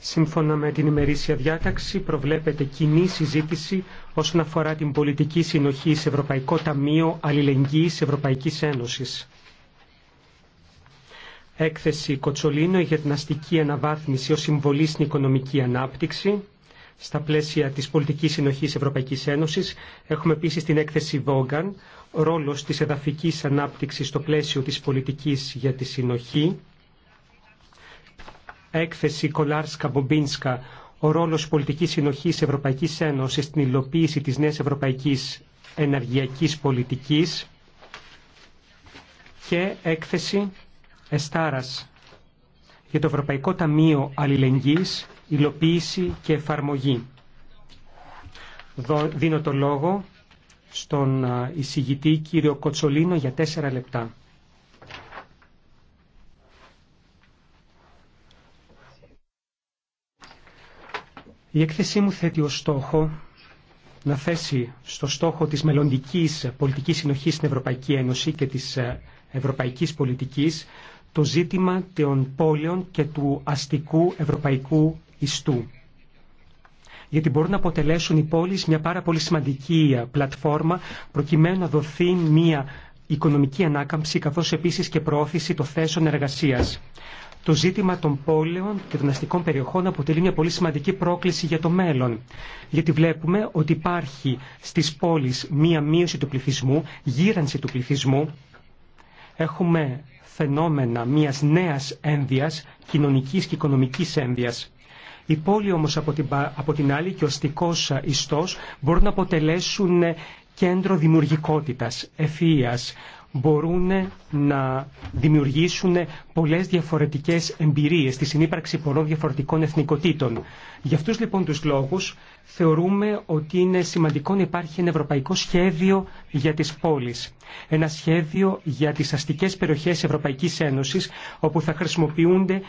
Σύμφωνα με την ημερήσια διάταξη προβλέπεται κοινή συζήτηση όσον αφορά την πολιτική συνοχή σε Ευρωπαϊκό Ταμείο Αλληλεγγύης Ευρωπαϊκής Ένωσης. Έκθεση Κοτσολίνο για την αστική αναβάθμιση ως συμβολή στην οικονομική ανάπτυξη στα πλαίσια της πολιτικής συνοχής Ευρωπαϊκής Ένωσης. Έχουμε επίσης την έκθεση Βόγκαν, ρόλος της εδαφικής ανάπτυξης στο πλαίσιο της πολιτικής για τη συνοχή έκθεση Κολάρσκα-Μπομπίνσκα «Ο ρόλος πολιτικής συνοχής Ευρωπαϊκής Ένωσης στην υλοποίηση της νέας ευρωπαϊκής ενεργειακής πολιτικής» και έκθεση Εστάρας για το Ευρωπαϊκό Ταμείο Αλληλεγγύης, Υλοποίηση και Εφαρμογή. Δίνω το λόγο στον εισηγητή κύριο Κοτσολίνο για τέσσερα λεπτά. Η έκθεσή μου θέτει ως στόχο να θέσει στο στόχο της μελλοντική πολιτικής συνοχής στην Ευρωπαϊκή Ένωση και της ε, ευρωπαϊκής πολιτικής το ζήτημα των πόλεων και του αστικού ευρωπαϊκού ιστού. Γιατί μπορούν να αποτελέσουν οι πόλεις μια πάρα πολύ σημαντική ε, πλατφόρμα προκειμένου να δοθεί μια οικονομική ανάκαμψη καθώς επίσης και προώθηση των θέσεων εργασίας. Το ζήτημα των πόλεων και των αστικών περιοχών αποτελεί μια πολύ σημαντική πρόκληση για το μέλλον. Γιατί βλέπουμε ότι υπάρχει στις πόλεις μία μείωση του πληθυσμού, γύρανση του πληθυσμού. Έχουμε φαινόμενα μιας νέας ένδυας, κοινωνικής και οικονομικής ένδυας. Η πόλη όμως από την, από την άλλη και ο αστικός ιστός μπορούν να αποτελέσουν κέντρο δημιουργικότητας, ευφυΐας, μπορούν να δημιουργήσουν πολλές διαφορετικές εμπειρίες στη συνύπαρξη πολλών διαφορετικών εθνικοτήτων. Για αυτούς λοιπόν τους λόγους θεωρούμε ότι είναι σημαντικό να υπάρχει ένα ευρωπαϊκό σχέδιο για τις πόλεις. Ένα σχέδιο για τις αστικές περιοχές Ευρωπαϊκής Ένωσης όπου θα χρησιμοποιούνται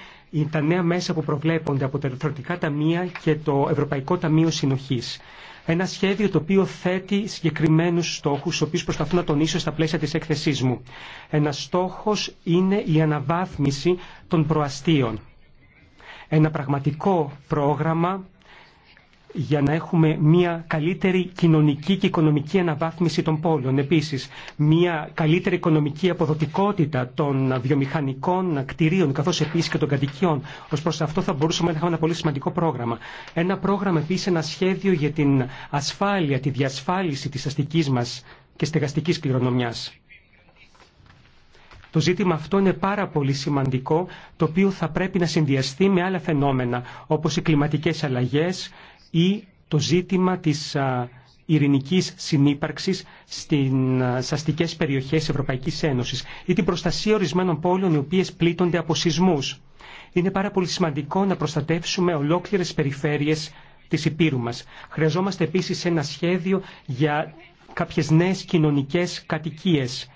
τα νέα μέσα που προβλέπονται από τα Ελευθερωτικά Ταμεία και το Ευρωπαϊκό Ταμείο Συνοχής. Ένα σχέδιο το οποίο θέτει συγκεκριμένους στόχους, στους οποίους προσπαθούν να τονίσω στα πλαίσια της έκθεσής μου. Ένας στόχος είναι η αναβάθμιση των προαστίων. Ένα πραγματικό πρόγραμμα για να έχουμε μια καλύτερη κοινωνική και οικονομική αναβάθμιση των πόλεων. Επίσης, μια καλύτερη οικονομική αποδοτικότητα των βιομηχανικών κτηρίων καθώς επίσης και των κατοικιών. Ως προς αυτό θα μπορούσαμε να έχουμε ένα πολύ σημαντικό πρόγραμμα. Ένα πρόγραμμα επίσης, ένα σχέδιο για την ασφάλεια, τη διασφάλιση της αστικής μας και στεγαστικής κληρονομιάς. Το ζήτημα αυτό είναι πάρα πολύ σημαντικό, το οποίο θα πρέπει να συνδυαστεί με άλλα φαινόμενα, όπως οι κλιματικές αλλαγές, ή το ζήτημα της ειρηνικής συνύπαρξης στις αστικές περιοχές Ευρωπαϊκής Ένωσης ή την προστασία ορισμένων πόλεων οι οποίες πλήττονται από σεισμούς. Είναι πάρα πολύ σημαντικό να προστατεύσουμε ολόκληρες περιφέρειες της Υπήρου μας. Χρειαζόμαστε επίσης ένα σχέδιο για κάποιες νέες κοινωνικές κατοικίες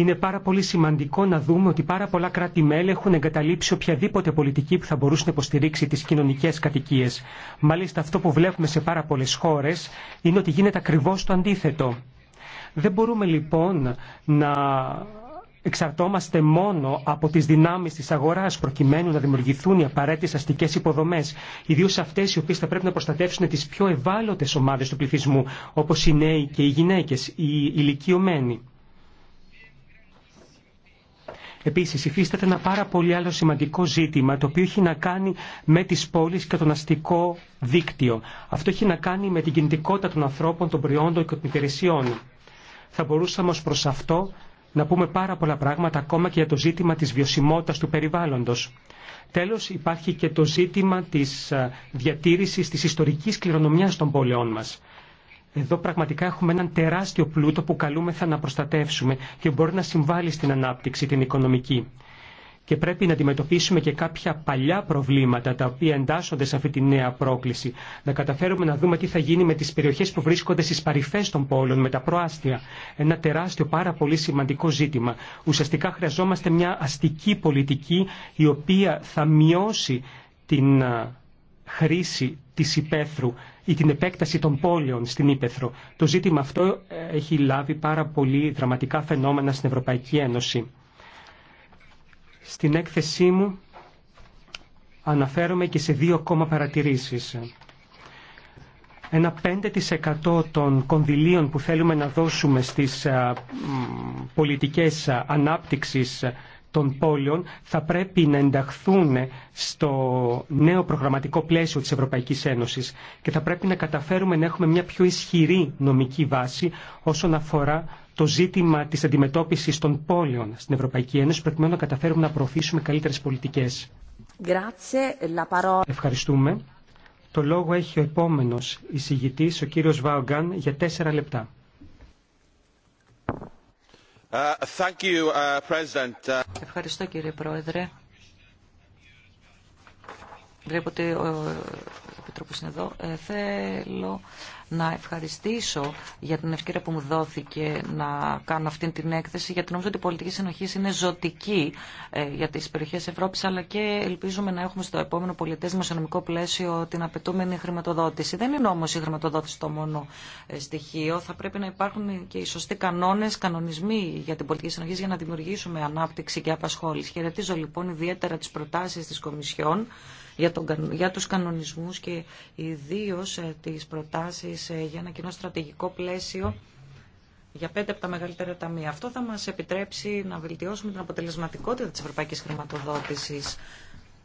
είναι πάρα πολύ σημαντικό να δούμε ότι πάρα πολλά κράτη-μέλη έχουν εγκαταλείψει οποιαδήποτε πολιτική που θα μπορούσε να υποστηρίξει τι κοινωνικέ κατοικίε. Μάλιστα, αυτό που βλέπουμε σε πάρα πολλέ χώρε είναι ότι γίνεται ακριβώ το αντίθετο. Δεν μπορούμε λοιπόν να εξαρτώμαστε μόνο από τις δυνάμεις της αγοράς προκειμένου να δημιουργηθούν οι απαραίτητες αστικές υποδομές, ιδίως αυτές οι οποίες θα πρέπει να προστατεύσουν τις πιο ευάλωτες ομάδες του πληθυσμού, όπως οι νέοι και οι γυναίκες, οι ηλικιωμένοι. Επίση, υφίσταται ένα πάρα πολύ άλλο σημαντικό ζήτημα, το οποίο έχει να κάνει με τι πόλει και τον αστικό δίκτυο. Αυτό έχει να κάνει με την κινητικότητα των ανθρώπων, των προϊόντων και των υπηρεσιών. Θα μπορούσαμε ω προ αυτό να πούμε πάρα πολλά πράγματα ακόμα και για το ζήτημα της βιωσιμότητας του περιβάλλοντος. Τέλος υπάρχει και το ζήτημα της ε, διατήρησης της ιστορικής κληρονομιάς των πόλεων μας. Εδώ πραγματικά έχουμε έναν τεράστιο πλούτο που καλούμεθα να προστατεύσουμε και μπορεί να συμβάλλει στην ανάπτυξη την οικονομική. Και πρέπει να αντιμετωπίσουμε και κάποια παλιά προβλήματα τα οποία εντάσσονται σε αυτή τη νέα πρόκληση. Να καταφέρουμε να δούμε τι θα γίνει με τι περιοχέ που βρίσκονται στι παρυφέ των πόλεων, με τα προάστια. Ένα τεράστιο, πάρα πολύ σημαντικό ζήτημα. Ουσιαστικά χρειαζόμαστε μια αστική πολιτική η οποία θα μειώσει την χρήση τη υπαίθρου ή την επέκταση των πόλεων στην Ήπεθρο. Το ζήτημα αυτό ε, έχει λάβει πάρα πολύ δραματικά φαινόμενα στην Ευρωπαϊκή Ένωση. Στην έκθεσή μου αναφέρομαι και σε δύο ακόμα παρατηρήσεις. Ένα 5% των κονδυλίων που θέλουμε να δώσουμε στις ε, πολιτικές ε, ανάπτυξης των πόλεων θα πρέπει να ενταχθούν στο νέο προγραμματικό πλαίσιο της Ευρωπαϊκής Ένωσης και θα πρέπει να καταφέρουμε να έχουμε μια πιο ισχυρή νομική βάση όσον αφορά το ζήτημα της αντιμετώπισης των πόλεων στην Ευρωπαϊκή Ένωση προκειμένου να καταφέρουμε να προωθήσουμε καλύτερες πολιτικές. Ευχαριστούμε. Το λόγο έχει ο επόμενος εισηγητής, ο κύριος Βάογκαν, για τέσσερα λεπτά. Uh, uh, Ευχαριστώ κύριε Πρόεδρε. Βλέπω ότι ο Επιτρόπος είναι εδώ. Ε, θέλω να ευχαριστήσω για την ευκαιρία που μου δόθηκε να κάνω αυτή την έκθεση, γιατί νομίζω ότι η πολιτική συνοχή είναι ζωτική ε, για τι περιοχέ Ευρώπη, αλλά και ελπίζουμε να έχουμε στο επόμενο πολιτέ δημοσιονομικό πλαίσιο την απαιτούμενη χρηματοδότηση. Δεν είναι όμω η χρηματοδότηση το μόνο ε, στοιχείο. Θα πρέπει να υπάρχουν και οι σωστοί κανόνε, κανονισμοί για την πολιτική συνοχή για να δημιουργήσουμε ανάπτυξη και απασχόληση. Χαιρετίζω λοιπόν ιδιαίτερα τι προτάσει τη Κομισιόν για, τον, για τους κανονισμούς και ιδίως ε, τις προτάσεις ε, για ένα κοινό στρατηγικό πλαίσιο για πέντε από τα μεγαλύτερα ταμεία. Αυτό θα μας επιτρέψει να βελτιώσουμε την αποτελεσματικότητα της ευρωπαϊκής χρηματοδότησης,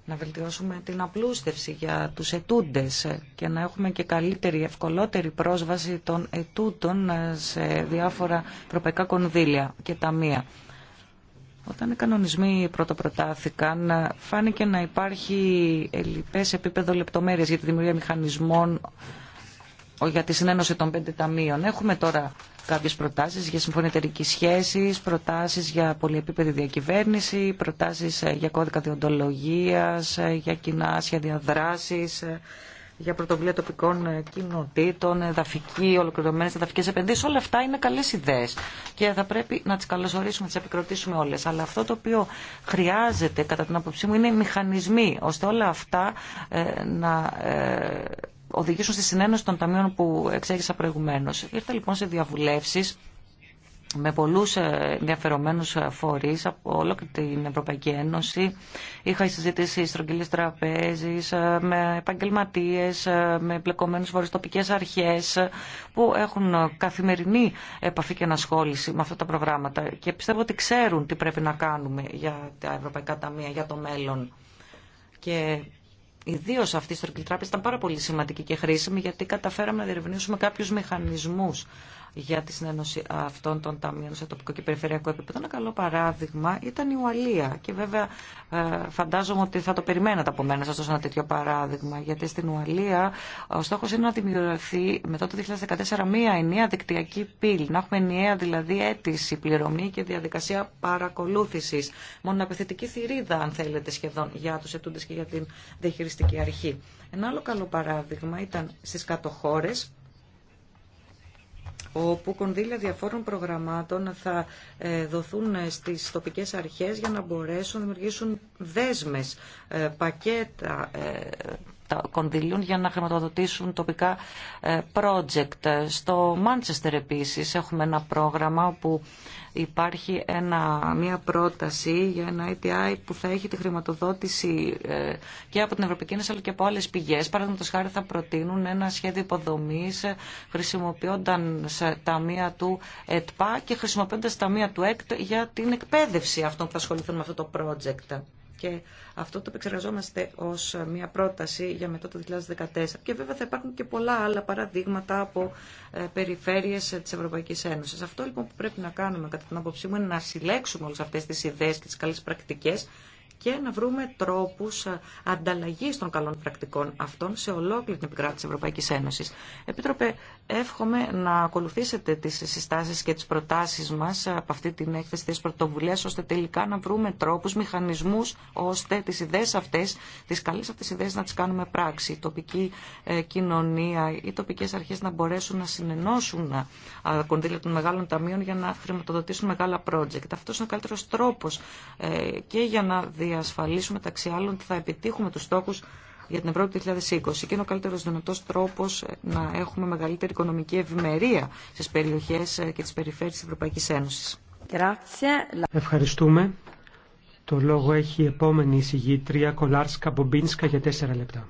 να βελτιώσουμε την απλούστευση για τους ετούντες ε, και να έχουμε και καλύτερη, ευκολότερη πρόσβαση των ετούτων σε διάφορα ευρωπαϊκά κονδύλια και ταμεία. Όταν οι κανονισμοί πρωτοπροτάθηκαν, φάνηκε να υπάρχει ελλειπές επίπεδο λεπτομέρειε για τη δημιουργία μηχανισμών για τη συνένωση των πέντε ταμείων. Έχουμε τώρα κάποιε προτάσει για συμφωνητερική σχέση, προτάσει για πολυεπίπεδη διακυβέρνηση, προτάσει ε, για κώδικα διοντολογία, ε, για κοινά σχέδια δράση, ε, για πρωτοβουλία τοπικών ε, κοινοτήτων, εδαφική, ολοκληρωμένε εδαφικέ επενδύσει. Όλα αυτά είναι καλέ ιδέε και θα πρέπει να τι καλωσορίσουμε, να τι επικροτήσουμε όλε. Αλλά αυτό το οποίο χρειάζεται, κατά την άποψή μου, είναι οι μηχανισμοί ώστε όλα αυτά ε, να. Ε, οδηγήσουν στη συνένωση των ταμείων που εξέγησα προηγουμένως. Ήρθα λοιπόν σε διαβουλεύσεις με πολλούς ε, ενδιαφερομένους ε, φορείς από όλο και την Ευρωπαϊκή Ένωση. Είχα συζητήσει στρογγυλής τραπέζης, ε, με επαγγελματίες, με πλεκομένους φορείς τοπικές αρχές που έχουν καθημερινή επαφή και ενασχόληση με αυτά τα προγράμματα και πιστεύω ότι ξέρουν τι πρέπει να κάνουμε για τα Ευρωπαϊκά Ταμεία, για το μέλλον. Και Ιδίω αυτή η στρογγυλή τράπεζα ήταν πάρα πολύ σημαντική και χρήσιμη γιατί καταφέραμε να διερευνήσουμε κάποιου μηχανισμού για τη συνένωση αυτών των ταμείων σε τοπικό και περιφερειακό επίπεδο. Ένα καλό παράδειγμα ήταν η Ουαλία. Και βέβαια ε, φαντάζομαι ότι θα το περιμένατε από μένα σας ένα τέτοιο παράδειγμα. Γιατί στην Ουαλία ο στόχος είναι να δημιουργηθεί μετά το 2014 μία ενιαία δικτυακή πύλη. Να έχουμε ενιαία δηλαδή αίτηση, πληρωμή και διαδικασία παρακολούθησης. Μοναπευθετική θηρίδα αν θέλετε σχεδόν για τους ετούντε και για την διαχειριστική αρχή. Ένα άλλο καλό παράδειγμα ήταν στις κατοχώρες όπου κονδύλια διαφόρων προγραμμάτων θα ε, δοθούν ε, στις τοπικές αρχές για να μπορέσουν να δημιουργήσουν δέσμες, ε, πακέτα κονδυλίων για να χρηματοδοτήσουν τοπικά ε, project. Στο Μάντσεστερ επίσης έχουμε ένα πρόγραμμα όπου υπάρχει ένα, μια πρόταση για ένα ETI που θα έχει τη χρηματοδότηση ε, και από την Ευρωπαϊκή Ένωση αλλά και από άλλες πηγές. Παραδείγματο χάρη θα προτείνουν ένα σχέδιο υποδομής ε, χρησιμοποιώντας ταμεία του ΕΤΠΑ και χρησιμοποιώντας ταμεία του ΕΚΤ για την εκπαίδευση αυτών που θα ασχοληθούν με αυτό το project και αυτό το επεξεργαζόμαστε ως μια πρόταση για μετά το 2014. Και βέβαια θα υπάρχουν και πολλά άλλα παραδείγματα από ε, περιφέρειες ε, τη Ευρωπαϊκή Ένωση. Αυτό λοιπόν που πρέπει να κάνουμε κατά την άποψή μου είναι να συλλέξουμε όλε αυτές τις ιδέες και τις καλε πρακτικές και να βρούμε τρόπου ε, ανταλλαγή των καλών πρακτικών αυτών σε ολόκληρη την επικράτηση τη Ευρωπαϊκή Ένωση. Επίτροπε, εύχομαι να ακολουθήσετε τι συστάσει και τι προτάσει μα ε, από αυτή την έκθεση τη πρωτοβουλία, ώστε τελικά να βρούμε τρόπου, μηχανισμού, ώστε τι ιδέε αυτέ, τι καλέ αυτέ ιδέε να τι κάνουμε πράξη. Η τοπική ε, κοινωνία, οι τοπικέ αρχέ να μπορέσουν να συνενώσουν κονδύλια των μεγάλων ταμείων για να χρηματοδοτήσουν μεγάλα project. Αυτό είναι ο καλύτερο τρόπο και για να διασφαλίσουμε μεταξύ άλλων ότι θα επιτύχουμε τους στόχους για την Ευρώπη του 2020 και είναι ο καλύτερος δυνατός τρόπος ε, να έχουμε μεγαλύτερη οικονομική ευημερία στις περιοχές ε, και τις περιφέρειες της Ευρωπαϊκής Ένωσης. Ευχαριστούμε. Το λόγο έχει η επόμενη εισηγήτρια Κολάρσκα Μπομπίνσκα για τέσσερα λεπτά.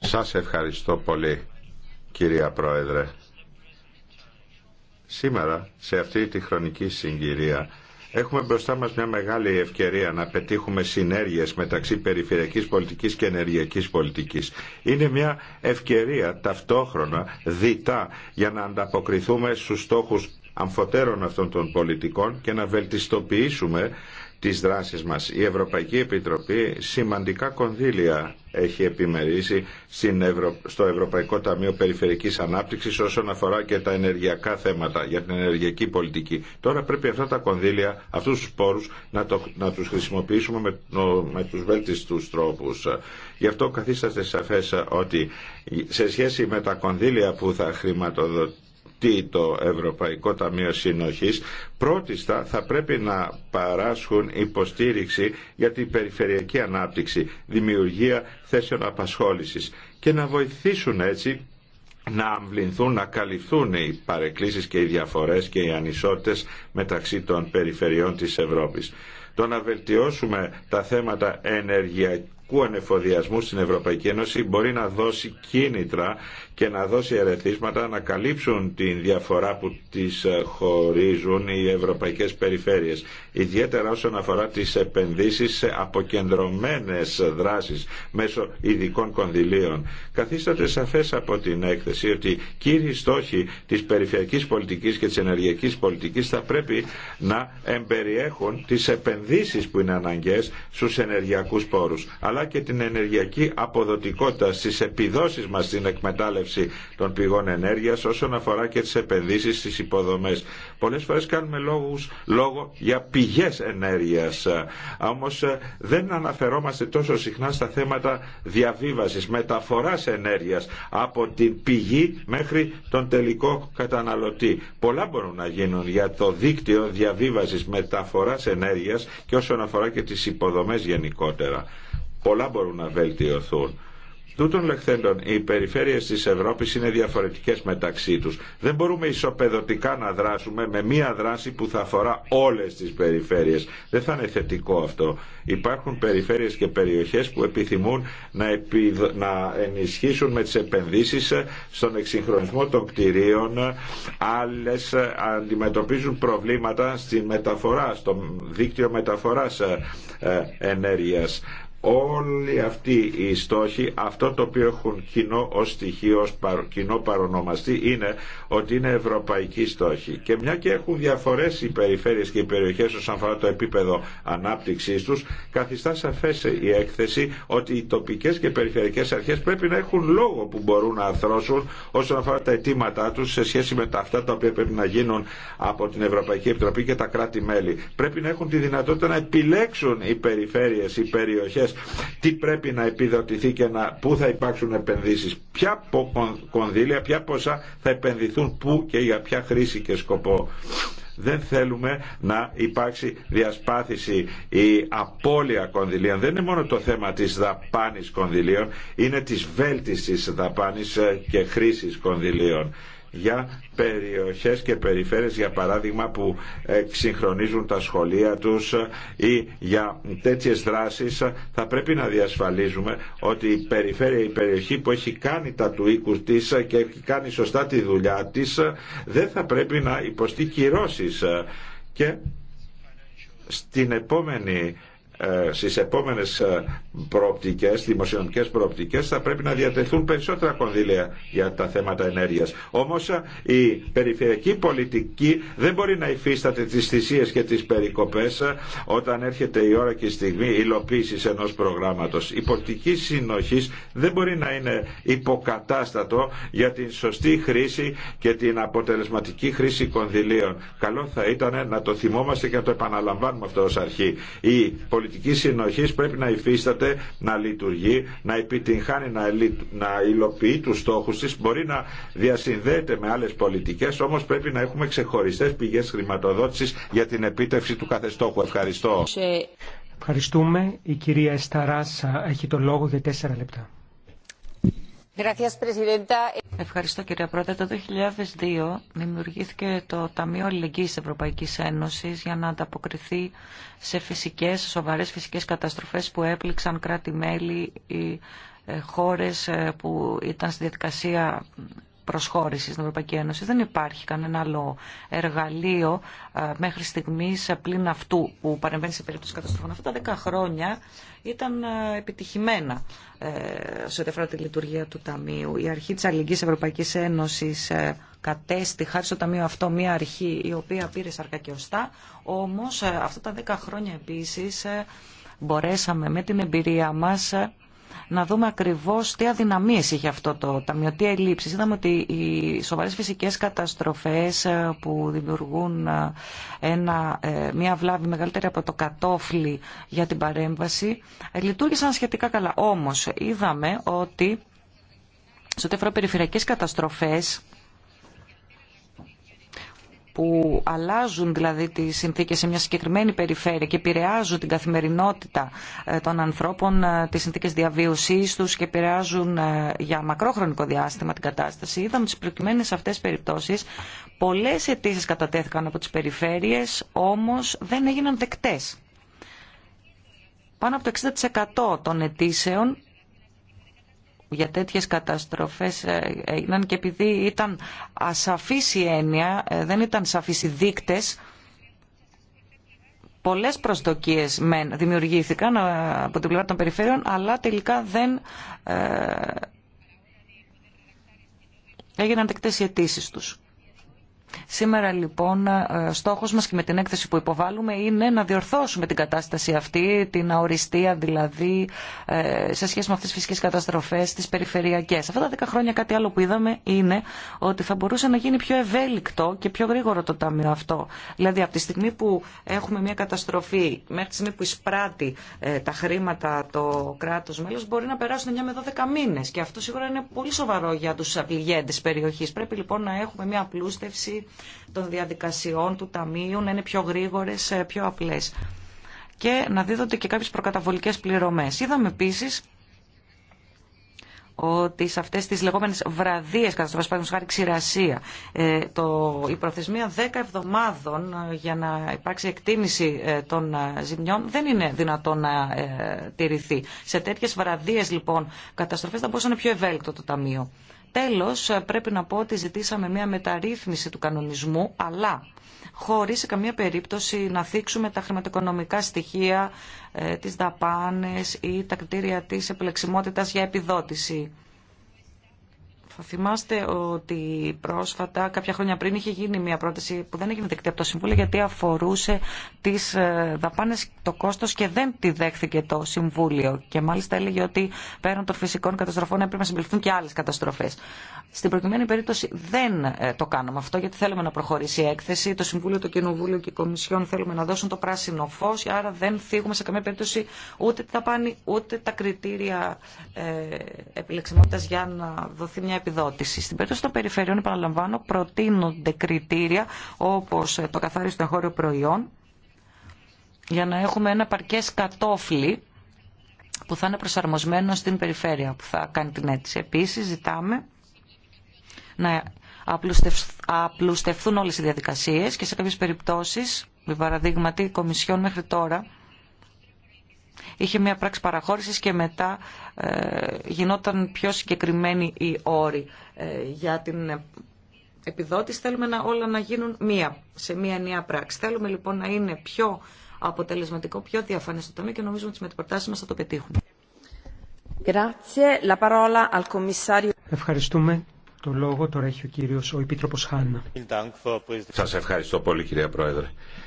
Σας ευχαριστώ πολύ κυρία Πρόεδρε. Σήμερα, σε αυτή τη χρονική συγκυρία, Έχουμε μπροστά μας μια μεγάλη ευκαιρία να πετύχουμε συνέργειες μεταξύ περιφερειακής πολιτικής και ενεργειακής πολιτικής. Είναι μια ευκαιρία ταυτόχρονα διτά για να ανταποκριθούμε στους στόχους αμφωτέρων αυτών των πολιτικών και να βελτιστοποιήσουμε τις δράσεις μας. Η Ευρωπαϊκή Επιτροπή σημαντικά κονδύλια έχει επιμερίσει στο Ευρωπαϊκό Ταμείο Περιφερικής Ανάπτυξης όσον αφορά και τα ενεργειακά θέματα για την ενεργειακή πολιτική. Τώρα πρέπει αυτά τα κονδύλια, αυτούς τους πόρους να, το, να τους χρησιμοποιήσουμε με, με τους βέλτιστους τρόπους. Γι' αυτό καθίσταστε σαφές ότι σε σχέση με τα κονδύλια που θα χρηματοδοτήσουν τι το Ευρωπαϊκό Ταμείο Συνοχής, πρώτιστα θα πρέπει να παράσχουν υποστήριξη για την περιφερειακή ανάπτυξη, δημιουργία θέσεων απασχόλησης και να βοηθήσουν έτσι να αμβληνθούν, να καλυφθούν οι παρεκκλήσεις και οι διαφορές και οι ανισότητες μεταξύ των περιφερειών της Ευρώπης. Το να βελτιώσουμε τα θέματα ενεργειακού ανεφοδιασμού στην Ευρωπαϊκή Ένωση μπορεί να δώσει κίνητρα και να δώσει ερεθίσματα να καλύψουν τη διαφορά που τις ε, χωρίζουν οι ευρωπαϊκές περιφέρειες. Ιδιαίτερα όσον αφορά τις επενδύσεις σε αποκεντρωμένες δράσεις μέσω ειδικών κονδυλίων. Καθίσταται σαφές από την έκθεση ότι κύριοι στόχοι της περιφερειακής πολιτικής και της ενεργειακής πολιτικής θα πρέπει να εμπεριέχουν τις επενδύσεις που είναι αναγκαίες στους ενεργειακούς πόρους αλλά και την ενεργειακή αποδοτικότητα στις επιδόσεις μας στην εκμετάλλευση των πηγών ενέργειας όσον αφορά και τις επενδύσει στις υποδομές. Πολλέ φορέ κάνουμε λόγους, λόγο για πηγές ενέργειας, όμω ε, δεν αναφερόμαστε τόσο συχνά στα θέματα διαβίβαση, μεταφοράς ενέργειας από την πηγή μέχρι τον τελικό καταναλωτή. Πολλά μπορούν να γίνουν για το δίκτυο διαβίβαση μεταφοράς ενέργεια και όσον αφορά και τι υποδομές γενικότερα. Πολλά μπορούν να βελτιωθούν. Τούτων λεχθέντων, οι περιφέρειες της Ευρώπης είναι διαφορετικές μεταξύ τους. Δεν μπορούμε ισοπεδωτικά να δράσουμε με μία δράση που θα αφορά όλες τις περιφέρειες. Δεν θα είναι θετικό αυτό. Υπάρχουν περιφέρειες και περιοχές που επιθυμούν να, να ενισχύσουν με τις επενδύσεις ε, στον εξυγχρονισμό των κτηρίων. Ε, άλλες ε, αντιμετωπίζουν προβλήματα στη μεταφορά, στο δίκτυο μεταφοράς ενέργειας όλοι αυτοί οι στόχοι, αυτό το οποίο έχουν κοινό ως στοιχείο, ως κοινό παρονομαστή είναι ότι είναι ευρωπαϊκοί στόχοι. Και μια και έχουν διαφορές οι περιφέρειες και οι περιοχές όσον αφορά το επίπεδο ανάπτυξής τους, καθιστά σαφές η έκθεση ότι οι τοπικές και περιφερειακές αρχές πρέπει να έχουν λόγο που μπορούν να αρθρώσουν όσον αφορά τα αιτήματά τους σε σχέση με τα αυτά τα οποία πρέπει να γίνουν από την Ευρωπαϊκή Επιτροπή και τα κράτη-μέλη. Πρέπει να έχουν τη δυνατότητα να επιλέξουν οι περιφέρειες, οι περιοχές τι πρέπει να επιδοτηθεί και να, πού θα υπάρξουν επενδύσεις, ποια κονδύλια, ποια ποσά θα επενδυθούν, πού και για ποια χρήση και σκοπό. Δεν θέλουμε να υπάρξει διασπάθηση ή απώλεια κονδυλίων. Δεν είναι μόνο το θέμα της δαπάνης κονδυλίων, είναι της βέλτισης δαπάνης ε, και χρήσης κονδυλίων για περιοχές και περιφέρειες για παράδειγμα που συγχρονίζουν ε, τα σχολεία τους ή για τέτοιες δράσεις θα πρέπει να διασφαλίζουμε ότι η περιφέρεια, η περιοχή που έχει κάνει τα του οίκου τη και έχει κάνει σωστά τη δουλειά της δεν θα πρέπει να υποστεί κυρώσεις και στην επόμενη ε, στις επόμενες ε, προοπτικές, δημοσιονομικές προοπτικές θα πρέπει να διατεθούν περισσότερα κονδύλια για τα θέματα ενέργειας. Όμως ε, η περιφερειακή πολιτική δεν μπορεί να υφίσταται τις θυσίες και τις περικοπές όταν έρχεται η ώρα και η στιγμή υλοποίησης ενός προγράμματος. Η πολιτική συνοχή δεν μπορεί να είναι υποκατάστατο για την σωστή χρήση και την αποτελεσματική χρήση κονδυλίων. Καλό θα ήταν να το θυμόμαστε και να το επαναλαμβάνουμε αυτό ως αρχή. Η πολιτική συνοχή πρέπει να υφίσταται, να λειτουργεί, να επιτυγχάνει, να υλοποιεί του στόχου τη. Μπορεί να διασυνδέεται με άλλε πολιτικέ, όμω πρέπει να έχουμε ξεχωριστέ πηγέ χρηματοδότηση για την επίτευξη του κάθε στόχου. Ευχαριστώ. Ευχαριστούμε. Η κυρία Σταράσα έχει το λόγο για τέσσερα λεπτά. Ευχαριστώ κυρία Πρόεδρε. Το 2002 δημιουργήθηκε το Ταμείο Αλληλεγγύης Ευρωπαϊκής Ένωσης για να ανταποκριθεί σε φυσικές, σοβαρές φυσικές καταστροφές που έπληξαν κράτη-μέλη ή ε, χώρες ε, που ήταν στη διαδικασία προσχώρηση στην Ευρωπαϊκή Ένωση. Δεν υπάρχει κανένα άλλο εργαλείο ε, μέχρι στιγμή ε, πλην αυτού που παρεμβαίνει σε περίπτωση καταστροφών. Αυτά τα 10 χρόνια ήταν ε, επιτυχημένα σε ό,τι αφορά τη λειτουργία του Ταμείου. Η αρχή τη Αλληλεγγύη Ευρωπαϊκή Ένωση κατέστη χάρη στο Ταμείο αυτό μια αρχή η οποία πήρε σαρκα και ωστά. Όμω αυτά τα 10 χρόνια επίση μπορέσαμε με την εμπειρία μας να δούμε ακριβώς τι αδυναμίες είχε αυτό το ταμείο, τι ελλείψει. Είδαμε ότι οι σοβαρές φυσικές καταστροφές ε, που δημιουργούν ε, ένα, ε, μια βλάβη μεγαλύτερη από το κατόφλι για την παρέμβαση λειτουργήσαν σχετικά καλά. Όμως είδαμε ότι σε ό,τι αφορά περιφερειακές καταστροφές που αλλάζουν δηλαδή τις συνθήκες σε μια συγκεκριμένη περιφέρεια και επηρεάζουν την καθημερινότητα ε, των ανθρώπων, ε, τις συνθήκες διαβίωσής τους και επηρεάζουν ε, για μακρόχρονικό διάστημα την κατάσταση. Είδαμε τις προκειμένες αυτές περιπτώσεις πολλές αιτήσει κατατέθηκαν από τις περιφέρειες, όμω δεν έγιναν δεκτέ. Πάνω από το 60% των αιτήσεων για τέτοιες καταστροφές ε, έγιναν και επειδή ήταν ασαφής η έννοια, ε, δεν ήταν σαφείς οι δείκτες, πολλές προσδοκίες μεν δημιουργήθηκαν ε, από την πλευρά των περιφέρειων, αλλά τελικά δεν έγιναν δεκτές οι αιτήσει τους. Σήμερα λοιπόν ε, στόχος μας και με την έκθεση που υποβάλλουμε είναι να διορθώσουμε την κατάσταση αυτή, την αοριστία δηλαδή ε, σε σχέση με αυτές τις φυσικές καταστροφές, τις περιφερειακές. Αυτά τα 10 χρόνια κάτι άλλο που είδαμε είναι ότι θα μπορούσε να γίνει πιο ευέλικτο και πιο γρήγορο το ταμείο αυτό. Δηλαδή από τη στιγμή που έχουμε μια καταστροφή μέχρι τη στιγμή που εισπράττει ε, τα χρήματα το κράτος μέλος μπορεί να περάσουν 9 με 12 μήνες και αυτό σίγουρα είναι πολύ σοβαρό για τους πληγέντες περιοχής. Πρέπει λοιπόν να έχουμε μια απλούστευση των διαδικασιών του Ταμείου να είναι πιο γρήγορες, ε, πιο απλές και να δίδονται και κάποιε προκαταβολικές πληρωμές. Είδαμε επίση ότι σε αυτές τις λεγόμενες βραδίες καταστροφές, παραδείγματος χάρη ξηρασία, ε, το, η προθεσμία 10 εβδομάδων ε, για να υπάρξει εκτίμηση των ζημιών δεν είναι δυνατό να τηρηθεί. Σε τέτοιες βραδίες λοιπόν καταστροφές θα μπορούσε να είναι πιο ευέλικτο το Ταμείο. Τέλος, πρέπει να πω ότι ζητήσαμε μια μεταρρύθμιση του κανονισμού, αλλά χωρίς σε καμία περίπτωση να θίξουμε τα χρηματοοικονομικά στοιχεία, ε, τις δαπάνες ή τα κριτήρια της επιλεξιμότητας για επιδότηση. Θα θυμάστε ότι πρόσφατα, κάποια χρόνια πριν, είχε γίνει μια πρόταση που δεν έγινε δεκτή από το Συμβούλιο γιατί αφορούσε τι ε, δαπάνε, το κόστο και δεν τη δέχθηκε το Συμβούλιο. Και μάλιστα έλεγε ότι πέραν των φυσικών καταστροφών έπρεπε να συμπληρωθούν και άλλε καταστροφέ. Στην προκειμένη περίπτωση δεν ε, το κάνουμε αυτό γιατί θέλουμε να προχωρήσει η έκθεση. Το Συμβούλιο, το Κοινοβούλιο και η Κομισιόν θέλουμε να δώσουν το πράσινο φω, άρα δεν θίγουμε σε καμία περίπτωση ούτε τα, πάνη, ούτε τα κριτήρια ε, επιλεξιμότητα για να δοθεί μια επιδότηση. Στην περίπτωση των περιφερειών, επαναλαμβάνω, προτείνονται κριτήρια όπω το καθάριστο εγχώριο προϊόν για να έχουμε ένα παρκέ κατόφλι που θα είναι προσαρμοσμένο στην περιφέρεια που θα κάνει την αίτηση. Επίση, ζητάμε να απλουστευθούν όλες οι διαδικασίε και σε κάποιες περιπτώσεις, με παραδείγματι η Κομισιόν μέχρι τώρα, Είχε μια πράξη παραχώρησης και μετά ε, γινόταν πιο συγκεκριμένοι οι όροι ε, για την επιδότηση. Θέλουμε να, όλα να γίνουν μία, σε μία νέα πράξη. Θέλουμε λοιπόν να είναι πιο αποτελεσματικό, πιο διαφανές το τομέα και νομίζουμε ότι με την προτάσει μα θα το πετύχουμε. Ευχαριστούμε. Το λόγο τώρα έχει ο κύριος, ο Επίτροπος Χάννα. Σας ευχαριστώ πολύ κυρία Πρόεδρε.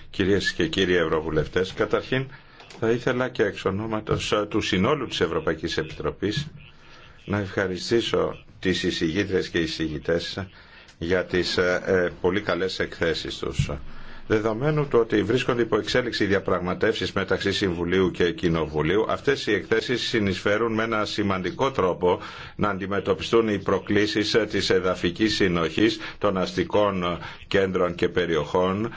Κυρίες και κύριοι Ευρωβουλευτές, καταρχήν θα ήθελα και εξ ονόματος ε, του συνόλου της Ευρωπαϊκής Επιτροπής να ευχαριστήσω τις εισηγήτρες και εισηγητές για τις ε, ε, πολύ καλές εκθέσεις τους. Δεδομένου του ότι βρίσκονται υπό εξέλιξη διαπραγματεύσεις μεταξύ Συμβουλίου και Κοινοβουλίου, αυτές οι εκθέσεις συνεισφέρουν με ένα σημαντικό τρόπο να αντιμετωπιστούν οι προκλήσεις της εδαφικής συνοχής των αστικών κέντρων και περιοχών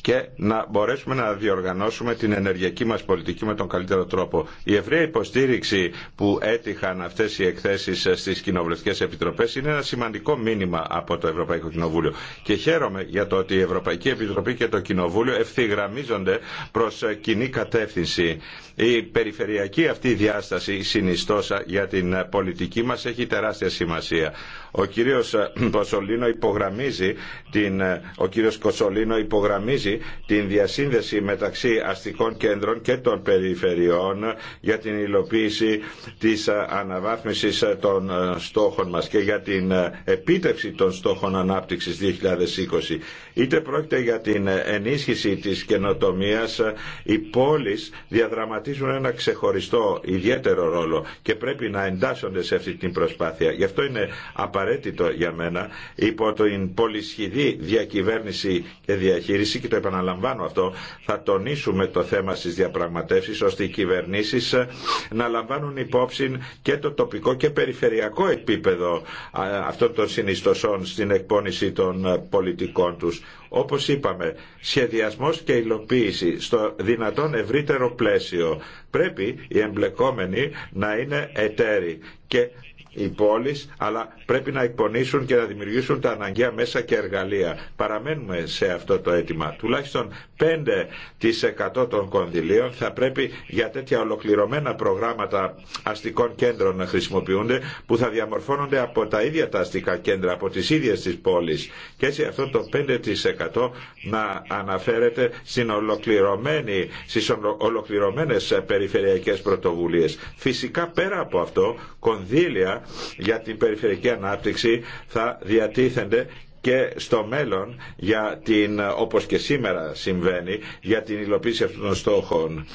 και να μπορέσουμε να διοργανώσουμε την ενεργειακή μας πολιτική με τον καλύτερο τρόπο. Η ευρεία υποστήριξη που έτυχαν αυτές οι εκθέσεις στις κοινοβουλευτικές επιτροπές είναι ένα σημαντικό μήνυμα από το Ευρωπαϊκό Κοινοβούλιο. Και χαίρομαι για το ότι η Ευρωπαϊκή Επιτροπή και το Κοινοβούλιο ευθυγραμμίζονται προς κοινή κατεύθυνση. Η περιφερειακή αυτή διάσταση, η συνιστόσα για την πολιτική μας έχει τεράστια σημασία. Ο κύριος ε, Κοσολίνο υπογραμμίζει την, ε, ο κύριος Κοσολίνο υπογραμμίζει την διασύνδεση μεταξύ αστικών κέντρων και των περιφερειών για την υλοποίηση της ε, αναβάθμισης των στόχων μας και για την επίτευξη των στόχων ανάπτυξης 2020. Είτε πρόκειται για την ενίσχυση της καινοτομίας, οι πόλεις διαδραματίζουν ένα ξεχωριστό ιδιαίτερο ρόλο και πρέπει να εντάσσονται σε αυτή την προσπάθεια. Γι' αυτό είναι απαραίτητο απαραίτητο για μένα υπό την πολυσχηδή διακυβέρνηση και διαχείριση και το επαναλαμβάνω αυτό θα τονίσουμε το θέμα στις διαπραγματεύσεις ώστε οι κυβερνήσεις να λαμβάνουν υπόψη και το τοπικό και περιφερειακό επίπεδο αυτών των συνιστοσών στην εκπόνηση των πολιτικών τους. Όπως είπαμε, σχεδιασμός και υλοποίηση στο δυνατόν ευρύτερο πλαίσιο πρέπει οι εμπλεκόμενοι να είναι εταίροι και οι πόλεις, αλλά πρέπει να εκπονήσουν και να δημιουργήσουν τα αναγκαία μέσα και εργαλεία. Παραμένουμε σε αυτό το αίτημα. Τουλάχιστον 5% των κονδυλίων θα πρέπει για τέτοια ολοκληρωμένα προγράμματα αστικών κέντρων να χρησιμοποιούνται που θα διαμορφώνονται από τα ίδια τα αστικά κέντρα, από τις ίδιες τις πόλεις. Και έτσι αυτό το 5% να αναφέρεται στην ολοκληρωμένε στις ολοκληρωμένες περιφερειακές πρωτοβουλίες. Φυσικά πέρα από αυτό, κονδύλια για την περιφερειακή ανάπτυξη θα διατίθενται και στο μέλλον για την, όπως και σήμερα συμβαίνει, για την υλοποίηση αυτών των στόχων.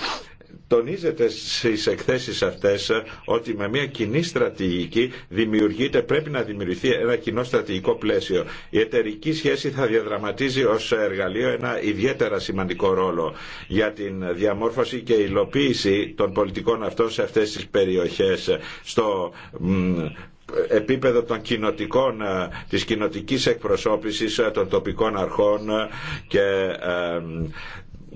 Τονίζεται στις εκθέσεις αυτές ότι με μια κοινή στρατηγική δημιουργείται, πρέπει να δημιουργηθεί ένα κοινό στρατηγικό πλαίσιο. Η εταιρική σχέση θα διαδραματίζει ως εργαλείο ένα ιδιαίτερα σημαντικό ρόλο για την διαμόρφωση και υλοποίηση των πολιτικών αυτών σε αυτές τις περιοχές στο επίπεδο των κοινοτικών, ε, της κοινοτικής εκπροσώπησης ε, των τοπικών αρχών ε, και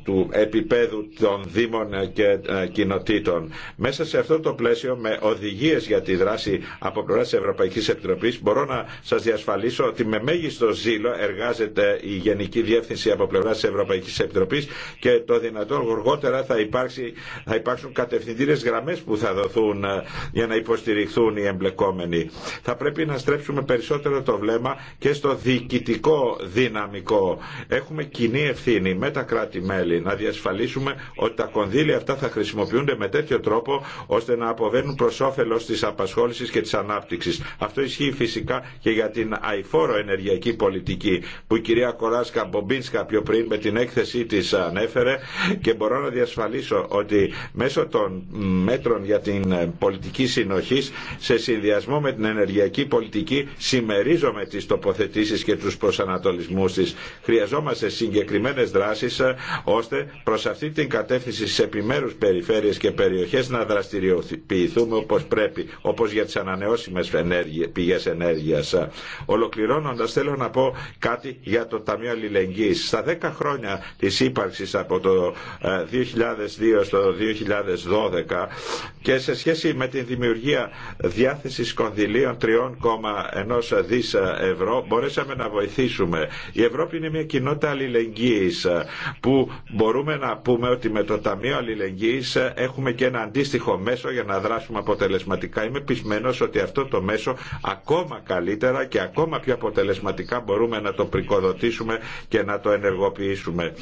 του επίπεδου των Δήμων και ε, Κοινοτήτων. Μέσα σε αυτό το πλαίσιο με οδηγίε για τη δράση από πλευρά τη Ευρωπαϊκή Επιτροπής μπορώ να σα διασφαλίσω ότι με μέγιστο ζήλο εργάζεται η Γενική Διεύθυνση από πλευρά τη Ευρωπαϊκή Επιτροπή και το δυνατόν γοργότερα θα, θα υπάρξουν κατευθυντήρε γραμμέ που θα δοθούν ε, για να υποστηριχθούν οι εμπλεκόμενοι. Θα πρέπει να στρέψουμε περισσότερο το βλέμμα και στο διοικητικό δυναμικό. Έχουμε κοινή ευθύνη με τα κρατη να διασφαλίσουμε ότι τα κονδύλια αυτά θα χρησιμοποιούνται με τέτοιο τρόπο ώστε να αποβαίνουν προ όφελο τη απασχόληση και τη ανάπτυξη. Αυτό ισχύει φυσικά και για την αηφόρο ενεργειακή πολιτική που η κυρία Κοράσκα Μπομπίνσκα πιο πριν με την έκθεσή τη ανέφερε και μπορώ να διασφαλίσω ότι μέσω των μέτρων για την πολιτική συνοχή σε συνδυασμό με την ενεργειακή πολιτική συμμερίζομαι τι τοποθετήσει και του προσανατολισμού τη. Χρειαζόμαστε συγκεκριμένε δράσει ώστε προς αυτή την κατεύθυνση στις επιμέρους περιφέρειες και περιοχές να δραστηριοποιηθούμε όπως πρέπει, όπως για τις ανανεώσιμες πηγές ενέργειας. Ολοκληρώνοντας θέλω να πω κάτι για το Ταμείο Αλληλεγγύης. Στα 10 χρόνια της ύπαρξης από το 2002 ε, στο 2012 και σε σχέση με την δημιουργία διάθεσης κονδυλίων 3,1 δις ευρώ μπορέσαμε να βοηθήσουμε. Η Ευρώπη είναι μια κοινότητα αλληλεγγύη. Ε, που μπορούμε να πούμε ότι με το Ταμείο Αλληλεγγύης ε, έχουμε και ένα αντίστοιχο μέσο για να δράσουμε αποτελεσματικά. Είμαι πεισμένος ότι αυτό το μέσο ακόμα καλύτερα και ακόμα πιο αποτελεσματικά μπορούμε να το πρικοδοτήσουμε και να το ενεργοποιήσουμε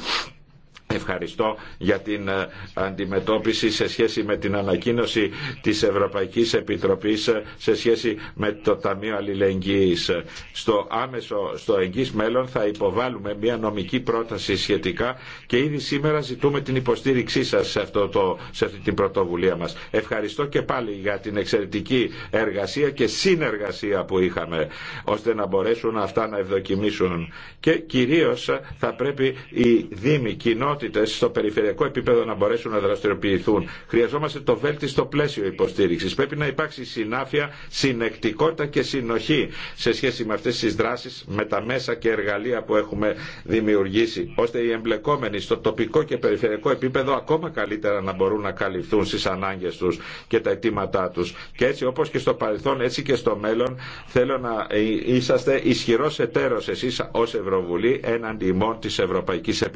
ευχαριστώ για την ε, αντιμετώπιση σε σχέση με την ανακοίνωση της Ευρωπαϊκής Επιτροπής ε, σε σχέση με το Ταμείο Αλληλεγγύης. Στο άμεσο, στο εγγύς μέλλον θα υποβάλουμε μια νομική πρόταση σχετικά και ήδη σήμερα ζητούμε την υποστήριξή σας σε, αυτό το, σε αυτή την πρωτοβουλία μας. Ευχαριστώ και πάλι για την εξαιρετική εργασία και συνεργασία που είχαμε ώστε να μπορέσουν αυτά να ευδοκιμήσουν και κυρίως θα πρέπει οι Δήμοι κοινότητα στο περιφερειακό επίπεδο να μπορέσουν να δραστηριοποιηθούν. Χρειαζόμαστε το βέλτιστο πλαίσιο υποστήριξη. Πρέπει να υπάρξει συνάφεια, συνεκτικότητα και συνοχή σε σχέση με αυτέ τι δράσει με τα μέσα και εργαλεία που έχουμε δημιουργήσει, ώστε οι εμπλεκόμενοι στο τοπικό και περιφερειακό επίπεδο ακόμα καλύτερα να μπορούν να καλυφθούν στι ανάγκε του και τα αιτήματά του, Και έτσι όπω και στο παρελθόν, έτσι και στο μέλλον θέλω να ε, είσαστε ισχυρό εταίρο εσεί ω Ευρωβουλή έναντι ημών της Ευρωπαϊκής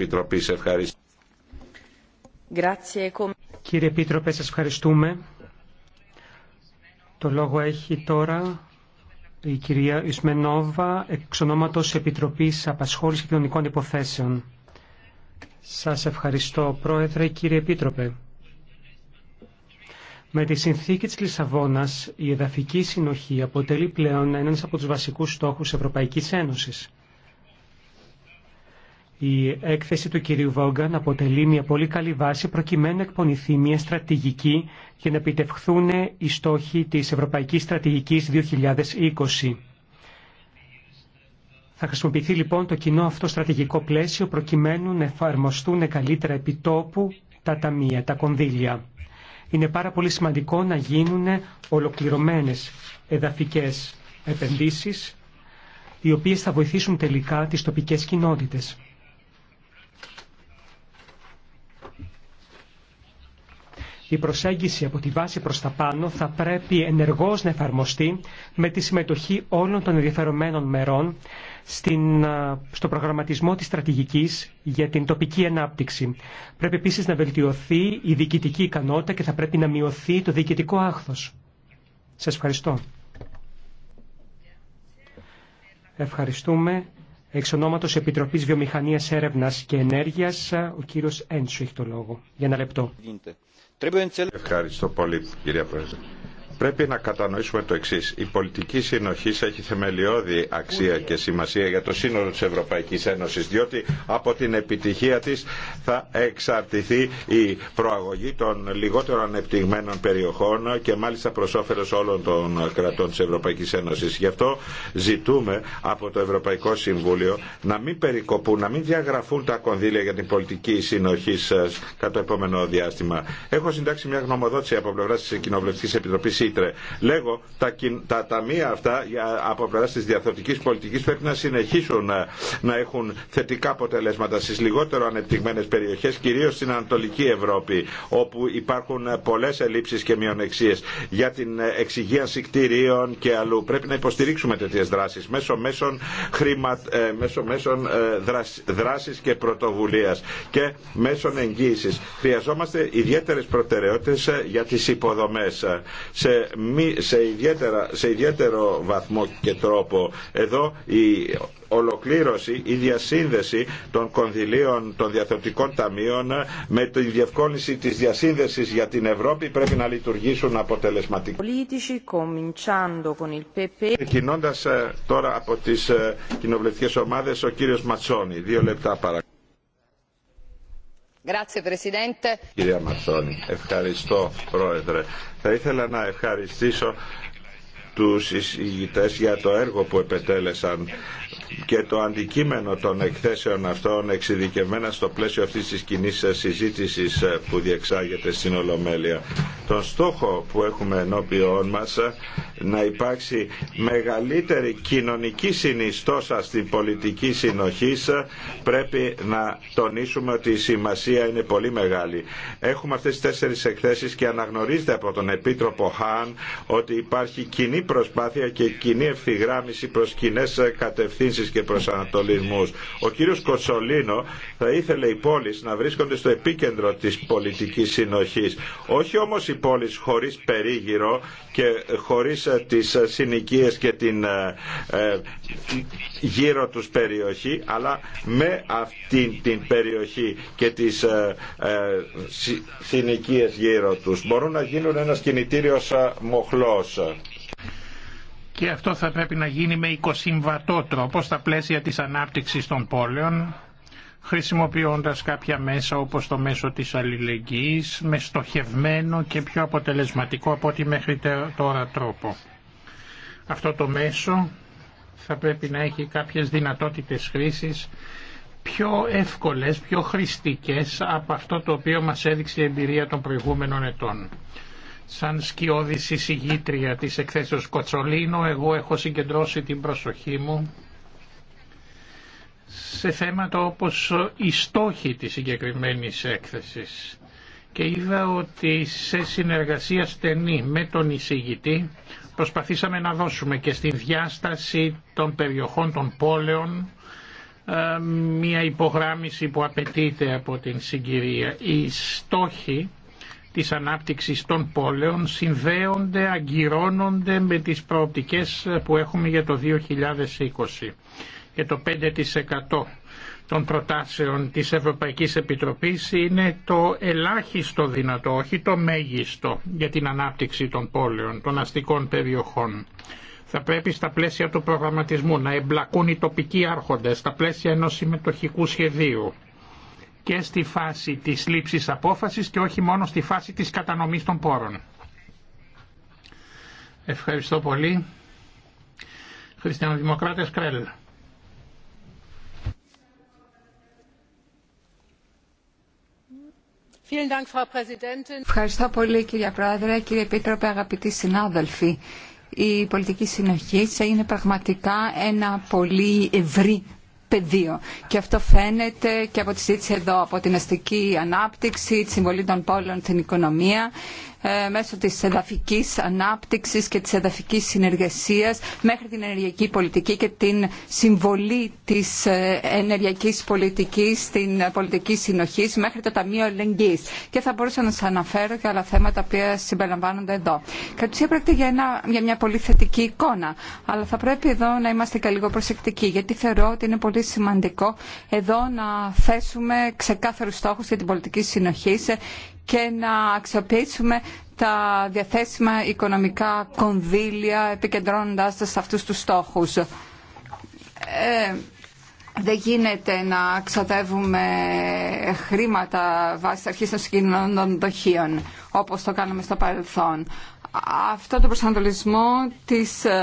Ευχαριστώ. Κύριε Επίτροπε, σας ευχαριστούμε. Το λόγο έχει τώρα η κυρία Ισμενόβα, εξ ονόματος Επιτροπής Απασχόλησης και Κοινωνικών Υποθέσεων. Σας ευχαριστώ, Πρόεδρε, κύριε Επίτροπε. Με τη συνθήκη της Λισαβόνας, η εδαφική συνοχή αποτελεί πλέον έναν από τους βασικούς στόχους Ευρωπαϊκής Ένωσης. Η έκθεση του κυρίου Βόγκαν αποτελεί μια πολύ καλή βάση προκειμένου να εκπονηθεί μια στρατηγική και να επιτευχθούν οι στόχοι της Ευρωπαϊκής Στρατηγικής 2020. Θα χρησιμοποιηθεί λοιπόν το κοινό αυτό στρατηγικό πλαίσιο προκειμένου να εφαρμοστούν καλύτερα επιτόπου τα ταμεία, τα κονδύλια. Είναι πάρα πολύ σημαντικό να γίνουν ολοκληρωμένες εδαφικές επενδύσεις οι οποίες θα βοηθήσουν τελικά τις τοπικές κοινότητες. Η προσέγγιση από τη βάση προς τα πάνω θα πρέπει ενεργώς να εφαρμοστεί με τη συμμετοχή όλων των ενδιαφερομένων μερών στην, στο προγραμματισμό της στρατηγικής για την τοπική ανάπτυξη. Πρέπει επίσης να βελτιωθεί η διοικητική ικανότητα και θα πρέπει να μειωθεί το διοικητικό άχθος. Σας ευχαριστώ. Ευχαριστούμε. Εξ ονόματος Επιτροπής Βιομηχανίας Έρευνας και Ενέργειας, ο κύριος Έντσου έχει το λόγο. Για ένα λεπτό. Ευχαριστώ πολύ, κυρία Πρόεδρε. Πρέπει να κατανοήσουμε το εξή. Η πολιτική συνοχή έχει θεμελιώδη αξία και σημασία για το σύνολο τη Ευρωπαϊκή Ένωση, διότι από την επιτυχία τη θα εξαρτηθεί η προαγωγή των λιγότερο ανεπτυγμένων περιοχών και μάλιστα προ όφελο όλων των κρατών τη Ευρωπαϊκή Ένωση. Γι' αυτό ζητούμε από το Ευρωπαϊκό Συμβούλιο να μην περικοπούν, να μην διαγραφούν τα κονδύλια για την πολιτική συνοχή κατά το επόμενο διάστημα. Έχω συντάξει μια γνωμοδότηση από πλευρά τη Κοινοβουλευτική Επιτροπή Λέγω, τα, τα ταμεία αυτά από πλευρά τη διαθροτική πολιτική πρέπει να συνεχίσουν να έχουν θετικά αποτελέσματα στι λιγότερο ανεπτυγμένε περιοχέ, κυρίω στην Ανατολική Ευρώπη, όπου υπάρχουν πολλέ ελλείψει και μειονεξίε για την εξυγίαση κτηρίων και αλλού. Πρέπει να υποστηρίξουμε τέτοιε δράσει μέσω μέσων, χρημα... Ε, μέσω, μέσων ε, δράση και πρωτοβουλία και μέσων εγγύηση. Χρειαζόμαστε ιδιαίτερε προτεραιότητε για τι υποδομέ. Σε σε, ιδιαίτερο βαθμό και τρόπο. Εδώ η ολοκλήρωση, η διασύνδεση των κονδυλίων των διαθετικών ταμείων με τη διευκόλυνση της διασύνδεσης για την Ευρώπη πρέπει να λειτουργήσουν αποτελεσματικά. Ξεκινώντας ε, τώρα από τις ε, κοινοβουλευτικές ομάδες, ο κύριος Ματσόνη. Δύο λεπτά παρακαλώ. Κυρία Ματσόνη, ευχαριστώ πρόεδρε. Θα ήθελα να ευχαριστήσω τους εισηγητές για το έργο που επετέλεσαν και το αντικείμενο των εκθέσεων αυτών εξειδικευμένα στο πλαίσιο αυτής της κοινή συζήτησης ε, που διεξάγεται στην Ολομέλεια. Τον στόχο που έχουμε ενώπιόν μας ε, να υπάρξει μεγαλύτερη κοινωνική συνιστόσα στην πολιτική συνοχή ε, πρέπει να τονίσουμε ότι η σημασία είναι πολύ μεγάλη. Έχουμε αυτές τις τέσσερις εκθέσεις και αναγνωρίζεται από τον Επίτροπο Χάν ότι υπάρχει κοινή προσπάθεια και κοινή ευθυγράμμιση προς κοινέ κατευθύνσει και προσανατολισμούς. Ο κύριος Κοτσολίνο θα ήθελε οι πόλεις να βρίσκονται στο επίκεντρο της πολιτικής συνοχής. Όχι όμως οι πόλεις χωρίς περίγυρο και χωρίς ε, τις ε, συνοικίες και την ε, ε, γύρω τους περιοχή, αλλά με αυτή την περιοχή και τις ε, γύρω τους. Μπορούν να γίνουν ένας κινητήριος μοχλός και αυτό θα πρέπει να γίνει με οικοσυμβατό τρόπο στα πλαίσια της ανάπτυξης των πόλεων χρησιμοποιώντας κάποια μέσα όπως το μέσο της αλληλεγγύης με στοχευμένο και πιο αποτελεσματικό από ό,τι μέχρι τώρα τρόπο. Αυτό το μέσο θα πρέπει να έχει κάποιες δυνατότητες χρήσης πιο εύκολες, πιο χρηστικές από αυτό το οποίο μας έδειξε η εμπειρία των προηγούμενων ετών. Σαν σκιώδης εισηγήτρια της εκθέσεως Κοτσολίνο, εγώ έχω συγκεντρώσει την προσοχή μου σε θέματα όπως οι στόχοι της συγκεκριμένης έκθεσης. Και είδα ότι σε συνεργασία στενή με τον εισηγητή προσπαθήσαμε να δώσουμε και στη διάσταση των περιοχών των πόλεων ε, μια υπογράμμιση που απαιτείται από την συγκυρία. Οι στόχη της ανάπτυξης των πόλεων συνδέονται, αγκυρώνονται με τις προοπτικές που έχουμε για το 2020. Και το 5% των προτάσεων της Ευρωπαϊκής Επιτροπής είναι το ελάχιστο δυνατό, όχι το μέγιστο για την ανάπτυξη των πόλεων, των αστικών περιοχών. Θα πρέπει στα πλαίσια του προγραμματισμού να εμπλακούν οι τοπικοί άρχοντες, στα πλαίσια ενός συμμετοχικού σχεδίου και στη φάση της λήψης απόφασης και όχι μόνο στη φάση της κατανομής των πόρων. Ευχαριστώ πολύ. Χριστιανοδημοκράτες Κρέλ. Ευχαριστώ πολύ κύριε Πρόεδρε, κύριε Επίτροπε, αγαπητοί συνάδελφοι. Η πολιτική συνοχή είναι πραγματικά ένα πολύ ευρύ πεδίο. Και αυτό φαίνεται και από τη συζήτηση εδώ, από την αστική ανάπτυξη, τη συμβολή των πόλεων την οικονομία, ε, μέσω της εδαφικής ανάπτυξης και της εδαφικής συνεργασίας μέχρι την ενεργειακή πολιτική και την συμβολή της ε, ενεργειακής πολιτικής στην πολιτική συνοχή μέχρι το Ταμείο Ελεγγύης. Και θα μπορούσα να σας αναφέρω και άλλα θέματα που συμπεριλαμβάνονται εδώ. Κατ' ουσία πρόκειται για, ένα, για μια πολύ θετική εικόνα, αλλά θα πρέπει εδώ να είμαστε και λίγο προσεκτικοί, γιατί θεωρώ ότι είναι πολύ σημαντικό εδώ να θέσουμε ξεκάθαρους στόχους για την πολιτική συνοχή και να αξιοποιήσουμε τα διαθέσιμα οικονομικά κονδύλια επικεντρώνοντάς τα σε αυτούς τους στόχους. Ε, δεν γίνεται να ξοδεύουμε χρήματα βάσει αρχής των συγκοινωνών δοχείων, όπως το κάναμε στο παρελθόν. Αυτό το προσανατολισμό της ε,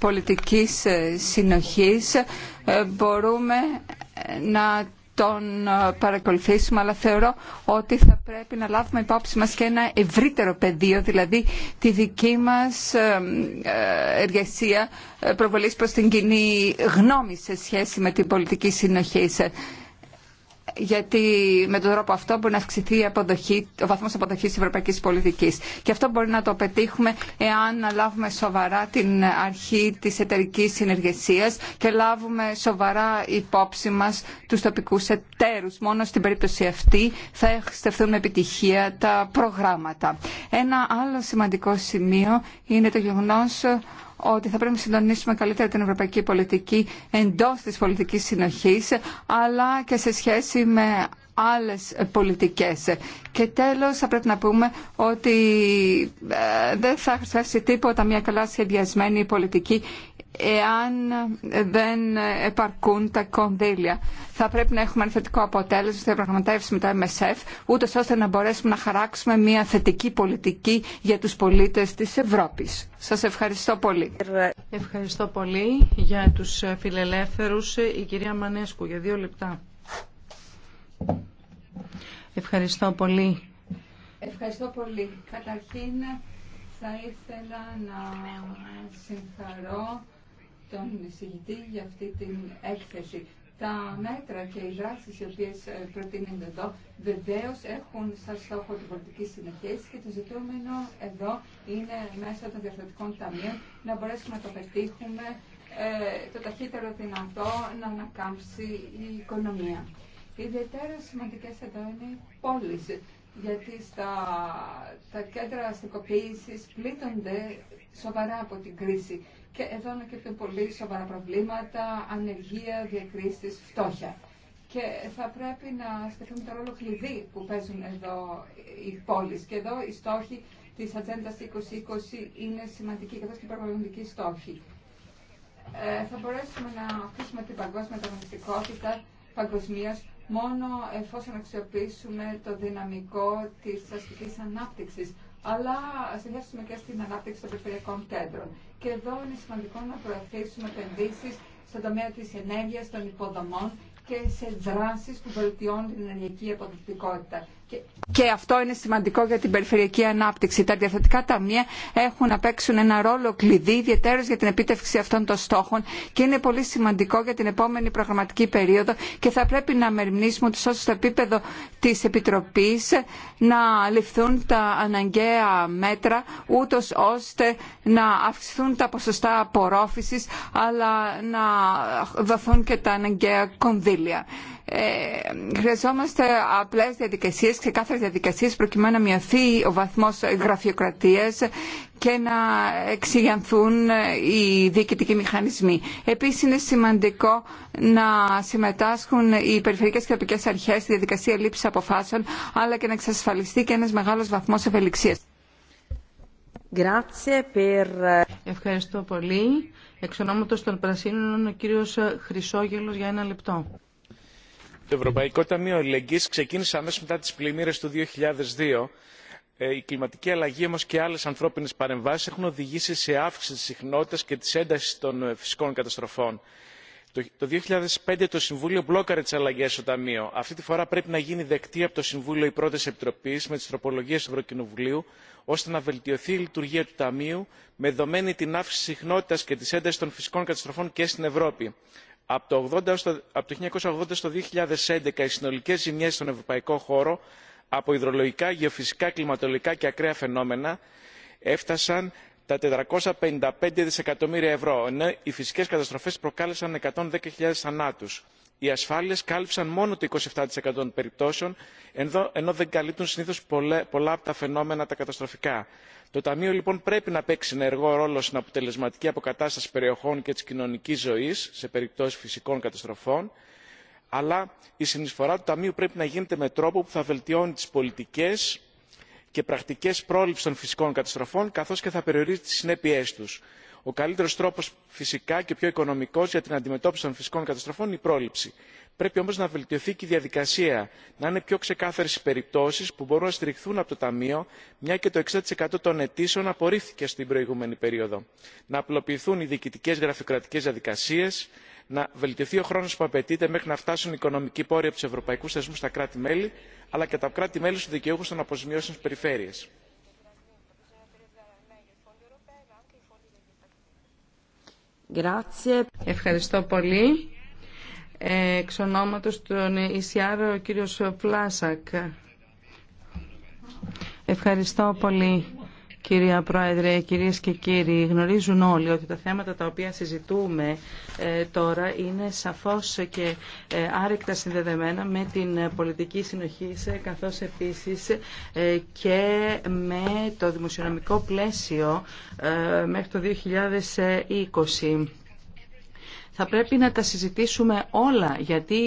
πολιτικής ε, συνοχής μπορούμε να τον ε, παρακολουθήσουμε, αλλά θεωρώ ότι θα πρέπει να λάβουμε υπόψη μας και ένα ευρύτερο πεδίο, δηλαδή τη δική μας ε, ε, εργασία προβολής προς την κοινή γνώμη σε σχέση με την πολιτική συνοχή γιατί με τον τρόπο αυτό μπορεί να αυξηθεί η αποδοχή, ο βαθμός αποδοχής της ευρωπαϊκής πολιτικής. Και αυτό μπορεί να το πετύχουμε εάν λάβουμε σοβαρά την αρχή της εταιρικής συνεργασίας και λάβουμε σοβαρά υπόψη μας τους τοπικούς εταίρους. Μόνο στην περίπτωση αυτή θα στεφθούν με επιτυχία τα προγράμματα. Ένα άλλο σημαντικό σημείο είναι το γεγονός ότι θα πρέπει να συντονίσουμε καλύτερα την ευρωπαϊκή πολιτική εντός της πολιτικής συνοχής, αλλά και σε σχέση με άλλες πολιτικές. Και τέλος θα πρέπει να πούμε ότι ε, δεν θα χρησιμεύσει τίποτα μια καλά σχεδιασμένη πολιτική εάν δεν επαρκούν τα κονδύλια. Θα πρέπει να έχουμε ένα θετικό αποτέλεσμα στη διαπραγματεύση με το MSF, ούτως ώστε να μπορέσουμε να χαράξουμε μια θετική πολιτική για τους πολίτες της Ευρώπης. Σας ευχαριστώ πολύ. Ευχαριστώ πολύ για τους φιλελεύθερους. Η κυρία Μανέσκου για δύο λεπτά. Ευχαριστώ πολύ. Ευχαριστώ πολύ. Καταρχήν θα ήθελα να συγχαρώ τον εισηγητή για αυτή την έκθεση. Τα μέτρα και οι δράσει οι οποίε ε, προτείνονται εδώ βεβαίω έχουν σαν στόχο την πολιτική συνεχίση και το ζητούμενο εδώ είναι μέσα των διαφορετικών ταμείων να μπορέσουμε να το πετύχουμε ε, το ταχύτερο δυνατό να ανακάμψει η οικονομία. Ιδιαίτερα σημαντικέ εδώ είναι οι πόλει, γιατί στα, τα κέντρα αστικοποίηση πλήττονται σοβαρά από την κρίση και εδώ ανακύπτουν πολύ σοβαρά προβλήματα, ανεργία, διακρίσεις, φτώχεια. Και θα πρέπει να σκεφτούμε το ρόλο κλειδί που παίζουν εδώ οι πόλεις. Και εδώ οι στόχοι της Ατζέντα 2020 είναι σημαντικοί, καθώς και οι στόχοι. Ε, θα μπορέσουμε να αφήσουμε την παγκόσμια ανταγωνιστικότητα παγκοσμίω μόνο εφόσον αξιοποιήσουμε το δυναμικό της αστικής ανάπτυξης αλλά συνδέσουμε και στην ανάπτυξη των περιφερειακών κέντρων. Και εδώ είναι σημαντικό να προωθήσουμε επενδύσει στον τομέα τη ενέργεια, των υποδομών και σε δράσει που βελτιώνουν την ενεργειακή αποδοτικότητα και αυτό είναι σημαντικό για την περιφερειακή ανάπτυξη. Τα διαθετικά ταμεία έχουν να παίξουν ένα ρόλο κλειδί, ιδιαίτερω για την επίτευξη αυτών των στόχων και είναι πολύ σημαντικό για την επόμενη προγραμματική περίοδο και θα πρέπει να μερμνήσουμε ότι όσο στο επίπεδο τη Επιτροπή να ληφθούν τα αναγκαία μέτρα, ούτω ώστε να αυξηθούν τα ποσοστά απορρόφηση αλλά να δοθούν και τα αναγκαία κονδύλια. Ε, χρειαζόμαστε απλές διαδικασίες, ξεκάθαρες διαδικασίες προκειμένου να μειωθεί ο βαθμός γραφειοκρατίας και να εξηγιανθούν οι διοικητικοί μηχανισμοί. Επίσης είναι σημαντικό να συμμετάσχουν οι περιφερειακές και τοπικέ αρχές στη διαδικασία λήψης αποφάσεων, αλλά και να εξασφαλιστεί και ένας μεγάλος βαθμός ευελιξίας. Ευχαριστώ πολύ. Εξ ονόματος των Πρασίνων, ο κύριος Χρυσόγελος για ένα λεπτό. Το Ευρωπαϊκό Ταμείο Ελεγγύης ξεκίνησε αμέσως μετά τις πλημμύρες του 2002. Ε, η κλιματική αλλαγή όμως και άλλες ανθρώπινες παρεμβάσεις έχουν οδηγήσει σε αύξηση της συχνότητας και της έντασης των ε, φυσικών καταστροφών. Το 2005 το Συμβούλιο μπλόκαρε τις αλλαγές στο Ταμείο. Αυτή τη φορά πρέπει να γίνει δεκτή από το Συμβούλιο η πρόταση επιτροπή με τις τροπολογίες του Ευρωκοινοβουλίου, ώστε να βελτιωθεί η λειτουργία του Ταμείου με δεδομένη την αύξηση συχνότητας και της έντασης των φυσικών καταστροφών και στην Ευρώπη. Από το 1980 στο 2011 οι συνολικές ζημιές στον ευρωπαϊκό χώρο από υδρολογικά, γεωφυσικά, κλιματολογικά και ακραία φαινόμενα έφτασαν τα 455 δισεκατομμύρια ευρώ, ενώ οι φυσικές καταστροφές προκάλεσαν 110.000 θανάτους. Οι ασφάλειες κάλυψαν μόνο το 27% των περιπτώσεων, ενώ δεν καλύπτουν συνήθως πολλά από τα φαινόμενα τα καταστροφικά το ταμείο λοιπόν πρέπει να παίξει ενεργό ρόλο στην αποτελεσματική αποκατάσταση περιοχών και της κοινωνικής ζωής σε περιπτώσεις φυσικών καταστροφών αλλά η συνεισφορά του ταμείου πρέπει να γίνεται με τρόπο που θα βελτιώνει τις πολιτικές και πρακτικές πρόληψη των φυσικών καταστροφών καθώς και θα περιορίζει τι συνέπειε του ο καλύτερο τρόπο φυσικά και πιο οικονομικό για την αντιμετώπιση των φυσικών καταστροφών είναι η πρόληψη. πρέπει όμω να βελτιωθεί και η διαδικασία να είναι πιο ξεκάθαρε οι περιπτώσει που μπορούν να στηριχθούν από το ταμείο μια και το 60 των αιτήσεων απορρίφθηκε στην προηγούμενη περίοδο να απλοποιηθούν οι διοικητικέ γραφειοκρατικέ διαδικασίε να βελτιωθεί ο χρόνο που απαιτείται μέχρι να φτάσουν οι οικονομικοί πόροι από του ευρωπαϊκού θεσμού στα κράτη μέλη αλλά και τα κράτη μέλη στου δικαιούχου των αποζημιώσεων στι Ευχαριστώ πολύ. Εξ ονόματος των Ισιάρο, ο κύριος Φλάσακ. Ευχαριστώ πολύ. Κυρία Πρόεδρε, κυρίες και κύριοι, γνωρίζουν όλοι ότι τα θέματα τα οποία συζητούμε ε, τώρα είναι σαφώς και ε, άρρηκτα συνδεδεμένα με την πολιτική συνοχή, καθώς επίσης ε, και με το δημοσιονομικό πλαίσιο μέχρι το 2020 θα πρέπει να τα συζητήσουμε όλα, γιατί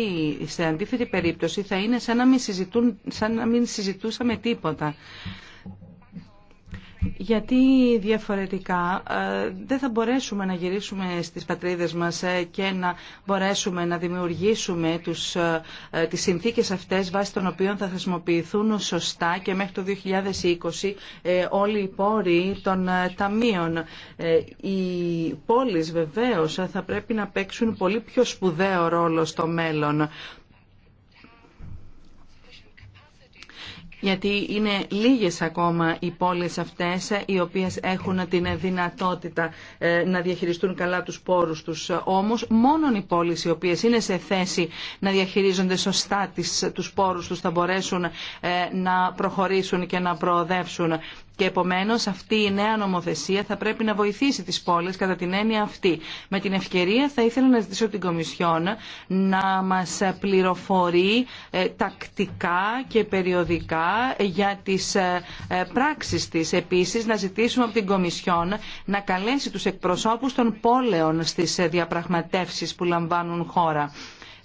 σε αντίθετη περίπτωση θα είναι σαν να μην, σαν να μην συζητούσαμε τίποτα γιατί διαφορετικά ε, δεν θα μπορέσουμε να γυρίσουμε στις πατρίδες μας ε, και να μπορέσουμε να δημιουργήσουμε τους, ε, τις συνθήκες αυτές βάσει των οποίων θα χρησιμοποιηθούν σωστά και μέχρι το 2020 όλοι οι πόροι των ταμείων. Οι πόλεις βεβαίως θα πρέπει να παίξουν πολύ πιο σπουδαίο ρόλο στο μέλλον. γιατί είναι λίγες ακόμα οι πόλεις αυτές οι οποίες έχουν την δυνατότητα ε, να διαχειριστούν καλά τους πόρους τους. Όμως μόνο οι πόλεις οι οποίες είναι σε θέση να διαχειρίζονται σωστά τις, τους πόρους τους θα μπορέσουν ε, να προχωρήσουν και να προοδεύσουν. Και επομένω, αυτή η νέα νομοθεσία θα πρέπει να βοηθήσει τις πόλεις κατά την έννοια αυτή. Με την ευκαιρία θα ήθελα να ζητήσω την Κομισιόν να μας πληροφορεί ε, τακτικά και περιοδικά για τις ε, ε, πράξει τη Επίσης να ζητήσουμε από την Κομισιόν να καλέσει τους εκπροσώπους των πόλεων στις διαπραγματεύσεις που λαμβάνουν χώρα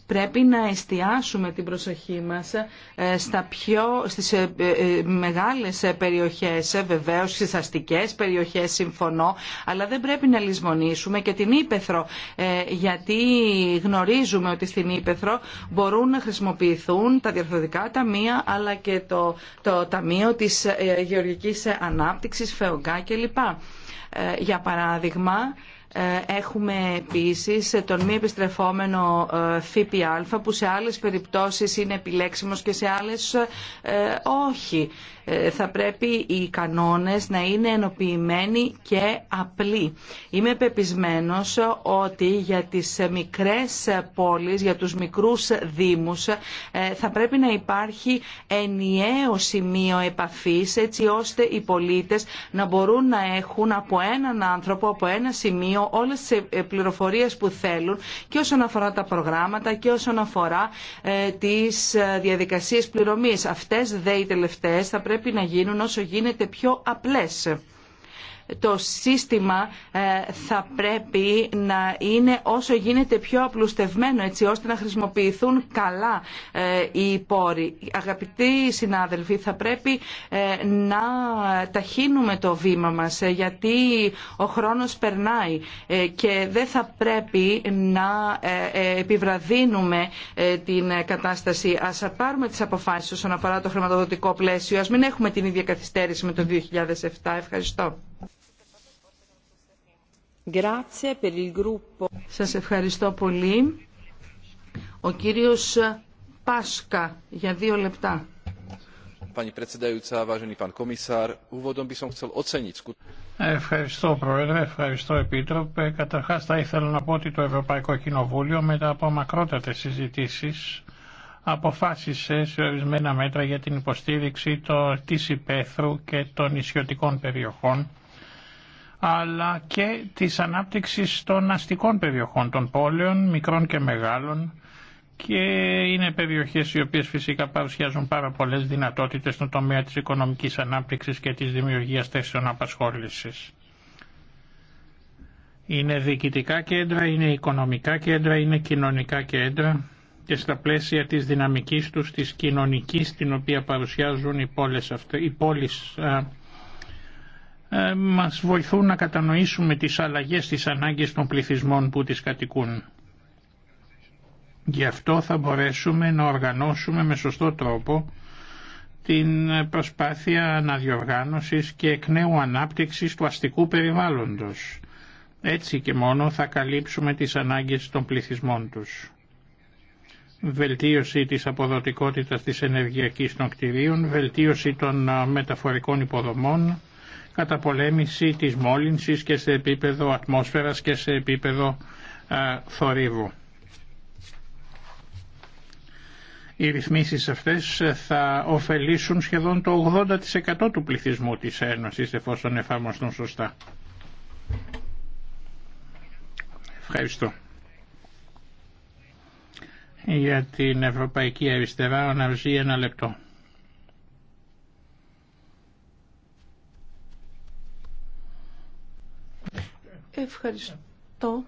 πρέπει να εστιάσουμε την προσοχή μας ε, στα πιο, στις ε, ε, μεγάλες περιοχές, βεβαίως στις αστικές περιοχές συμφωνώ, αλλά δεν πρέπει να λησμονήσουμε και την Ήπεθρο, γιατί γνωρίζουμε ότι στην Ήπεθρο μπορούν να χρησιμοποιηθούν τα διαρθρωτικά ταμεία, αλλά και το, το Ταμείο της Γεωργικής Ανάπτυξης, ΦΕΟΚΑ κλπ. Για παράδειγμα, ε, έχουμε επίσης τον μη επιστρεφόμενο ε, ΦΠΑ που σε άλλες περιπτώσεις είναι επιλέξιμος και σε άλλες ε, όχι. Ε, θα πρέπει οι κανόνες να είναι ενοποιημένοι και απλοί. Είμαι πεπισμένος ότι για τις μικρές πόλεις, για τους μικρούς δήμους ε, θα πρέπει να υπάρχει ενιαίο σημείο επαφής έτσι ώστε οι πολίτες να μπορούν να έχουν από έναν άνθρωπο, από ένα σημείο όλες τις πληροφορίες που θέλουν και όσον αφορά τα προγράμματα και όσον αφορά ε, τις διαδικασίες πληρωμής. Αυτές δε οι πρέπει να γίνουν όσο γίνεται πιο απλές το σύστημα ε, θα πρέπει να είναι όσο γίνεται πιο απλουστευμένο έτσι ώστε να χρησιμοποιηθούν καλά ε, οι πόροι. Αγαπητοί συνάδελφοι, θα πρέπει ε, να ταχύνουμε το βήμα μας γιατί ο χρόνος περνάει και δεν θα πρέπει να επιβραδύνουμε την κατάσταση. Ας πάρουμε τις αποφάσεις όσον αφορά το χρηματοδοτικό πλαίσιο. Ας μην έχουμε την ίδια καθυστέρηση με το 2007. Ευχαριστώ. Σας ευχαριστώ πολύ. Ο κύριος Πάσκα για δύο λεπτά. Ευχαριστώ Πρόεδρε, ευχαριστώ Επίτροπε. Καταρχάς θα ήθελα να πω ότι το Ευρωπαϊκό Κοινοβούλιο μετά από μακρότατες συζητήσεις αποφάσισε σε ορισμένα μέτρα για την υποστήριξη της υπαίθρου και των νησιωτικών περιοχών αλλά και της ανάπτυξης των αστικών περιοχών, των πόλεων, μικρών και μεγάλων και είναι περιοχές οι οποίες φυσικά παρουσιάζουν πάρα πολλές δυνατότητες στον τομέα της οικονομικής ανάπτυξης και της δημιουργίας θέσεων απασχόλησης. Είναι διοικητικά κέντρα, είναι οικονομικά κέντρα, είναι κοινωνικά κέντρα και στα πλαίσια της δυναμικής τους, της κοινωνικής την οποία παρουσιάζουν οι πόλεις, αυτές, ε, μας βοηθούν να κατανοήσουμε τις αλλαγές στις ανάγκες των πληθυσμών που τις κατοικούν. Γι' αυτό θα μπορέσουμε να οργανώσουμε με σωστό τρόπο την προσπάθεια αναδιοργάνωσης και εκ νέου ανάπτυξης του αστικού περιβάλλοντος. Έτσι και μόνο θα καλύψουμε τις ανάγκες των πληθυσμών τους. Βελτίωση της αποδοτικότητας της ενεργειακής των κτηρίων, βελτίωση των ε, μεταφορικών υποδομών, καταπολέμηση της μόλυνσης και σε επίπεδο ατμόσφαιρας και σε επίπεδο ε, θορύβου. Οι ρυθμίσεις αυτές ε, θα ωφελήσουν σχεδόν το 80% του πληθυσμού της Ένωσης εφόσον εφαρμοστούν σωστά. Ευχαριστώ. Για την Ευρωπαϊκή Αριστερά, Ναυζή, ένα λεπτό. Ευχαριστώ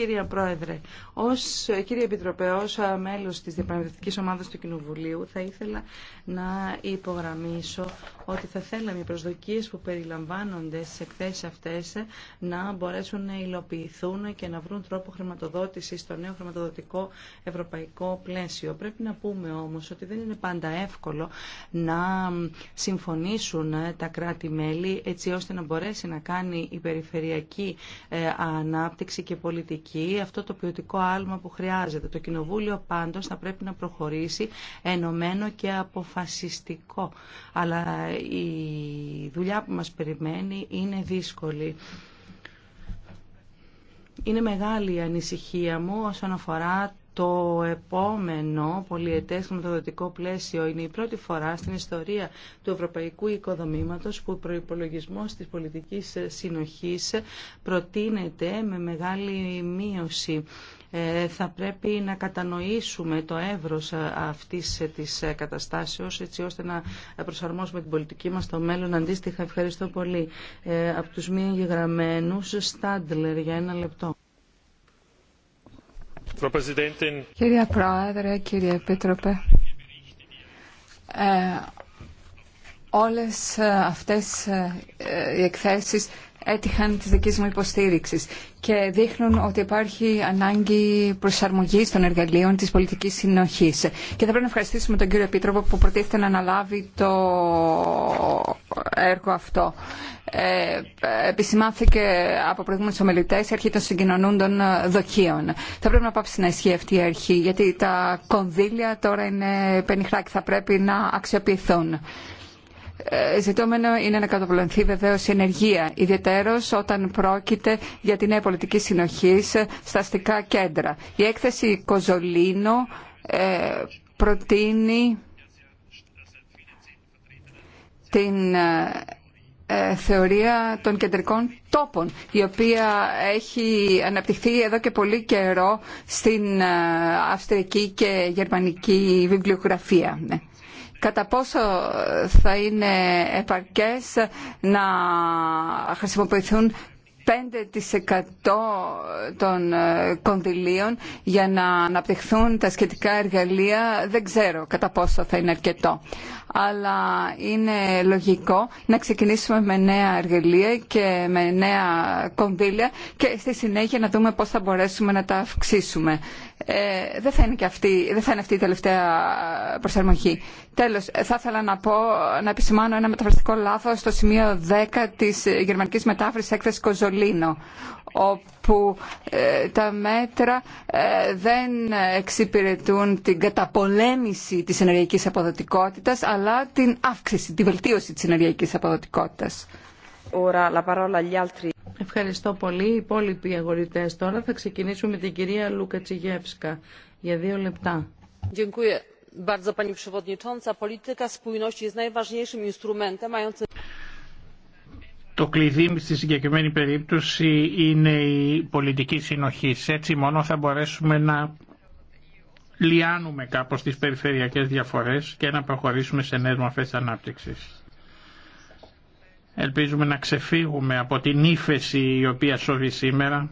κύριε Πρόεδρε. Ως κύριε Επιτροπέ, ως μέλος της Διαπραγματευτικής Ομάδας του Κοινοβουλίου, θα ήθελα να υπογραμμίσω ότι θα θέλαμε οι προσδοκίες που περιλαμβάνονται στις εκθέσεις αυτές να μπορέσουν να υλοποιηθούν και να βρουν τρόπο χρηματοδότηση στο νέο χρηματοδοτικό ευρωπαϊκό πλαίσιο. Πρέπει να πούμε όμως ότι δεν είναι πάντα εύκολο να συμφωνήσουν τα κράτη-μέλη έτσι ώστε να μπορέσει να κάνει η περιφερειακή ε, ανάπτυξη και πολιτική αυτό το ποιοτικό άλμα που χρειάζεται. Το Κοινοβούλιο πάντως θα πρέπει να προχωρήσει ενωμένο και αποφασιστικό. Αλλά η δουλειά που μας περιμένει είναι δύσκολη. Είναι μεγάλη η ανησυχία μου όσον αφορά το επόμενο πολιετές χρηματοδοτικό πλαίσιο είναι η πρώτη φορά στην ιστορία του ευρωπαϊκού οικοδομήματος που ο προϋπολογισμός της πολιτικής συνοχής προτείνεται με μεγάλη μείωση ε, θα πρέπει να κατανοήσουμε το εύρος αυτής της καταστάσεως έτσι ώστε να προσαρμόσουμε την πολιτική μας στο μέλλον αντίστοιχα. Ευχαριστώ πολύ. Ε, από τους μη εγγεγραμμένους, Στάντλερ για ένα λεπτό. Κύριε Πρόεδρε, κύριε Επίτροπε, ε, όλες ε, αυτές ε, οι εκθέσεις έτυχαν τη δική μου υποστήριξη και δείχνουν ότι υπάρχει ανάγκη προσαρμογή των εργαλείων τη πολιτική συνοχή. Και θα πρέπει να ευχαριστήσουμε τον κύριο Επίτροπο που προτίθεται να αναλάβει το έργο αυτό. Ε, επισημάνθηκε από προηγούμενου ομιλητέ η αρχή των συγκοινωνούντων δοκίων. Θα πρέπει να πάψει να ισχύει αυτή η αρχή, γιατί τα κονδύλια τώρα είναι πενιχρά και θα πρέπει να αξιοποιηθούν. Ε, Ζητούμενο είναι να καταπολεμηθεί βεβαίω η ενεργεία, ιδιαίτερω όταν πρόκειται για τη νέα πολιτική συνοχή στα αστικά κέντρα. Η έκθεση Κοζολίνο ε, προτείνει την ε, θεωρία των κεντρικών τόπων, η οποία έχει αναπτυχθεί εδώ και πολύ καιρό στην αυστρική και γερμανική βιβλιογραφία. Ναι κατά πόσο θα είναι επαρκές να χρησιμοποιηθούν 5% των κονδυλίων για να αναπτυχθούν τα σχετικά εργαλεία δεν ξέρω κατά πόσο θα είναι αρκετό αλλά είναι λογικό να ξεκινήσουμε με νέα εργαλεία και με νέα κονδύλια και στη συνέχεια να δούμε πώς θα μπορέσουμε να τα αυξήσουμε. Ε, δεν, θα είναι και αυτή, δεν θα είναι αυτή η τελευταία προσαρμογή. Τέλος, θα ήθελα να πω, να επισημάνω ένα μεταφραστικό λάθος στο σημείο 10 της γερμανικής μετάφρασης έκθεσης Κοζολίνο όπου ε, τα μέτρα ε, δεν εξυπηρετούν την καταπολέμηση της ενεργειακής αποδοτικότητας αλλά την αύξηση, τη βελτίωση της ενεργειακής αποδοτικότητας. Ευχαριστώ πολύ. Οι υπόλοιποι αγορητέ τώρα θα ξεκινήσουμε με την κυρία Λούκα Τσιγεύσκα για δύο λεπτά. Dziękuję bardzo Pani Przewodnicząca. Polityka spójności jest najważniejszym instrumentem mającym το κλειδί στη συγκεκριμένη περίπτωση είναι η πολιτική συνοχή. Έτσι μόνο θα μπορέσουμε να λιάνουμε κάπως τις περιφερειακές διαφορές και να προχωρήσουμε σε νέες μορφές ανάπτυξης. Ελπίζουμε να ξεφύγουμε από την ύφεση η οποία σώβει σήμερα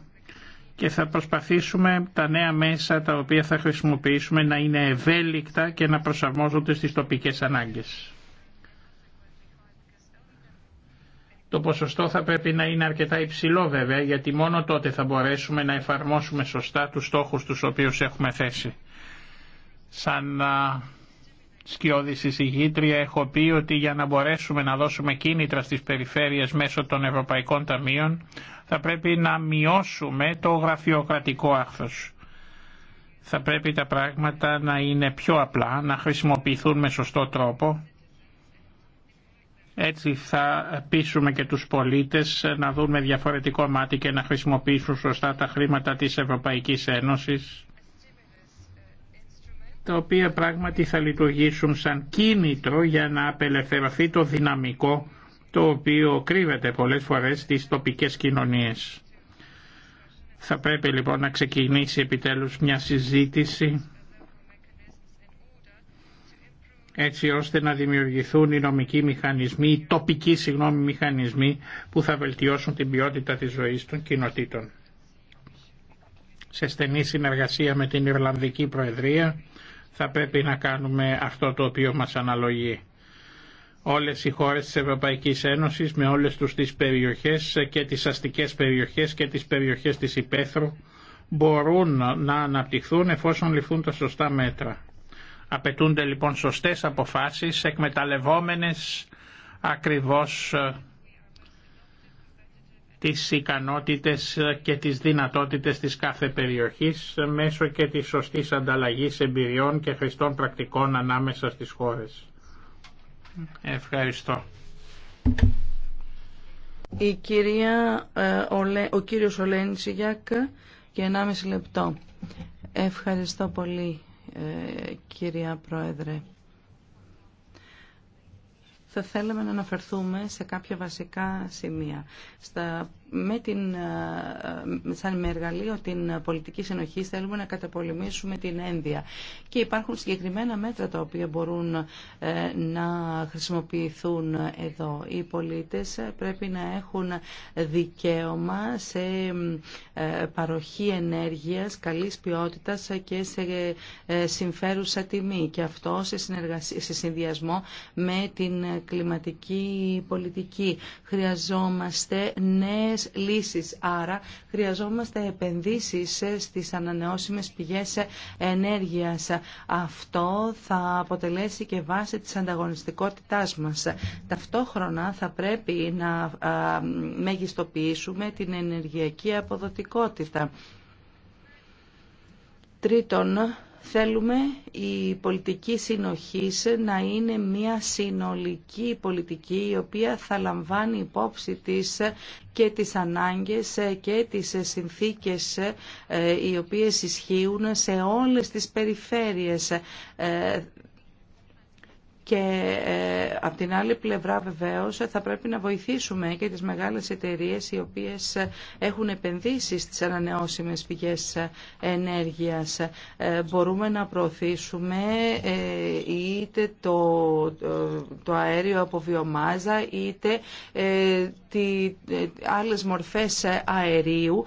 και θα προσπαθήσουμε τα νέα μέσα τα οποία θα χρησιμοποιήσουμε να είναι ευέλικτα και να προσαρμόζονται στις τοπικές ανάγκες. Το ποσοστό θα πρέπει να είναι αρκετά υψηλό βέβαια γιατί μόνο τότε θα μπορέσουμε να εφαρμόσουμε σωστά τους στόχους τους οποίους έχουμε θέσει. Σαν σκιώδη εισηγήτρια έχω πει ότι για να μπορέσουμε να δώσουμε κίνητρα στις περιφέρειες μέσω των Ευρωπαϊκών Ταμείων θα πρέπει να μειώσουμε το γραφειοκρατικό άχθος. Θα πρέπει τα πράγματα να είναι πιο απλά, να χρησιμοποιηθούν με σωστό τρόπο έτσι θα πείσουμε και τους πολίτες να δουν με διαφορετικό μάτι και να χρησιμοποιήσουν σωστά τα χρήματα της Ευρωπαϊκής Ένωσης τα οποία πράγματι θα λειτουργήσουν σαν κίνητρο για να απελευθερωθεί το δυναμικό το οποίο κρύβεται πολλές φορές στις τοπικές κοινωνίες. Θα πρέπει λοιπόν να ξεκινήσει επιτέλους μια συζήτηση έτσι ώστε να δημιουργηθούν οι νομικοί μηχανισμοί, οι τοπικοί συγγνώμη μηχανισμοί που θα βελτιώσουν την ποιότητα της ζωής των κοινοτήτων. Σε στενή συνεργασία με την Ιρλανδική Προεδρία θα πρέπει να κάνουμε αυτό το οποίο μας αναλογεί. Όλες οι χώρες της Ευρωπαϊκής Ένωσης με όλες τους τις περιοχές και τις αστικές περιοχές και τις περιοχές της Υπέθρου μπορούν να αναπτυχθούν εφόσον ληφθούν τα σωστά μέτρα Απαιτούνται λοιπόν σωστές αποφάσεις εκμεταλλευόμενες ακριβώς ε, τις ικανότητες και τις δυνατότητες της κάθε περιοχής ε, μέσω και της σωστής ανταλλαγής εμπειριών και χρηστών πρακτικών ανάμεσα στις χώρες. Ευχαριστώ. Η κυρία, ε, ο κύριος Ολένης Ιγιάκ για 1,5 λεπτό. Ευχαριστώ πολύ κυρία Πρόεδρε. Θα θέλαμε να αναφερθούμε σε κάποια βασικά σημεία. Στα με την, ε, σαν με εργαλείο την πολιτική συνοχή θέλουμε να καταπολεμήσουμε την ένδια. Και υπάρχουν συγκεκριμένα μέτρα τα οποία μπορούν ε, να χρησιμοποιηθούν εδώ. Οι πολίτες ε, πρέπει να έχουν δικαίωμα σε παροχή ενέργειας καλής ποιότητας και σε συμφέρουσα τιμή. Και αυτό σε, σε συνδυασμό με την κλιματική πολιτική. Χρειαζόμαστε νέες λύσεις. Άρα χρειαζόμαστε επενδύσεις στις ανανεώσιμες πηγές ενέργειας. Αυτό θα αποτελέσει και βάση της ανταγωνιστικότητάς μας. Ταυτόχρονα θα πρέπει να μεγιστοποιήσουμε την ενεργειακή αποδοτικότητα. Τρίτον, Θέλουμε η πολιτική συνοχή να είναι μια συνολική πολιτική η οποία θα λαμβάνει υπόψη της και τις ανάγκες και τις συνθήκες ε, οι οποίες ισχύουν σε όλες τις περιφέρειες. Ε, και ε, από την άλλη πλευρά βεβαίως θα πρέπει να βοηθήσουμε και τις μεγάλες εταιρείες οι οποίες έχουν επενδύσει στις ανανεώσιμες πηγές ενέργειας. Ε, μπορούμε να προωθήσουμε ε, είτε το, το αέριο από βιομάζα είτε τη, άλλες μορφές αερίου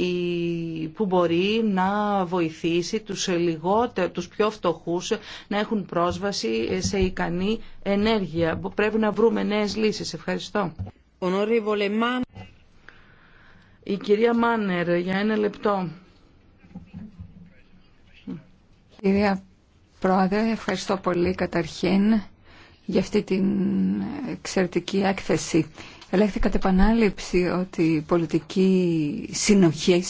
η που μπορεί να βοηθήσει τους, λιγότε, τους πιο φτωχούς να έχουν πρόσβαση σε ικανή ενέργεια. Πρέπει να βρούμε νέες λύσεις. Ευχαριστώ. Η κυρία Μάνερ, για ένα λεπτό. Κυρία Πρόεδρε, ευχαριστώ πολύ καταρχήν για αυτή την εξαιρετική έκθεση. Ελέγχθηκατε την ότι η πολιτική συνοχή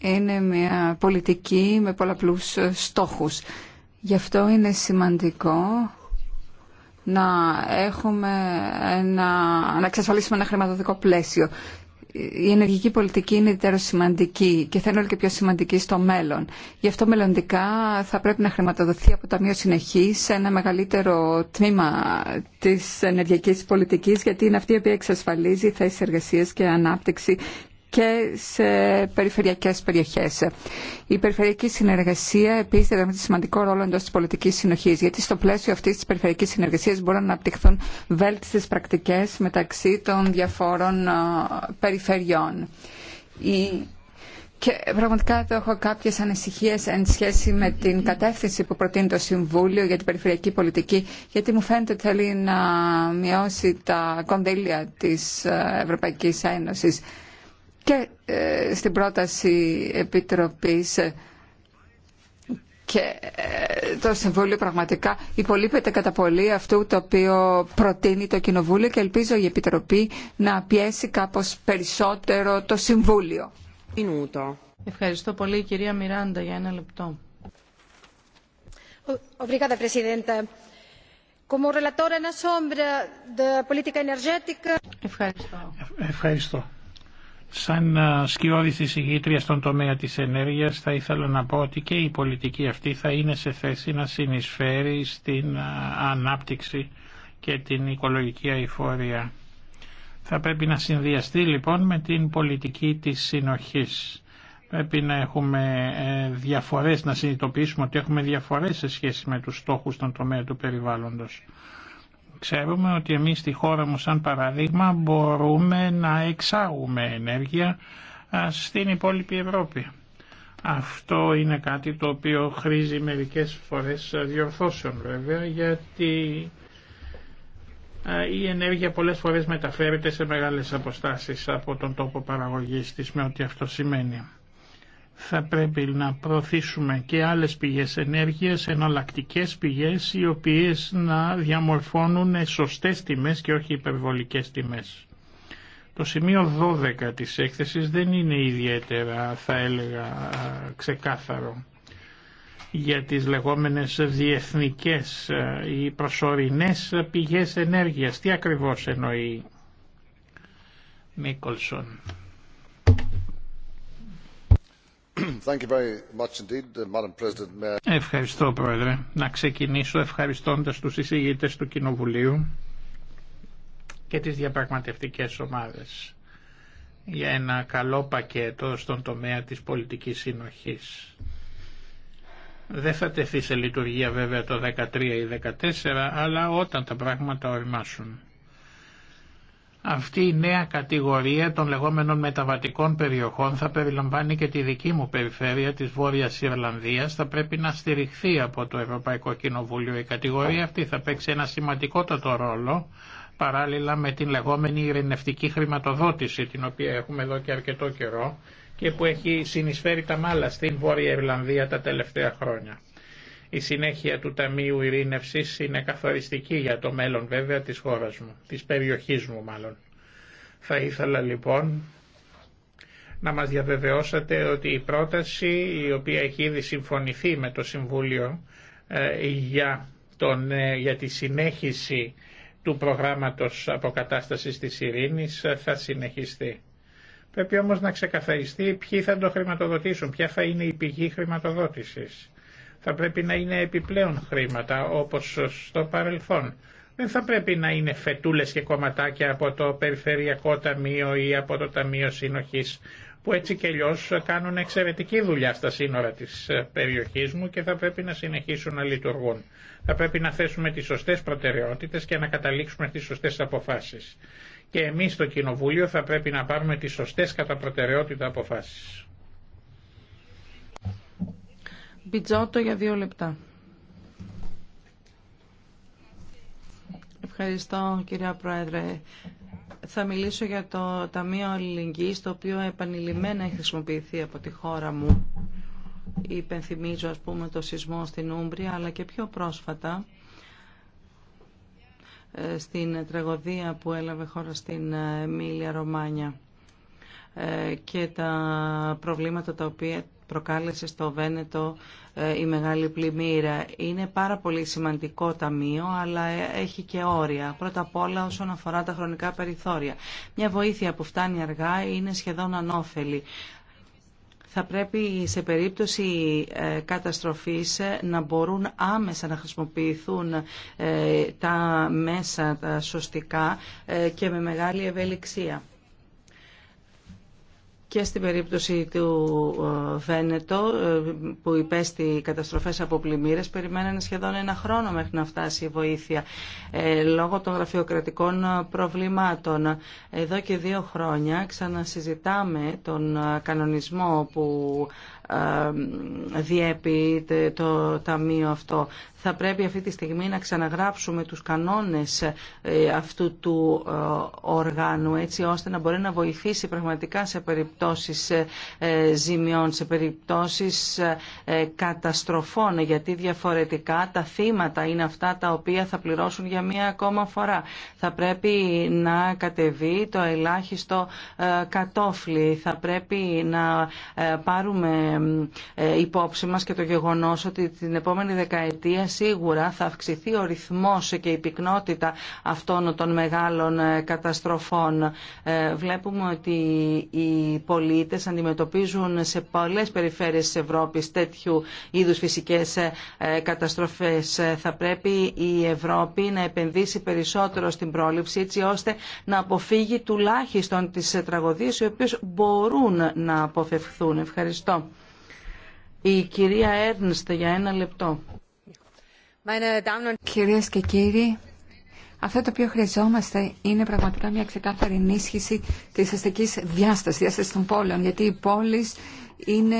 είναι μια πολιτική με πολλαπλούς στόχους. Γι' αυτό είναι σημαντικό να έχουμε ένα, να εξασφαλίσουμε ένα χρηματοδοτικό πλαίσιο. Η ενεργική πολιτική είναι ιδιαίτερα σημαντική και θα είναι όλο και πιο σημαντική στο μέλλον. Γι' αυτό μελλοντικά θα πρέπει να χρηματοδοθεί από το Ταμείο Συνεχή σε ένα μεγαλύτερο τμήμα τη ενεργειακή πολιτική, γιατί είναι αυτή η οποία εξασφαλίζει θέσει εργασία και ανάπτυξη και σε περιφερειακές περιοχές. Η περιφερειακή συνεργασία επίσης διαδραματίζει σημαντικό ρόλο εντός της πολιτικής συνοχής, γιατί στο πλαίσιο αυτής της περιφερειακής συνεργασίας μπορούν να αναπτυχθούν βέλτιστες πρακτικές μεταξύ των διαφόρων περιφερειών. Και πραγματικά εδώ έχω κάποιε ανησυχίε εν σχέση με την κατεύθυνση που προτείνει το Συμβούλιο για την Περιφερειακή Πολιτική, γιατί μου φαίνεται ότι θέλει να μειώσει τα κονδύλια τη ε, Ευρωπαϊκή Ένωση και ε, στην πρόταση Επιτροπής ε, και ε, το Συμβούλιο πραγματικά υπολείπεται κατά πολύ αυτού το οποίο προτείνει το Κοινοβούλιο και ελπίζω η Επιτροπή να πιέσει κάπως περισσότερο το Συμβούλιο. Ευχαριστώ πολύ κυρία Μιράντα για ένα λεπτό. Ευχαριστώ. Ευχαριστώ. Σαν σκιώδης συγγήτρια στον τομέα της ενέργειας θα ήθελα να πω ότι και η πολιτική αυτή θα είναι σε θέση να συνεισφέρει στην ανάπτυξη και την οικολογική αηφόρια. Θα πρέπει να συνδυαστεί λοιπόν με την πολιτική της συνοχής. Πρέπει να έχουμε ε, διαφορές, να συνειδητοποιήσουμε ότι έχουμε διαφορές σε σχέση με τους στόχους στον τομέα του περιβάλλοντος. Ξέρουμε ότι εμείς στη χώρα μου σαν παραδείγμα μπορούμε να εξάγουμε ενέργεια στην υπόλοιπη Ευρώπη. Αυτό είναι κάτι το οποίο χρήζει μερικές φορές διορθώσεων βέβαια γιατί η ενέργεια πολλές φορές μεταφέρεται σε μεγάλες αποστάσεις από τον τόπο παραγωγής της με ό,τι αυτό σημαίνει θα πρέπει να προωθήσουμε και άλλες πηγές ενέργειας, εναλλακτικέ πηγές οι οποίες να διαμορφώνουν σωστές τιμές και όχι υπερβολικές τιμές. Το σημείο 12 της έκθεσης δεν είναι ιδιαίτερα, θα έλεγα, ξεκάθαρο για τις λεγόμενες διεθνικές ή προσωρινές πηγές ενέργειας. Τι ακριβώς εννοεί Μίκολσον. Ευχαριστώ Πρόεδρε. Να ξεκινήσω ευχαριστώντας τους εισηγήτες του Κοινοβουλίου και τις διαπραγματευτικές ομάδες για ένα καλό πακέτο στον τομέα της πολιτικής συνοχής. Δεν θα τεθεί σε λειτουργία βέβαια το 13 ή 14, αλλά όταν τα πράγματα οριμάσουν. Αυτή η νέα κατηγορία των λεγόμενων μεταβατικών περιοχών θα περιλαμβάνει και τη δική μου περιφέρεια της Βόρειας Ιρλανδίας. Θα πρέπει να στηριχθεί από το Ευρωπαϊκό Κοινοβούλιο. Η κατηγορία αυτή θα παίξει ένα σημαντικότατο ρόλο παράλληλα με την λεγόμενη ειρηνευτική χρηματοδότηση την οποία έχουμε εδώ και αρκετό καιρό και που έχει συνεισφέρει τα μάλα στην Βόρεια Ιρλανδία τα τελευταία χρόνια. Η συνέχεια του Ταμείου Ειρήνευσης είναι καθοριστική για το μέλλον βέβαια της χώρας μου, της περιοχής μου μάλλον. Θα ήθελα λοιπόν να μας διαβεβαιώσατε ότι η πρόταση η οποία έχει ήδη συμφωνηθεί με το Συμβούλιο ε, για, τον, ε, για τη συνέχιση του προγράμματος αποκατάστασης της ειρήνης ε, θα συνεχιστεί. Πρέπει όμως να ξεκαθαριστεί ποιοι θα το χρηματοδοτήσουν, ποια θα είναι η πηγή χρηματοδότησης θα πρέπει να είναι επιπλέον χρήματα όπως στο παρελθόν. Δεν θα πρέπει να είναι φετούλες και κομματάκια από το Περιφερειακό Ταμείο ή από το Ταμείο Συνοχής που έτσι και αλλιώ κάνουν εξαιρετική δουλειά στα σύνορα της περιοχής μου και θα πρέπει να συνεχίσουν να λειτουργούν. Θα πρέπει να θέσουμε τις σωστές προτεραιότητες και να καταλήξουμε στις σωστές αποφάσεις. Και εμείς στο Κοινοβούλιο θα πρέπει να πάρουμε τις σωστές κατά προτεραιότητα αποφάσεις για δύο λεπτά. Ευχαριστώ κυρία Πρόεδρε. Θα μιλήσω για το Ταμείο Αλληλεγγύης, το οποίο επανειλημμένα έχει χρησιμοποιηθεί από τη χώρα μου. Υπενθυμίζω ας πούμε το σεισμό στην Ούμπρια, αλλά και πιο πρόσφατα ε, στην τραγωδία που έλαβε χώρα στην ε, Εμίλια Ρωμάνια. Ε, και τα προβλήματα τα οποία προκάλεσε στο Βένετο ε, η μεγάλη πλημμύρα. Είναι πάρα πολύ σημαντικό ταμείο, αλλά ε, έχει και όρια. Πρώτα απ' όλα όσον αφορά τα χρονικά περιθώρια. Μια βοήθεια που φτάνει αργά είναι σχεδόν ανώφελη. Θα πρέπει σε περίπτωση καταστροφής να μπορούν άμεσα να χρησιμοποιηθούν τα μέσα τα σωστικά και με μεγάλη ευελιξία και στην περίπτωση του ε, Βένετο ε, που υπέστη καταστροφές από πλημμύρες περιμένανε σχεδόν ένα χρόνο μέχρι να φτάσει η βοήθεια ε, λόγω των γραφειοκρατικών προβλημάτων. Εδώ και δύο χρόνια ξανασυζητάμε τον κανονισμό που ε, διέπει το Ταμείο αυτό. Θα πρέπει αυτή τη στιγμή να ξαναγράψουμε τους κανόνες ε, αυτού του ε, οργάνου έτσι ώστε να μπορεί να βοηθήσει πραγματικά σε περιπτώσεις ζημιών, σε περιπτώσεις καταστροφών γιατί διαφορετικά τα θύματα είναι αυτά τα οποία θα πληρώσουν για μία ακόμα φορά. Θα πρέπει να κατεβεί το ελάχιστο κατόφλι. Θα πρέπει να πάρουμε ε, υπόψη μας και το γεγονός ότι την επόμενη δεκαετία σίγουρα θα αυξηθεί ο ρυθμός και η πυκνότητα αυτών των μεγάλων ε, καταστροφών. Ε, βλέπουμε ότι οι πολίτες αντιμετωπίζουν σε πολλές περιφέρειες της Ευρώπης τέτοιου είδους φυσικές καταστροφές. Θα πρέπει η Ευρώπη να επενδύσει περισσότερο στην πρόληψη έτσι ώστε να αποφύγει τουλάχιστον τις τραγωδίες οι οποίες μπορούν να αποφευχθούν. Ευχαριστώ. Η κυρία Έρνστε για ένα λεπτό. Κυρίες και κύριοι, αυτό το οποίο χρειαζόμαστε είναι πραγματικά μια ξεκάθαρη ενίσχυση της αστικής διάστασης, διάστασης των πόλεων, γιατί οι πόλεις είναι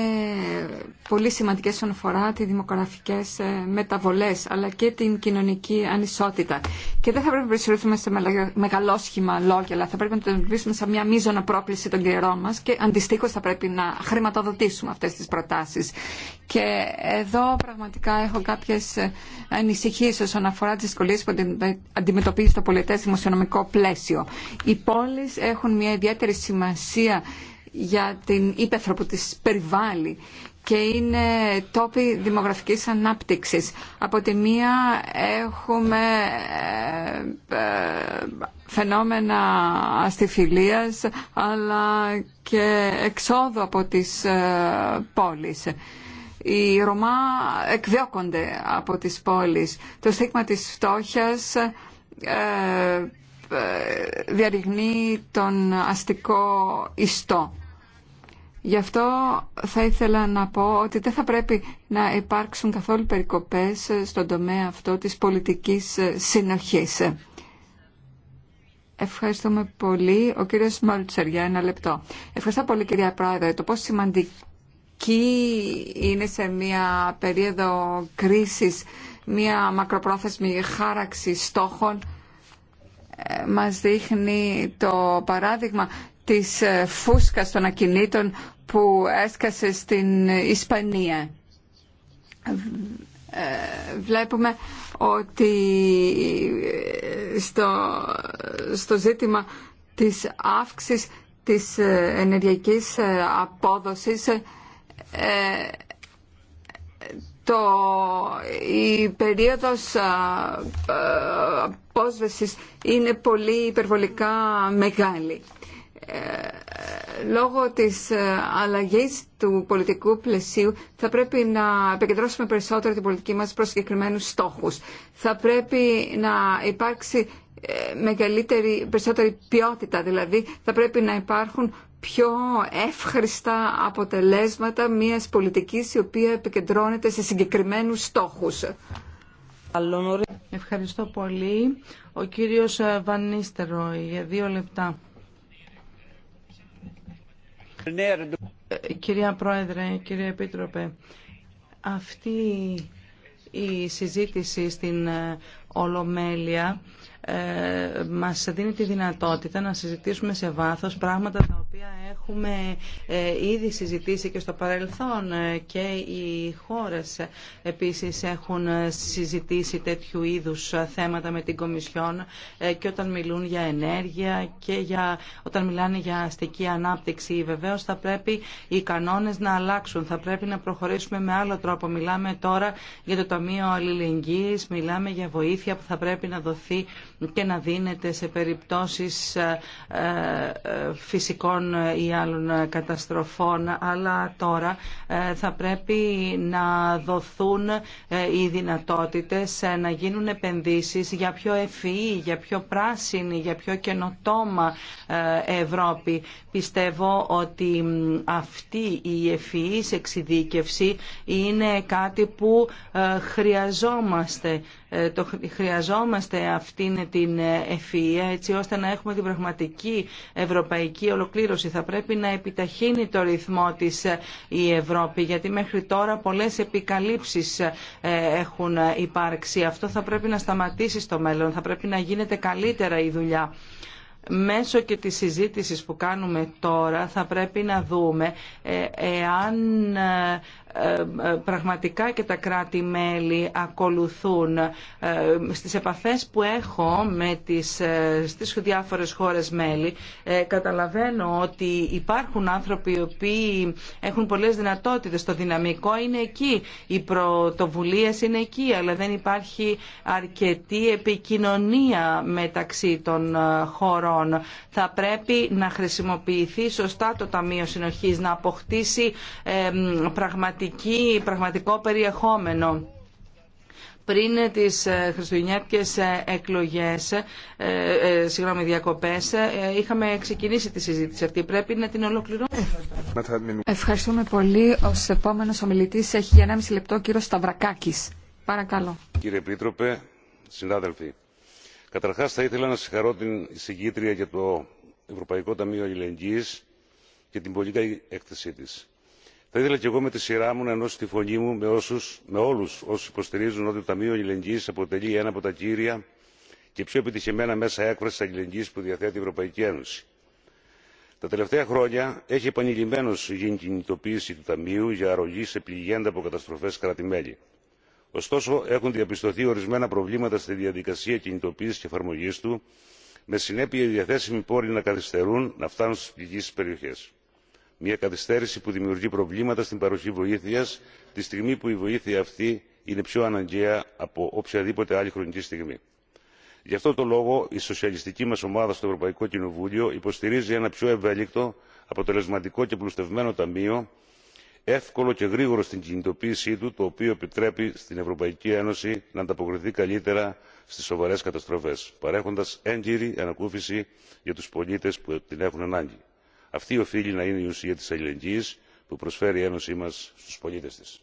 πολύ σημαντικές όσον αφορά τι δημογραφικές ε, μεταβολές αλλά και την κοινωνική ανισότητα. Και δεν θα πρέπει να περισσορίσουμε σε μεγαλόσχημα λόγια, αλλά θα πρέπει να το αντιμετωπίσουμε σαν μια μείζωνα πρόκληση των καιρών μας και αντιστοίχως θα πρέπει να χρηματοδοτήσουμε αυτές τις προτάσεις. Και εδώ πραγματικά έχω κάποιες ε, ανησυχίες όσον αφορά τις δυσκολίες που αντιμετωπίζει το πολιτές δημοσιονομικό πλαίσιο. Οι πόλεις έχουν μια ιδιαίτερη σημασία για την ύπεθρο που τις περιβάλλει και είναι τόποι δημογραφικής ανάπτυξης. Από τη μία έχουμε ε, ε, φαινόμενα αστιφιλίας αλλά και εξόδου από τις ε, πόλεις. Οι Ρωμά εκδιώκονται από τις πόλεις. Το στίγμα της φτώχειας διαρριγνύει τον αστικό ιστό. Γι' αυτό θα ήθελα να πω ότι δεν θα πρέπει να υπάρξουν καθόλου περικοπές στον τομέα αυτό της πολιτικής συνοχής. Ευχαριστούμε πολύ. Ο κύριος Μόλτσερ για ένα λεπτό. Ευχαριστώ πολύ κυρία Πρόεδρε. Το πόσο σημαντική είναι σε μια περίοδο κρίσης μια μακροπρόθεσμη χάραξη στόχων ε, μας δείχνει το παράδειγμα της φούσκας των ακινήτων που έσκασε στην Ισπανία. Βλέπουμε ότι στο, στο ζήτημα της αύξησης της ενεργειακής απόδοσης ε, το, η περίοδος ε, ε, απόσβεσης είναι πολύ υπερβολικά μεγάλη λόγω της ε, αλλαγής του πολιτικού πλαισίου θα πρέπει να επικεντρώσουμε περισσότερο την πολιτική μας προς συγκεκριμένους στόχους. Θα πρέπει να υπάρξει ε, μεγαλύτερη, περισσότερη ποιότητα, δηλαδή θα πρέπει να υπάρχουν πιο εύχριστα αποτελέσματα μιας πολιτικής η οποία επικεντρώνεται σε συγκεκριμένους στόχους. Ευχαριστώ πολύ. Ο κύριος Βανίστερο για δύο λεπτά. Ε, κυρία Πρόεδρε, κύριε Επίτροπε, αυτή η συζήτηση στην ε, Ολομέλεια ε, μας δίνει τη δυνατότητα να συζητήσουμε σε βάθος πράγματα τα οποία έχουμε ε, ήδη συζητήσει και στο παρελθόν ε, και οι χώρες επίσης έχουν συζητήσει τέτοιου είδους θέματα με την Κομισιόν και όταν μιλούν για ενέργεια και για, όταν μιλάνε για αστική ανάπτυξη. Βεβαίως θα πρέπει οι κανόνες να αλλάξουν, θα πρέπει να προχωρήσουμε με άλλο τρόπο. Μιλάμε τώρα για το Ταμείο Αλληλεγγύης, μιλάμε για βοήθεια που θα πρέπει να δοθεί και να δίνεται σε περιπτώσεις ε, ε, φυσικών ή άλλων καταστροφών. Αλλά τώρα ε, θα πρέπει να δοθούν οι δυνατότητες να γίνουν επενδύσεις για πιο ευφυή, για πιο πράσινη, για πιο καινοτόμα Ευρώπη. Πιστεύω ότι αυτή η ευφυής εξειδίκευση είναι κάτι που χρειαζόμαστε ε, το χρειαζόμαστε αυτήν την ε, ευφυΐα έτσι ώστε να έχουμε την πραγματική ευρωπαϊκή ολοκλήρωση. Θα πρέπει να επιταχύνει το ρυθμό της ε, η Ευρώπη γιατί μέχρι τώρα πολλές επικαλύψεις έχουν υπάρξει. Αυτό θα πρέπει να σταματήσει στο μέλλον. Θα πρέπει να γίνεται καλύτερα η δουλειά μέσω και της συζήτησης που κάνουμε τώρα θα πρέπει να δούμε εάν ε, ε, πραγματικά και τα κράτη-μέλη ακολουθούν ε, στις επαφές που έχω με τις, στις διάφορες χώρες μέλη καταλαβαίνω ότι υπάρχουν άνθρωποι οι οποίοι έχουν πολλές δυνατότητες το δυναμικό είναι εκεί οι πρωτοβουλίε είναι εκεί αλλά δεν υπάρχει αρκετή επικοινωνία μεταξύ των χωρών θα πρέπει να χρησιμοποιηθεί σωστά το Ταμείο Συνοχής να αποκτήσει πραγματικά πραγματική, πραγματικό περιεχόμενο πριν τις ε, χριστουγεννιάτικες ε, εκλογές, ε, συγγνώμη διακοπές, είχαμε ξεκινήσει τη συζήτηση αυτή. Πρέπει να την ολοκληρώσουμε. Ευχαριστούμε πολύ. Ο επόμενος ομιλητής έχει για 1,5 λεπτό ο κύριος Σταυρακάκης. Παρακαλώ. Κύριε Επίτροπε, συνάδελφοι, καταρχάς θα ήθελα να συγχαρώ την εισηγήτρια για το Ευρωπαϊκό Ταμείο Αλληλεγγύης και την πολύ καλή έκθεσή της θα ήθελα και εγώ με τη σειρά μου να ενώσω τη φωνή μου με, όλου με υποστηρίζουν ότι το ταμείο αλληλεγγύη αποτελεί ένα από τα κύρια και πιο επιτυχημένα μέσα έκφραση αλληλεγγύη που διαθέτει η ευρωπαϊκή ένωση. τα τελευταία χρόνια έχει επανειλημμένω γίνει κινητοποίηση του ταμείου για αρρωγή σε πληγέντα από καταστροφές κράτη μέλη. ωστόσο έχουν διαπιστωθεί ορισμένα προβλήματα στη διαδικασία κινητοποίηση και εφαρμογή του με συνέπεια οι διαθέσιμοι πόροι να καθυστερούν να φτάνουν στι περιοχέ μια καθυστέρηση που δημιουργεί προβλήματα στην παροχή βοήθεια τη στιγμή που η βοήθεια αυτή είναι πιο αναγκαία από οποιαδήποτε άλλη χρονική στιγμή. γι' αυτό το λόγο η σοσιαλιστική μα ομάδα στο ευρωπαϊκό κοινοβούλιο υποστηρίζει ένα πιο ευέλικτο αποτελεσματικό και πλουστευμένο ταμείο εύκολο και γρήγορο στην κινητοποίησή του το οποίο επιτρέπει στην ευρωπαϊκή ένωση να ανταποκριθεί καλύτερα στι σοβαρέ καταστροφέ παρέχοντα έγκυρη ανακούφιση για του πολίτε που την έχουν ανάγκη αυτή οφείλει να είναι η ουσία της αλληλεγγύης που προσφέρει η ένωσή μας στους πολίτες της.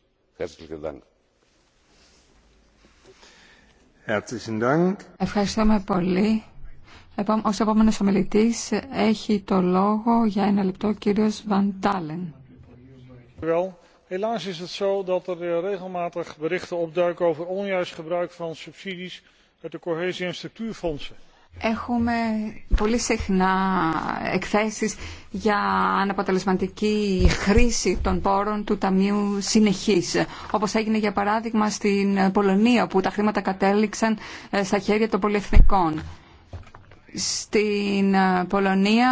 Ευχαριστούμε πολύ. Ως επόμενος ομιλητής έχει το λόγο για ένα λεπτό ο κύριος Βαντάλεν. Helaas is het zo dat er eh, regelmatig berichten opduiken over onjuist gebruik van subsidies uit de cohesie en structuurfondsen. Έχουμε πολύ συχνά εκθέσεις για αναποτελεσματική χρήση των πόρων του Ταμείου Συνεχής. Όπως έγινε για παράδειγμα στην Πολωνία που τα χρήματα κατέληξαν ε, στα χέρια των πολυεθνικών. Στην ε, Πολωνία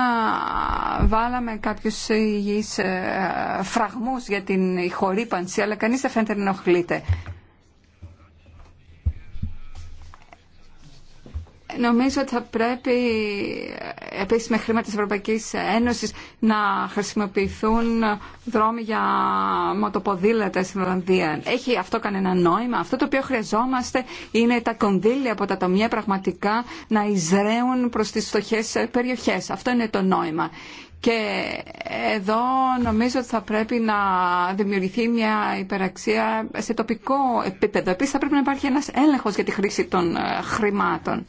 ε, βάλαμε κάποιους υγιείς φραγμούς για την χορύπανση αλλά κανείς δεν φαίνεται να ενοχλείται. Νομίζω ότι θα πρέπει επίση με χρήματα τη Ευρωπαϊκή Ένωσης να χρησιμοποιηθούν δρόμοι για μοτοποδήλατα στην Ολλανδία. Έχει αυτό κανένα νόημα. Αυτό το οποίο χρειαζόμαστε είναι τα κονδύλια από τα τομεία πραγματικά να εισραίουν προ τι φτωχέ περιοχές. Αυτό είναι το νόημα. Και εδώ νομίζω ότι θα πρέπει να δημιουργηθεί μια υπεραξία σε τοπικό επίπεδο. Επίσης θα πρέπει να υπάρχει ένας έλεγχος για τη χρήση των ε, χρημάτων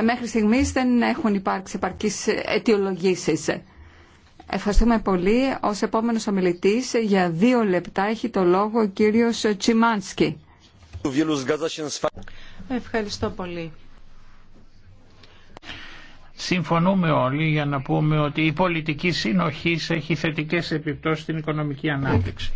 μέχρι στιγμής δεν έχουν υπάρξει επαρκείς αιτιολογήσεις. Ευχαριστούμε πολύ. Ως επόμενο ομιλητή για δύο λεπτά έχει το λόγο ο κύριο Τσιμάνσκι. Ευχαριστώ πολύ. Συμφωνούμε όλοι για να πούμε ότι η πολιτική συνοχή έχει θετικέ επιπτώσει στην οικονομική ανάπτυξη.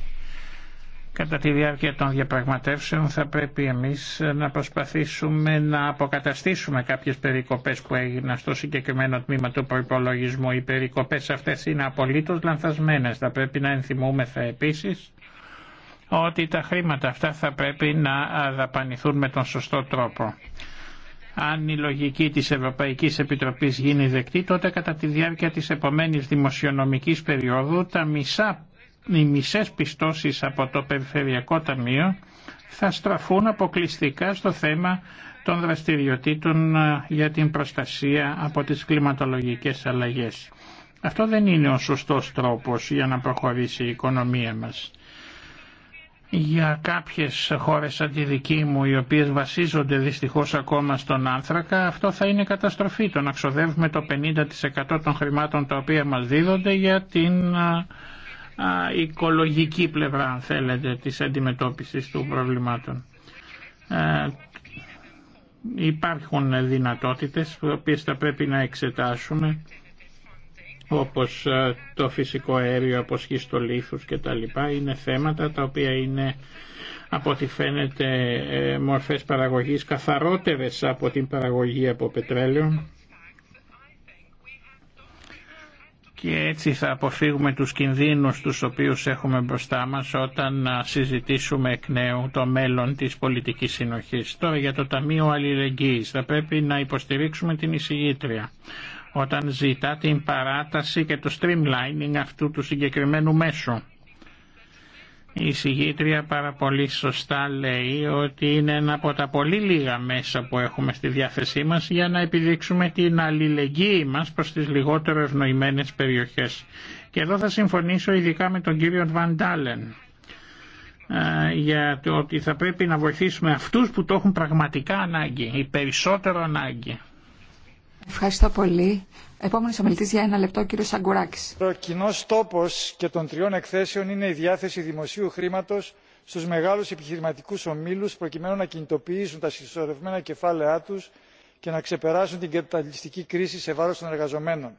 Κατά τη διάρκεια των διαπραγματεύσεων θα πρέπει εμείς να προσπαθήσουμε να αποκαταστήσουμε κάποιες περικοπές που έγιναν στο συγκεκριμένο τμήμα του προϋπολογισμού. Οι περικοπές αυτές είναι απολύτως λανθασμένες. Θα πρέπει να ενθυμούμεθα επίσης ότι τα χρήματα αυτά θα πρέπει να δαπανηθούν με τον σωστό τρόπο. Αν η λογική της Ευρωπαϊκής Επιτροπής γίνει δεκτή, τότε κατά τη διάρκεια της επομένης δημοσιονομικής περίοδου τα μισά οι μισές πιστώσεις από το Περιφερειακό Ταμείο θα στραφούν αποκλειστικά στο θέμα των δραστηριοτήτων ε, για την προστασία από τις κλιματολογικές αλλαγές. Αυτό δεν είναι ο σωστός τρόπος για να προχωρήσει η οικονομία μας. Για κάποιες χώρες σαν τη δική μου, οι οποίες βασίζονται δυστυχώς ακόμα στον άνθρακα, αυτό θα είναι καταστροφή, το να ξοδεύουμε το 50% των χρημάτων τα οποία μας δίδονται για την ε, οικολογική πλευρά αν θέλετε της αντιμετώπισης του προβλημάτων. Ε, υπάρχουν δυνατότητες που οποίες θα πρέπει να εξετάσουμε όπως ε, το φυσικό αέριο από λίθους και τα λοιπά είναι θέματα τα οποία είναι από ό,τι φαίνεται ε, μορφές παραγωγής καθαρότερες από την παραγωγή από πετρέλαιο και έτσι θα αποφύγουμε τους κινδύνους τους οποίους έχουμε μπροστά μας όταν συζητήσουμε εκ νέου το μέλλον της πολιτικής συνοχής. Τώρα για το Ταμείο Αλληλεγγύης θα πρέπει να υποστηρίξουμε την εισηγήτρια όταν ζητά την παράταση και το streamlining αυτού του συγκεκριμένου μέσου η συγγήτρια πάρα πολύ σωστά λέει ότι είναι ένα από τα πολύ λίγα μέσα που έχουμε στη διάθεσή μας για να επιδείξουμε την αλληλεγγύη μας προς τις λιγότερο ευνοημένες περιοχές. Και εδώ θα συμφωνήσω ειδικά με τον κύριο Βαντάλεν ε, για το ότι θα πρέπει να βοηθήσουμε αυτούς που το έχουν πραγματικά ανάγκη, ή περισσότερο ανάγκη. Ευχαριστώ πολύ. Επόμενο ομιλητή για ένα λεπτό, κύριο Σαγκουράκη. Ο κοινό τόπο και των τριών εκθέσεων είναι η διάθεση δημοσίου χρήματο στου μεγάλου επιχειρηματικού ομίλου προκειμένου να κινητοποιήσουν τα συσσωρευμένα κεφάλαιά του και να ξεπεράσουν την καπιταλιστική κρίση σε βάρο των εργαζομένων.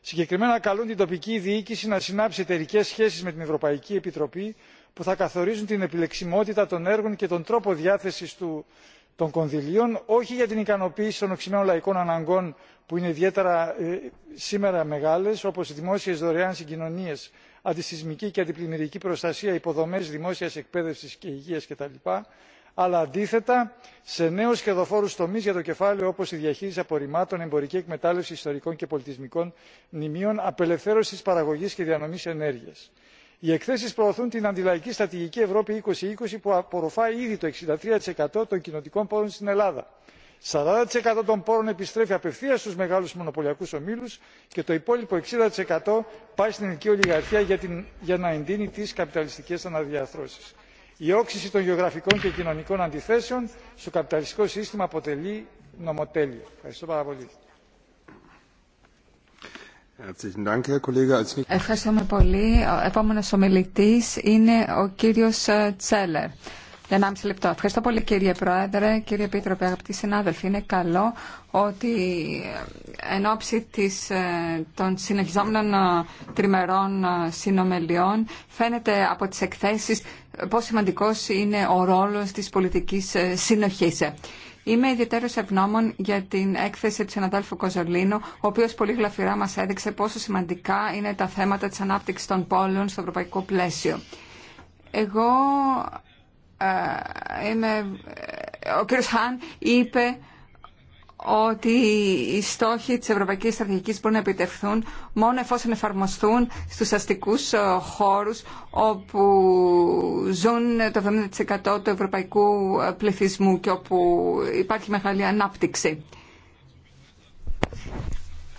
Συγκεκριμένα καλούν την τοπική διοίκηση να συνάψει εταιρικέ σχέσει με την Ευρωπαϊκή Επιτροπή που θα καθορίζουν την επιλεξιμότητα των έργων και τον τρόπο διάθεση του των κονδυλίων όχι για την ικανοποίηση των οξυμένων λαϊκών αναγκών που είναι ιδιαίτερα ε, σήμερα μεγάλες όπως οι δημόσιες δωρεάν συγκοινωνίες αντισυσμική και αντιπλημμυρική προστασία υποδομές δημόσιας εκπαίδευσης και υγείας κτλ. αλλά αντίθετα σε νέους κερδοφόρους τομείς για το κεφάλαιο όπως η διαχείριση απορριμμάτων εμπορική εκμετάλλευση ιστορικών και πολιτισμικών μνημείων απελευθέρωση της παραγωγής και διανομής ενέργεια οι εκθέσει προωθούν την αντιλαϊκή στρατηγική ευρώπη 2020 που απορροφά ήδη το 63% των κοινοτικών πόρων στην ελλάδα. 40% των πόρων επιστρέφει απευθεία στους μεγάλου μονοπωλιακού ομίλου και το υπόλοιπο 60% πάει στην ελληνική ολιγαρχία για, να εντείνει τι καπιταλιστικέ αναδιαρθρώσεις. Η όξυση των γεωγραφικών και κοινωνικών αντιθέσεων στο καπιταλιστικό σύστημα αποτελεί νομοτέλεια. Ευχαριστώ πάρα πολύ. Ευχαριστούμε πολύ. Ο επόμενο ομιλητή είναι ο κύριος ε, Τσέλερ. Για λεπτό. Ευχαριστώ πολύ κύριε Πρόεδρε, κύριε Επίτροπε, αγαπητοί συνάδελφοι. Είναι καλό ότι ε, εν ώψη της, ε, των συνεχιζόμενων τριμερών συνομιλιών φαίνεται από τις εκθέσεις πόσο σημαντικός είναι ο ρόλος της πολιτικής συνοχής. Είμαι ιδιαίτερο ευγνώμων για την έκθεση του συναδέλφου Κοζολίνου, ο οποίο πολύ γλαφυρά μα έδειξε πόσο σημαντικά είναι τα θέματα τη ανάπτυξη των πόλεων στο ευρωπαϊκό πλαίσιο. Εγώ ε, είμαι. Ε, ο κ. Χάν είπε ότι οι στόχοι της Ευρωπαϊκής Στρατηγικής μπορούν να επιτευχθούν μόνο εφόσον εφαρμοστούν στους αστικούς ε, χώρους όπου ζουν το 70% του ευρωπαϊκού ε, πληθυσμού και όπου υπάρχει μεγάλη ανάπτυξη.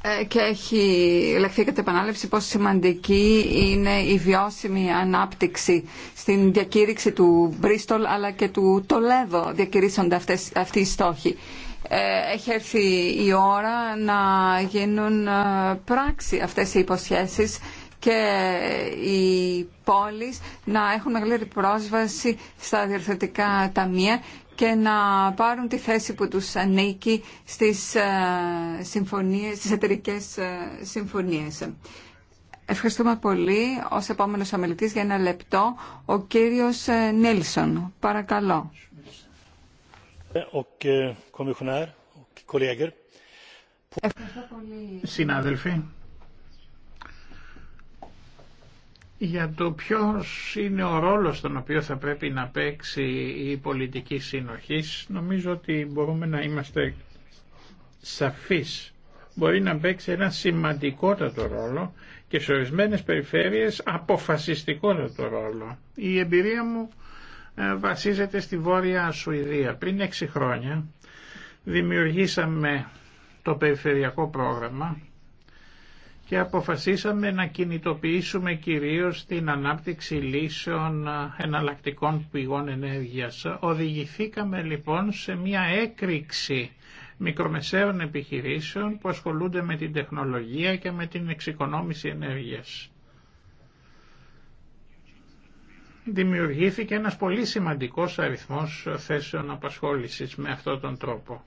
Ε, και έχει λεχθεί κατά επανάληψη πόσο σημαντική είναι η βιώσιμη ανάπτυξη στην διακήρυξη του Μπρίστολ αλλά και του Τολέδο διακηρύσσονται αυτοί οι στόχοι. Ε, έχει έρθει η ώρα να γίνουν ε, πράξη αυτές οι υποσχέσεις και οι πόλεις να έχουν μεγαλύτερη πρόσβαση στα διορθωτικά ταμεία και να πάρουν τη θέση που τους ανήκει στις, ε, συμφωνίες, στις εταιρικές συμφωνίες. Ευχαριστούμε πολύ. Ως επόμενος ομιλητής για ένα λεπτό, ο κύριος Νίλσον. Παρακαλώ. Eh, Συνάδελφοι, για το ποιο είναι ο ρόλο τον οποίο θα πρέπει να παίξει η πολιτική συνοχή, νομίζω ότι μπορούμε να είμαστε σαφείς. Μπορεί να παίξει ένα σημαντικότατο ρόλο και σε ορισμένε περιφέρειες αποφασιστικότατο ρόλο. Η εμπειρία μου ε, βασίζεται στη Βόρεια Σουηδία. Πριν 6 χρόνια δημιουργήσαμε το περιφερειακό πρόγραμμα και αποφασίσαμε να κινητοποιήσουμε κυρίως την ανάπτυξη λύσεων ε, εναλλακτικών πηγών ενέργειας. Οδηγηθήκαμε λοιπόν σε μια έκρηξη μικρομεσαίων επιχειρήσεων που ασχολούνται με την τεχνολογία και με την εξοικονόμηση ενέργειας. δημιουργήθηκε ένας πολύ σημαντικός αριθμός θέσεων απασχόλησης με αυτόν τον τρόπο.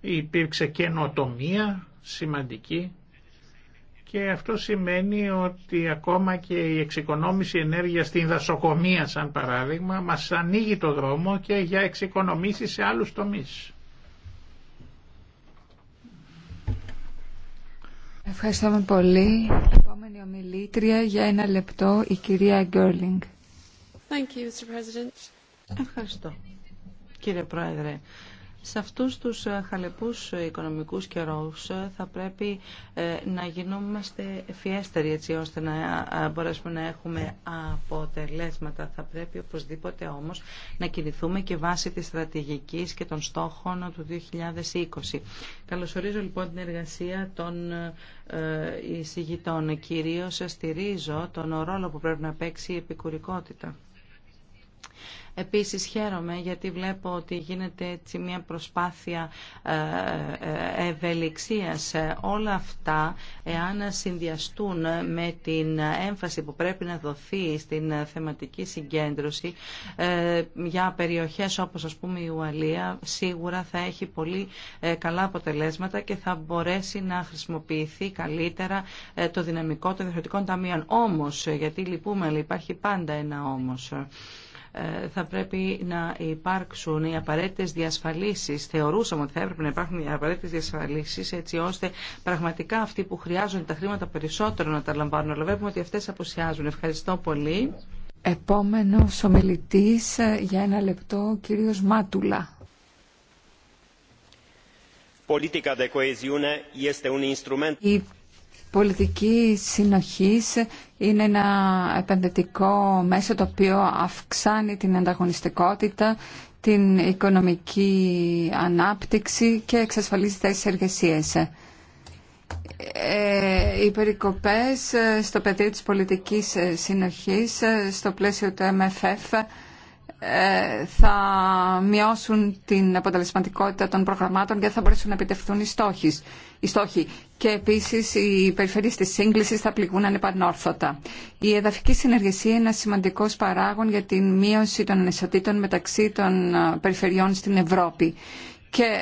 Υπήρξε καινοτομία σημαντική και αυτό σημαίνει ότι ακόμα και η εξοικονόμηση ενέργειας στην δασοκομεία σαν παράδειγμα μας ανοίγει το δρόμο και για εξοικονομήσεις σε άλλους τομείς. Ευχαριστούμε πολύ. Επόμενη ομιλήτρια για ένα λεπτό η κυρία Γκέρλινγκ. Ευχαριστώ, κύριε Πρόεδρε. Σε αυτούς τους ε, χαλεπούς ε, οικονομικούς καιρούς ε, θα πρέπει να γινόμαστε φιέστεροι έτσι ώστε να μπορέσουμε να έχουμε αποτελέσματα. Θα πρέπει οπωσδήποτε όμως να κινηθούμε και βάσει της στρατηγικής και των στόχων του 2020. Καλωσορίζω λοιπόν την εργασία των εισηγητών. Κυρίως στηρίζω τον ρόλο που πρέπει να παίξει η επικουρικότητα. Επίσης χαίρομαι γιατί βλέπω ότι γίνεται έτσι μια προσπάθεια ε, ε, ευελιξίας. Όλα αυτά, εάν συνδυαστούν με την έμφαση που πρέπει να δοθεί στην θεματική συγκέντρωση ε, για περιοχές όπως ας πούμε η Ουαλία, σίγουρα θα έχει πολύ καλά αποτελέσματα και θα μπορέσει να χρησιμοποιηθεί καλύτερα το δυναμικό των διευθυντικών ταμείων. Όμως, γιατί λυπούμε, αλλά υπάρχει πάντα ένα όμως. Ε, θα πρέπει να υπάρξουν οι απαραίτητες διασφαλίσεις. Θεωρούσαμε ότι θα έπρεπε να υπάρχουν οι απαραίτητες διασφαλίσεις έτσι ώστε πραγματικά αυτοί που χρειάζονται τα χρήματα περισσότερο να τα λαμβάνουν. Αλλά βλέπουμε ότι αυτές αποσιάζουν. Ευχαριστώ πολύ. Επόμενος ομιλητής ε, για ένα λεπτό, κύριος Μάτουλα. Η πολιτική συνοχής είναι ένα επενδυτικό μέσο το οποίο αυξάνει την ανταγωνιστικότητα, την οικονομική ανάπτυξη και εξασφαλίζει θέσεις εργασίες. Ε, οι περικοπές στο πεδίο της πολιτικής συνοχής, ε, στο πλαίσιο του MFF, ε, θα μειώσουν την αποτελεσματικότητα των προγραμμάτων και θα μπορέσουν να επιτευχθούν οι στόχοι. Οι στόχοι. Και επίσης οι περιφερειέ τη σύγκληση θα πληγούν ανεπανόρθωτα. Η εδαφική συνεργασία είναι ένα σημαντικός παράγον για την μείωση των ανισοτήτων μεταξύ των ε, περιφερειών στην Ευρώπη και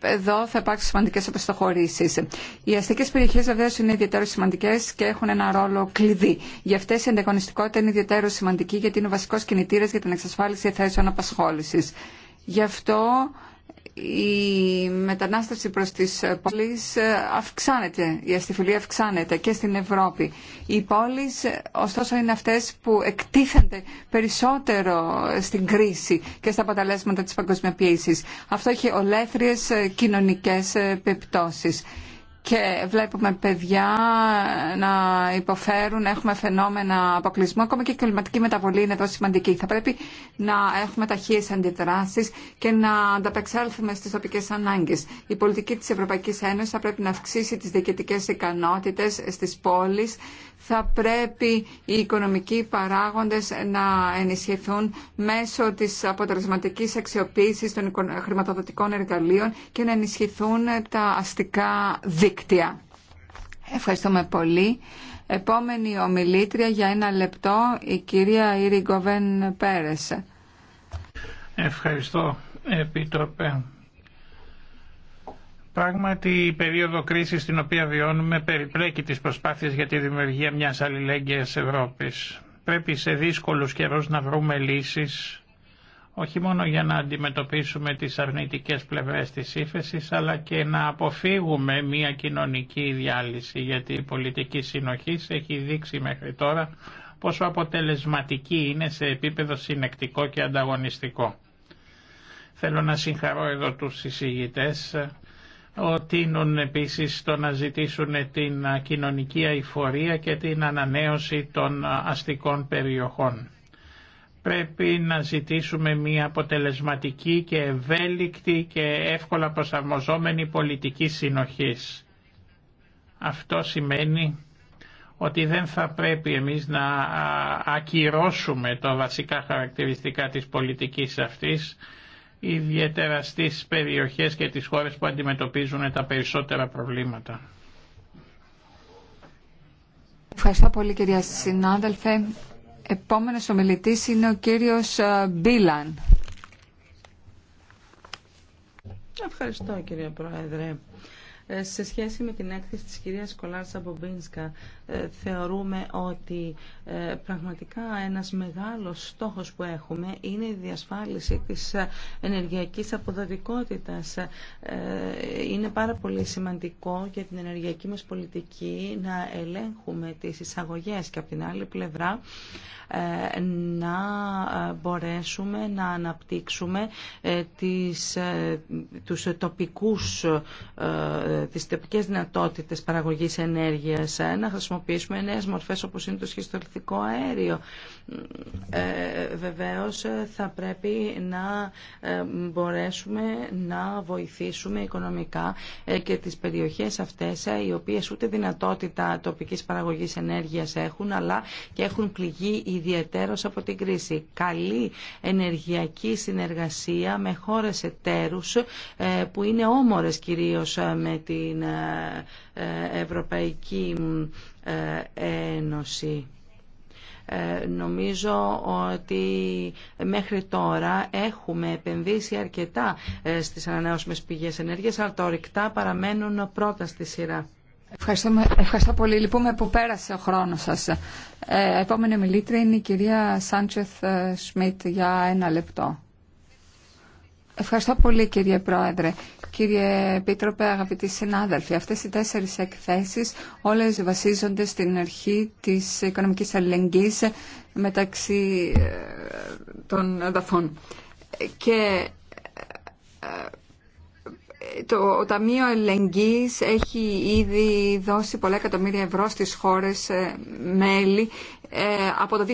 εδώ θα υπάρξουν σημαντικέ επιστοχωρήσει. Οι αστικέ περιοχέ βεβαίω είναι ιδιαίτερω σημαντικέ και έχουν ένα ρόλο κλειδί. Γι' αυτέ η ανταγωνιστικότητα είναι ιδιαίτερο σημαντική γιατί είναι ο βασικό κινητήρα για την εξασφάλιση θέσεων απασχόληση. Γι' αυτό η μετανάστευση προς τις πόλεις αυξάνεται, η αστιφιλία αυξάνεται και στην Ευρώπη. Οι πόλεις ωστόσο είναι αυτές που εκτίθενται περισσότερο στην κρίση και στα αποτελέσματα της παγκοσμιοποίησης. Αυτό έχει ολέθριες κοινωνικές πεπτώσεις και βλέπουμε παιδιά να υποφέρουν, έχουμε φαινόμενα αποκλεισμού, ακόμα και η κλιματική μεταβολή είναι εδώ σημαντική. Θα πρέπει να έχουμε ταχύες αντιδράσεις και να ανταπεξέλθουμε στις τοπικές ανάγκες. Η πολιτική της Ευρωπαϊκής Ένωσης θα πρέπει να αυξήσει τις διοικητικές ικανότητες στις πόλεις, θα πρέπει οι οικονομικοί παράγοντες να ενισχυθούν μέσω της αποτελεσματικής αξιοποίησης των χρηματοδοτικών εργαλείων και να ενισχυθούν τα αστικά δίκτυα. Ευχαριστούμε πολύ. Επόμενη ομιλήτρια για ένα λεπτό, η κυρία Ιριγκοβέν Πέρες. Ευχαριστώ, Επίτροπε. Πράγματι η περίοδο κρίσης στην οποία βιώνουμε περιπλέκει τις προσπάθειες για τη δημιουργία μιας αλληλέγγυας Ευρώπης. Πρέπει σε δύσκολους καιρούς να βρούμε λύσεις όχι μόνο για να αντιμετωπίσουμε τις αρνητικές πλευρές της ύφεση, αλλά και να αποφύγουμε μια κοινωνική διάλυση γιατί η πολιτική συνοχή έχει δείξει μέχρι τώρα πόσο αποτελεσματική είναι σε επίπεδο συνεκτικό και ανταγωνιστικό. Θέλω να συγχαρώ εδώ τους συζητητές τίνουν επίσης το να ζητήσουν την κοινωνική αηφορία και την ανανέωση των αστικών περιοχών. Πρέπει να ζητήσουμε μια αποτελεσματική και ευέλικτη και εύκολα προσαρμοζόμενη πολιτική συνοχής. Αυτό σημαίνει ότι δεν θα πρέπει εμείς να ακυρώσουμε τα βασικά χαρακτηριστικά της πολιτικής αυτής ιδιαίτερα στις περιοχές και τις χώρες που αντιμετωπίζουν τα περισσότερα προβλήματα. Ευχαριστώ πολύ κυρία συνάδελφε. Επόμενος ομιλητής είναι ο κύριος ε, Μπίλαν. Ευχαριστώ κύριε Πρόεδρε. Ε, σε σχέση με την έκθεση της κυρίας Κολάρτσα Μπομπίνσκα, ε, θεωρούμε ότι ε, πραγματικά ένας μεγάλος στόχος που έχουμε είναι η διασφάλιση της ενεργειακής αποδοτικότητας. Είναι πάρα πολύ σημαντικό για την ενεργειακή μας πολιτική να ελέγχουμε τις εισαγωγές και από την άλλη πλευρά να μπορέσουμε να αναπτύξουμε τις, τους τοπικούς τις τοπικές δυνατότητες παραγωγής ενέργειας, να χρησιμοποιήσουμε νέες μορφές όπως είναι το σχιστολιθικό αέριο, ε, βεβαίως θα πρέπει να ε, μπορέσουμε να βοηθήσουμε οικονομικά ε, και τις περιοχές αυτές οι οποίες ούτε δυνατότητα τοπικής παραγωγής ενέργειας έχουν αλλά και έχουν πληγεί ιδιαίτερος από την κρίση. Καλή ενεργειακή συνεργασία με χώρες εταίρους που είναι όμορες κυρίως με την Ευρωπαϊκή Ένωση. Ε, νομίζω ότι μέχρι τώρα έχουμε επενδύσει αρκετά ε, στις ανανεώσιμες πηγές ενέργειας, αλλά τα ορυκτά παραμένουν πρώτα στη σειρά. Ευχαριστώ, πολύ. Λυπούμε που πέρασε ο χρόνος σας. Ε, επόμενη μιλήτρια είναι η κυρία Σάντσεθ Σμιτ για ένα λεπτό. Ευχαριστώ πολύ κύριε Πρόεδρε. Κύριε Επίτροπε, αγαπητοί συνάδελφοι, αυτές οι τέσσερις εκθέσεις όλες βασίζονται στην αρχή της οικονομικής αλληλεγγύης μεταξύ ε, των εδαφών. Και ε, το Ταμείο Ελεγγύης έχει ήδη δώσει πολλά εκατομμύρια ευρώ στις χώρες ε, μέλη ε, από το 2002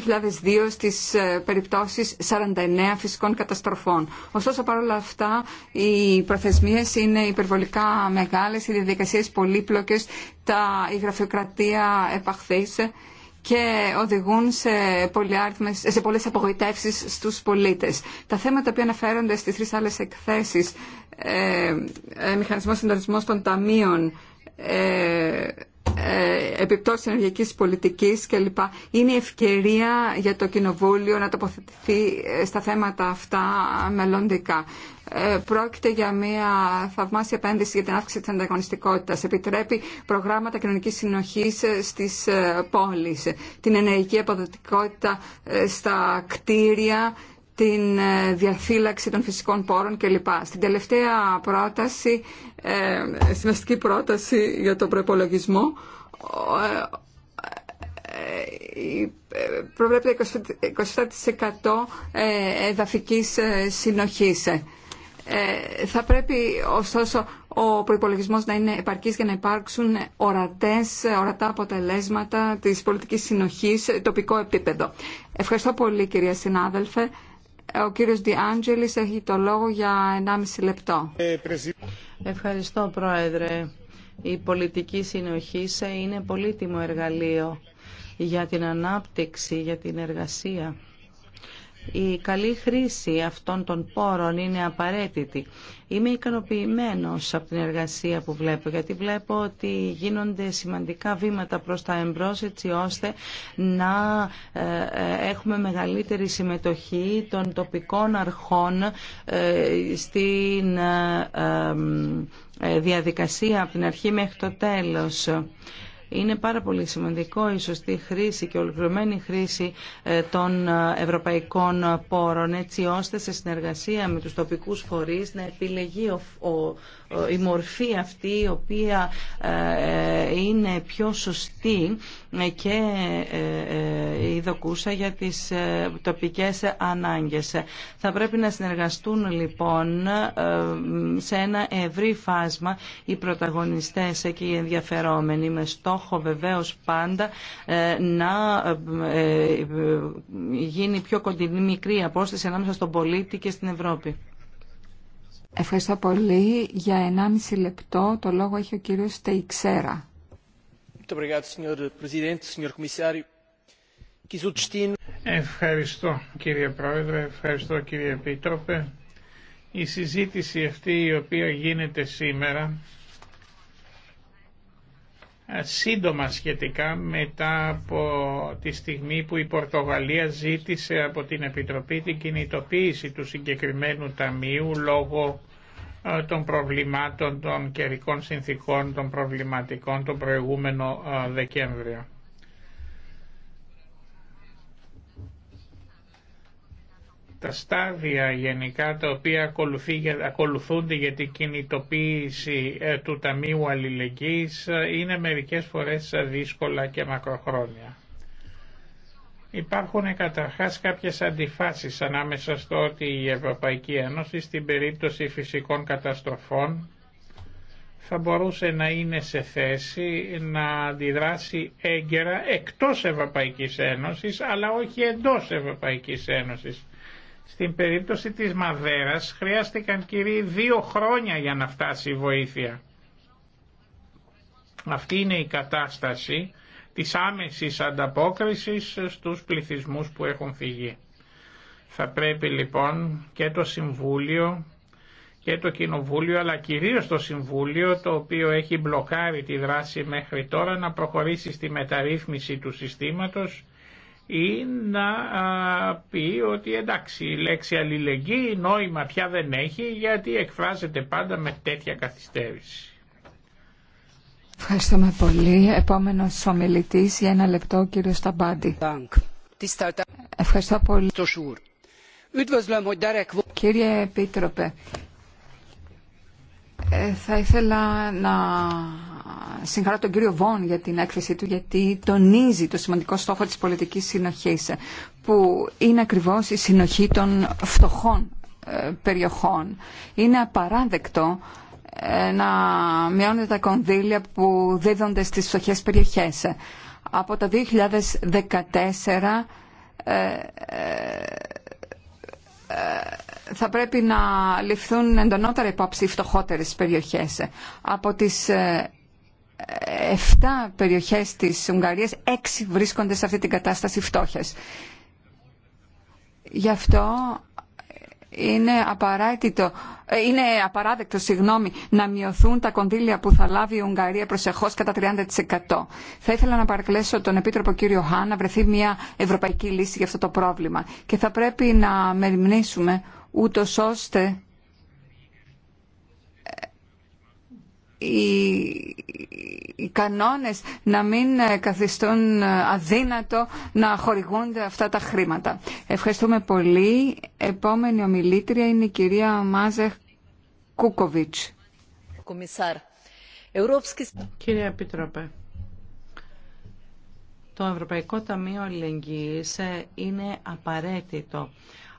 στις ε, περιπτώσεις 49 φυσικών καταστροφών. Ωστόσο, παρόλα αυτά, οι προθεσμίες είναι υπερβολικά μεγάλες, οι διαδικασίες πολύπλοκες, τα, η γραφειοκρατία επαχθείς και οδηγούν σε, σε πολλές απογοητεύσεις στους πολίτες. Τα θέματα που αναφέρονται στις τρεις άλλες εκθέσεις, ε, ε, μηχανισμός συντονισμός των ταμείων, ε, ε, επιπτώσεις ενεργειακή πολιτικής κλπ. Είναι η ευκαιρία για το Κοινοβούλιο να τοποθετηθεί ε, στα θέματα αυτά μελλοντικά. Ε, πρόκειται για μια θαυμάσια επένδυση για την αύξηση της ανταγωνιστικότητας. Επιτρέπει προγράμματα κοινωνικής συνοχής στις πόλεις, την ενεργειακή αποδοτικότητα στα κτίρια, την ε, διαφύλαξη των φυσικών πόρων κλπ. Στην τελευταία πρόταση, ε, πρόταση για τον προπολογισμό, ε, ε, προβλέπεται 27% εδαφικής συνοχής. Θα πρέπει ωστόσο ο προϋπολογισμός να είναι επαρκής για να υπάρξουν ορατές, ορατά αποτελέσματα της πολιτικής συνοχής τοπικό επίπεδο. Ευχαριστώ πολύ κυρία συνάδελφε. Ο κύριος Διάντζελης έχει το λόγο για 1,5 λεπτό. Ευχαριστώ Πρόεδρε. Η πολιτική συνοχή είναι πολύτιμο εργαλείο για την ανάπτυξη, για την εργασία. Η καλή χρήση αυτών των πόρων είναι απαραίτητη. Είμαι ικανοποιημένος από την εργασία που βλέπω, γιατί βλέπω ότι γίνονται σημαντικά βήματα προς τα εμπρός, έτσι ώστε να ε, ε, έχουμε μεγαλύτερη συμμετοχή των τοπικών αρχών ε, στην διαδικασία από την αρχή μέχρι το τέλος. Είναι πάρα πολύ σημαντικό η σωστή χρήση και ολοκληρωμένη χρήση ε, των ε, ευρωπαϊκών πόρων έτσι ώστε σε συνεργασία με τους τοπικούς φορείς να επιλεγεί ο η μορφή αυτή η οποία ε, είναι πιο σωστή ε, και η ε, δοκούσα για τις τοπικές ανάγκες. Θα πρέπει να συνεργαστούν λοιπόν σε ένα ευρύ φάσμα οι πρωταγωνιστές και οι ενδιαφερόμενοι με στόχο βεβαίως πάντα να γίνει πιο κοντινή μικρή απόσταση ανάμεσα στον πολίτη και στην Ευρώπη. Ευχαριστώ πολύ. Για 1,5 λεπτό το λόγο έχει ο κύριος Τειξέρα. Ευχαριστώ κύριε Πρόεδρε, ευχαριστώ κύριε Επίτροπε. Η συζήτηση αυτή η οποία γίνεται σήμερα σύντομα σχετικά μετά από τη στιγμή που η Πορτογαλία ζήτησε από την Επιτροπή την κινητοποίηση του συγκεκριμένου ταμείου λόγω των προβλημάτων των καιρικών συνθήκων των προβληματικών τον προηγούμενο Δεκέμβριο. τα στάδια γενικά τα οποία ακολουθούνται για την κινητοποίηση ε, του Ταμείου Αλληλεγγύης ε, είναι μερικές φορές ε, δύσκολα και μακροχρόνια. Υπάρχουν καταρχάς κάποιες αντιφάσεις ανάμεσα στο ότι η Ευρωπαϊκή Ένωση στην περίπτωση φυσικών καταστροφών θα μπορούσε να είναι σε θέση να αντιδράσει έγκαιρα εκτός Ευρωπαϊκής Ένωσης αλλά όχι εντός Ευρωπαϊκής Ένωσης στην περίπτωση της Μαδέρας χρειάστηκαν κύριοι δύο χρόνια για να φτάσει η βοήθεια. Αυτή είναι η κατάσταση της άμεσης ανταπόκρισης στους πληθυσμούς που έχουν φυγεί. Θα πρέπει λοιπόν και το Συμβούλιο και το Κοινοβούλιο αλλά κυρίως το Συμβούλιο το οποίο έχει μπλοκάρει τη δράση μέχρι τώρα να προχωρήσει στη μεταρρύθμιση του συστήματος ή να πει ότι εντάξει η λέξη αλληλεγγύη νόημα πια δεν έχει γιατί εκφράζεται πάντα με τέτοια καθυστέρηση. Ευχαριστούμε πολύ. Επόμενος ομιλητής για ένα λεπτό, κύριο Σταμπάντη. Ευχαριστώ πολύ. Κύριε Επίτροπε, ε, θα ήθελα να συγχαρώ τον κύριο Βόν για την έκθεσή του γιατί τονίζει το σημαντικό στόχο της πολιτικής συνοχής που είναι ακριβώς η συνοχή των φτωχών ε, περιοχών. Είναι απαράδεκτο ε, να μειώνονται τα κονδύλια που δίδονται στις φτωχές περιοχές. Από το 2014 ε, θα πρέπει να ληφθούν εντονότερα υπόψη οι φτωχότερες περιοχές. Από τις 7 περιοχές της Ουγγαρίας, 6 βρίσκονται σε αυτή την κατάσταση φτώχες. Γι' αυτό είναι, απαράδεκτο, ε, είναι απαράδεκτο συγγνώμη, να μειωθούν τα κονδύλια που θα λάβει η Ουγγαρία προσεχώς κατά 30%. Θα ήθελα να παρακλέσω τον Επίτροπο κύριο Χάν να βρεθεί μια ευρωπαϊκή λύση για αυτό το πρόβλημα. Και θα πρέπει να μεριμνήσουμε ούτως ώστε οι, κανόνες να μην ε, καθιστούν ε, αδύνατο να χορηγούνται αυτά τα χρήματα. Ευχαριστούμε πολύ. Επόμενη ομιλήτρια είναι η κυρία Μάζεχ Κούκοβιτς. Κύριε Επιτροπέ, το Ευρωπαϊκό Ταμείο Αλληλεγγύης ε, είναι απαραίτητο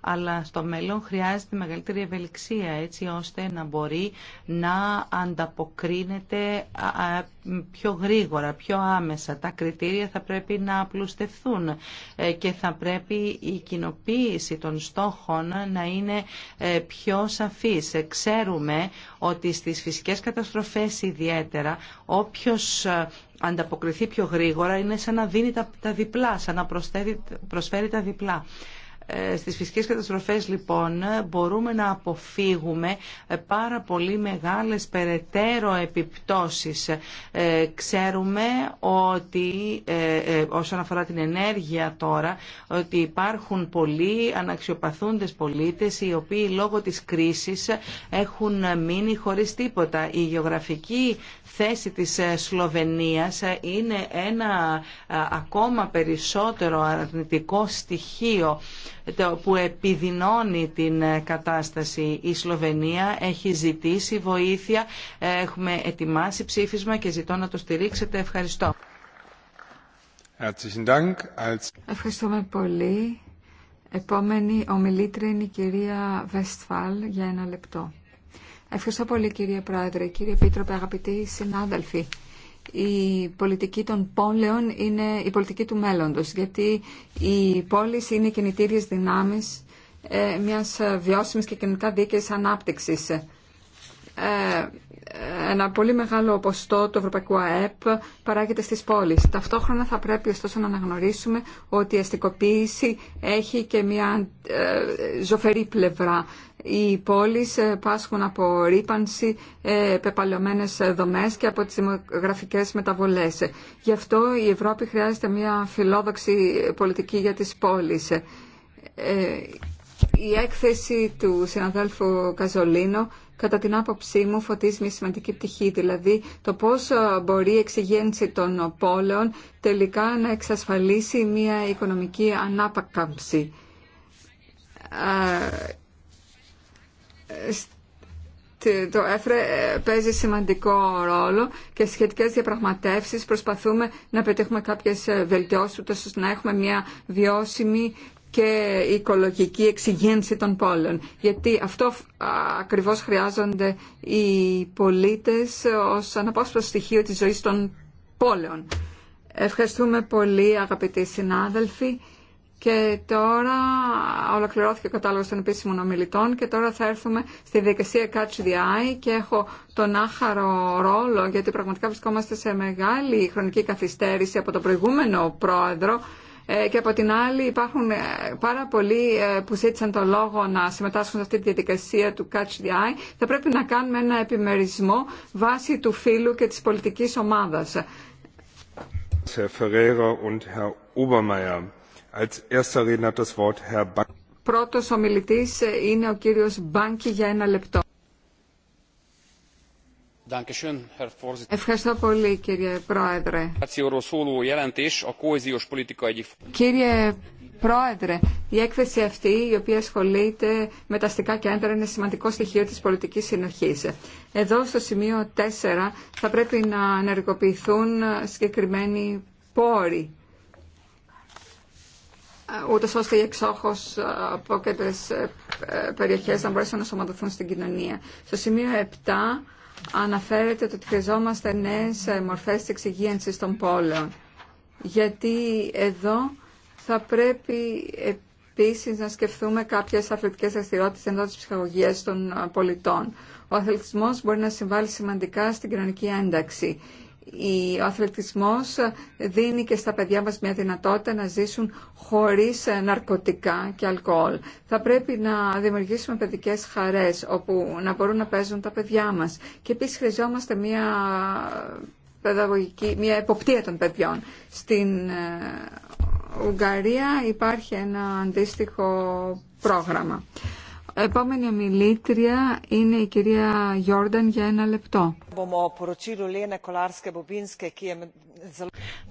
αλλά στο μέλλον χρειάζεται μεγαλύτερη ευελιξία έτσι ώστε να μπορεί να ανταποκρίνεται πιο γρήγορα, πιο άμεσα. Τα κριτήρια θα πρέπει να απλουστευθούν ε, και θα πρέπει η κοινοποίηση των στόχων να είναι ε, πιο σαφής. Ε, ξέρουμε ότι στις φυσικές καταστροφές ιδιαίτερα όποιος ανταποκριθεί πιο γρήγορα είναι σαν να δίνει τα διπλά, σαν να προσφέρει τα διπλά. Ε, στις φυσικές καταστροφές λοιπόν μπορούμε να αποφύγουμε ε, πάρα πολύ μεγάλες περαιτέρω επιπτώσεις. Ε, ξέρουμε ότι όσον αφορά την ενέργεια τώρα ότι υπάρχουν πολλοί αναξιοπαθούντες πολίτες οι οποίοι λόγω της κρίσης έχουν μείνει χωρίς τίποτα. Η γεωγραφική θέση της Σλοβενίας είναι ένα ακόμα περισσότερο αρνητικό στοιχείο που επιδεινώνει την ε, κατάσταση. Η Σλοβενία έχει ζητήσει βοήθεια, έχουμε ετοιμάσει ψήφισμα και ζητώ να το στηρίξετε. Ευχαριστώ. Ευχαριστούμε πολύ. Επόμενη ομιλήτρια είναι η κυρία Βεστφάλ για ένα λεπτό. Ευχαριστώ πολύ κύριε Πρόεδρε, κύριε Επίτροπε, αγαπητοί συνάδελφοι η πολιτική των πόλεων είναι η πολιτική του μέλλοντος, γιατί οι πόλεις είναι κινητήριες δυνάμεις ε, μιας βιώσιμης και κοινωνικά δίκαιης ανάπτυξης. Ε, ένα πολύ μεγάλο ποστό του Ευρωπαϊκού ΑΕΠ παράγεται στις πόλεις. Ταυτόχρονα θα πρέπει ωστόσο να αναγνωρίσουμε ότι η αστικοποίηση έχει και μια ε, ζωφερή πλευρά. Οι πόλεις ε, πάσχουν από ρήπανση, πεπαλαιωμένες δομές και από τις δημογραφικές μεταβολές. Γι' αυτό η Ευρώπη χρειάζεται μια φιλόδοξη πολιτική για τις πόλεις. Η έκθεση του συναδέλφου Καζολίνο κατά την άποψή μου φωτίζει μια σημαντική πτυχή, δηλαδή το πώς ε, μπορεί η εξηγένση των πόλεων τελικά να εξασφαλίσει μια οικονομική ανάπακαμψη. Ε, το ΕΦΡΕ ε, παίζει σημαντικό ρόλο και σχετικές διαπραγματεύσεις προσπαθούμε να πετύχουμε κάποιες βελτιώσεις ώστε να έχουμε μια βιώσιμη και η οικολογική εξυγένση των πόλεων. Γιατί αυτό ακριβώς χρειάζονται οι πολίτες ως αναπόσπαστο στοιχείο της ζωής των πόλεων. Ευχαριστούμε πολύ αγαπητοί συνάδελφοι. Και τώρα ολοκληρώθηκε ο κατάλογος των επίσημων ομιλητών και τώρα θα έρθουμε στη διαδικασία Catch the Eye και έχω τον άχαρο ρόλο γιατί πραγματικά βρισκόμαστε σε μεγάλη χρονική καθυστέρηση από τον προηγούμενο πρόεδρο ε, και από την άλλη υπάρχουν ε, πάρα πολλοί ε, που ζήτησαν το λόγο να συμμετάσχουν σε αυτή τη διαδικασία του Catch the Eye. Θα πρέπει να κάνουμε ένα επιμερισμό βάσει του φίλου και της πολιτικής ομάδας. Πρώτος ομιλητής είναι ο κύριος Μπάνκι για ένα λεπτό. Ευχαριστώ πολύ κύριε Πρόεδρε. Κύριε Πρόεδρε, η έκθεση αυτή η οποία ασχολείται με τα αστικά κέντρα είναι σημαντικό στοιχείο της πολιτικής συνοχής. Εδώ στο σημείο 4 θα πρέπει να ενεργοποιηθούν συγκεκριμένοι πόροι ούτω ώστε οι εξόχω απόκεντρε ε, ε, περιοχέ να μπορέσουν να σωματωθούν στην κοινωνία. Στο σημείο 7 αναφέρεται ότι χρειαζόμαστε νέες ε, μορφές της εξυγίανσης των πόλεων. Γιατί εδώ θα πρέπει επίσης να σκεφτούμε κάποιες αθλητικές δραστηριότητες εντός της ψυχαγωγίας των ε, πολιτών. Ο αθλητισμός μπορεί να συμβάλλει σημαντικά στην κοινωνική ένταξη ο αθλητισμός δίνει και στα παιδιά μας μια δυνατότητα να ζήσουν χωρίς ναρκωτικά και αλκοόλ. Θα πρέπει να δημιουργήσουμε παιδικές χαρές όπου να μπορούν να παίζουν τα παιδιά μας. Και επίσης χρειαζόμαστε μια παιδαγωγική, μια εποπτεία των παιδιών. Στην ε, Ουγγαρία υπάρχει ένα αντίστοιχο πρόγραμμα. Επόμενη ομιλήτρια είναι η κυρία Γιόρνταν για ένα λεπτό.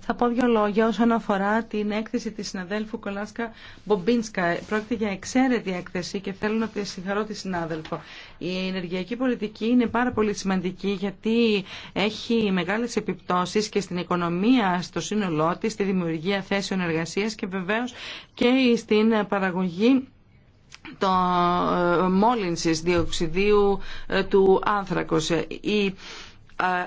Θα πω δύο λόγια όσον αφορά την έκθεση της συναδέλφου Κολάσκα Μπομπίνσκα. Πρόκειται για εξαίρετη έκθεση και θέλω να τη συγχαρώ τη συνάδελφο. Η ενεργειακή πολιτική είναι πάρα πολύ σημαντική γιατί έχει μεγάλες επιπτώσεις και στην οικονομία στο σύνολό της, στη δημιουργία θέσεων εργασίας και βεβαίως και στην παραγωγή το ε, μόλυνσης διοξιδίου ε, του άνθρακος. Η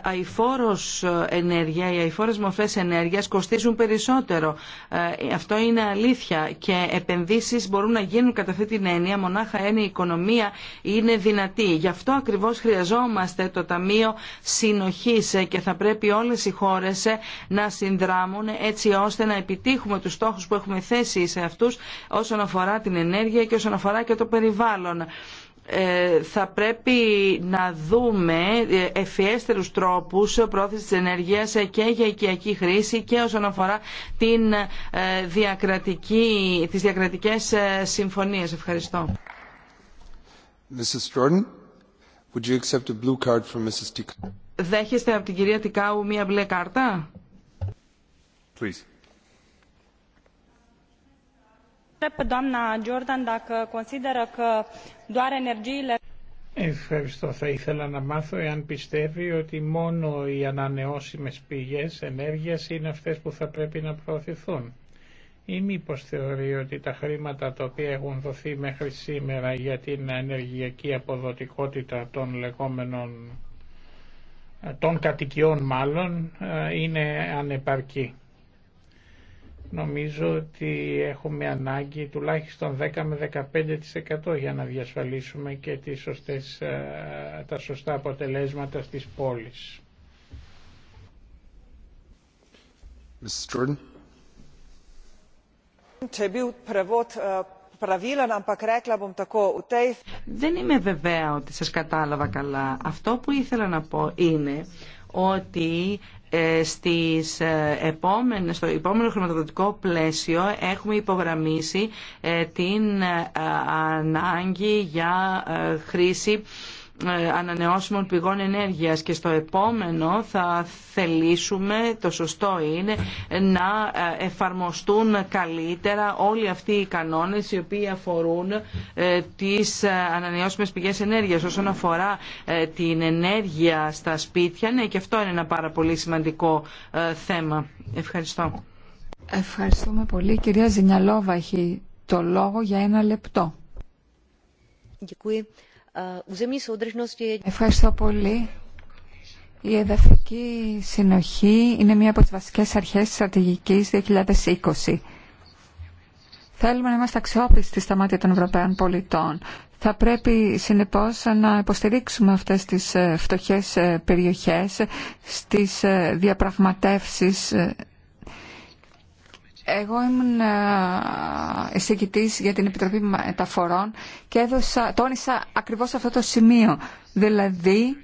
αηφόρος ε, ενέργεια, οι αηφόρες μορφές ενέργειας κοστίζουν περισσότερο. Ε, αυτό είναι αλήθεια και επενδύσεις μπορούν να γίνουν κατά αυτή την έννοια, μονάχα έννοια η οικονομία είναι δυνατή. Γι' αυτό ακριβώς χρειαζόμαστε το Ταμείο Συνοχής ε, και θα πρέπει όλες οι χώρες να συνδράμουν έτσι ώστε να επιτύχουμε τους στόχους που έχουμε θέσει σε αυτούς όσον αφορά την ενέργεια και όσον αφορά και το περιβάλλον. Ε, θα πρέπει να δούμε ευφιέστερους τρόπους πρόθεση της ενέργειας ε, και για οικιακή χρήση και όσον αφορά την ε, διακρατική, τις διακρατικές συμφωνίες. Ευχαριστώ. Mrs. Jordan, would you accept a blue card from Mrs. Δέχεστε από την κυρία Τικάου μία μπλε κάρτα. Please. întreb pe doamna Jordan dacă consideră că doar energiile... Ευχαριστώ. Θα ήθελα να μάθω εάν πιστεύει ότι μόνο οι ανανεώσιμες πηγές ενέργειας είναι αυτές που θα πρέπει να προωθηθούν. Ή μήπως θεωρεί ότι τα χρήματα τα οποία έχουν δοθεί μέχρι σήμερα για την ενεργειακή αποδοτικότητα των λεγόμενων των κατοικιών μάλλον ε, είναι ανεπαρκή νομίζω ότι έχουμε ανάγκη τουλάχιστον 10 με 15% για να διασφαλίσουμε και τις σωστές, ε, τα σωστά αποτελέσματα στις πόλεις. Eh, Δεν είμαι βεβαία ότι σας κατάλαβα καλά. Αυτό που ήθελα να πω είναι ότι ε, στις ε, επόμενες, στο επόμενο χρηματοδοτικό πλαίσιο έχουμε υπογραμμίσει ε, την ανάγκη για χρήση ε, ανανεώσιμων πηγών ενέργειας και στο επόμενο θα θελήσουμε, το σωστό είναι, να ε, εφαρμοστούν καλύτερα όλοι αυτοί οι κανόνες οι οποίοι αφορούν ε, τις ανανεώσιμες πηγές ενέργειας όσον αφορά την ενέργεια στα σπίτια. Ναι, και αυτό είναι ένα πάρα πολύ σημαντικό θέμα. Ευχαριστώ. Ευχαριστούμε πολύ. κυρία Ζηνιαλόβα έχει το λόγο για ένα λεπτό. Ε, Ευχαριστώ πολύ. Η εδαφική συνοχή είναι μία από τις βασικές αρχές της στρατηγικής 2020. Θέλουμε να είμαστε αξιόπιστοι στα μάτια των Ευρωπαίων πολιτών. Θα πρέπει συνεπώς να υποστηρίξουμε αυτές τις ε, φτωχές ε, περιοχές στις διαπραγματεύσεις εγώ ήμουν ε, εισηγητής για την Επιτροπή Μεταφορών και έδωσα, τόνισα ακριβώς αυτό το σημείο, δηλαδή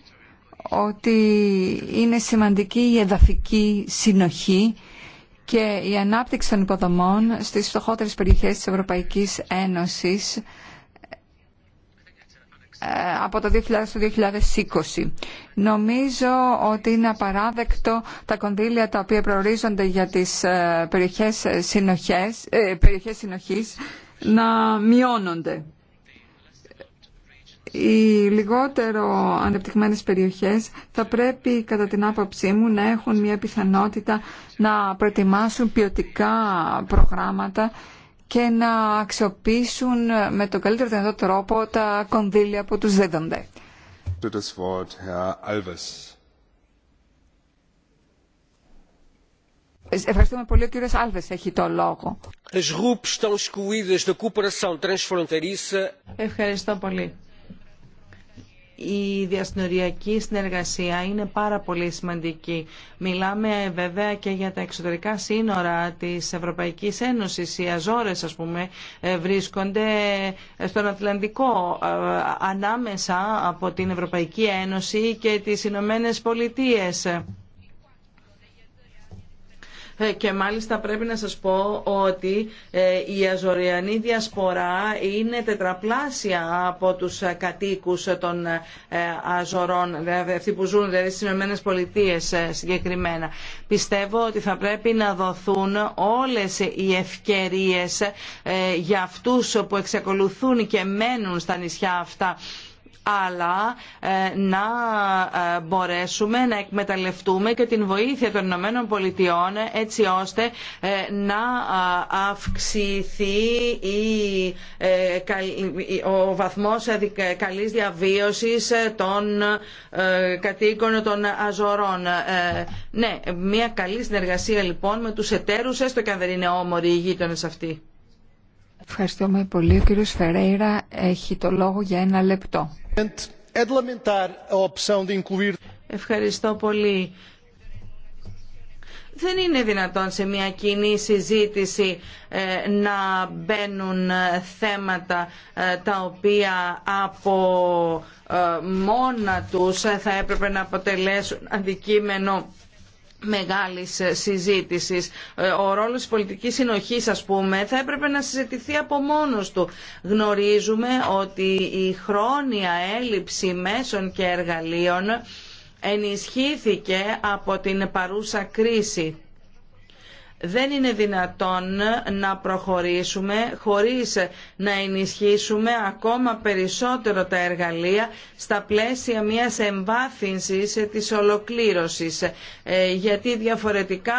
ότι είναι σημαντική η εδαφική συνοχή και η ανάπτυξη των υποδομών στις φτωχότερες περιοχές της Ευρωπαϊκής Ένωσης ε, από το 2000 στο 2020. Νομίζω ότι είναι απαράδεκτο τα κονδύλια τα οποία προορίζονται για τις ε, περιοχές, συνοχές, ε, περιοχές συνοχής να μειώνονται. Οι λιγότερο ανεπτυγμένες περιοχές θα πρέπει κατά την άποψή μου να έχουν μια πιθανότητα να προετοιμάσουν ποιοτικά προγράμματα και να αξιοποιήσουν με τον καλύτερο δυνατό τρόπο τα κονδύλια που τους δίδονται. Ε, ευχαριστούμε πολύ. Ο κύριος Άλβες έχει το λόγο. Ευχαριστώ πολύ η διασυνοριακή συνεργασία είναι πάρα πολύ σημαντική. Μιλάμε βέβαια και για τα εξωτερικά σύνορα της Ευρωπαϊκής Ένωσης. Οι Αζόρες, ας πούμε, ε, βρίσκονται στον Ατλαντικό ε, ανάμεσα από την Ευρωπαϊκή Ένωση και τις Ηνωμένε Πολιτείες. Ε, και μάλιστα πρέπει να σας πω ότι ε, η Αζωριανή Διασπορά είναι τετραπλάσια από τους κατοίκους των ε, Αζωρών, δηλαδή αυτοί που ζουν δηλαδή στις Ηνωμένες Πολιτείες συγκεκριμένα. Πιστεύω ότι θα πρέπει να δοθούν όλες οι ευκαιρίες για αυτούς που εξακολουθούν και μένουν στα νησιά αυτά αλλά ε, να ε, μπορέσουμε να εκμεταλλευτούμε και την βοήθεια των Ηνωμένων Πολιτειών έτσι ώστε ε, να αυξηθεί ο βαθμός καλής διαβίωσης των κατοίκων των Αζωρών. Ναι, μια καλή συνεργασία λοιπόν με τους εταίρους, έστω και αν δεν είναι όμοροι οι γείτονες αυτοί. Ευχαριστούμε πολύ. Ο κύριος Φερέιρα έχει το λόγο για ένα λεπτό. Ευχαριστώ πολύ. Δεν είναι δυνατόν σε μια κοινή συζήτηση ε, να μπαίνουν ε, θέματα ε, τα οποία από μόνα τους θα έπρεπε να αποτελέσουν αντικείμενο μεγάλης ε, συζήτησης. Ε, ο ρόλος τη πολιτικής συνοχής, α πούμε, θα έπρεπε να συζητηθεί από μόνο του. Γνωρίζουμε ότι η χρόνια έλλειψη μέσων και εργαλείων ενισχύθηκε από την παρούσα κρίση δεν είναι δυνατόν να προχωρήσουμε χωρίς να ενισχύσουμε ακόμα περισσότερο τα εργαλεία στα πλαίσια μιας εμβάθυνσης της ολοκλήρωσης ε, γιατί διαφορετικά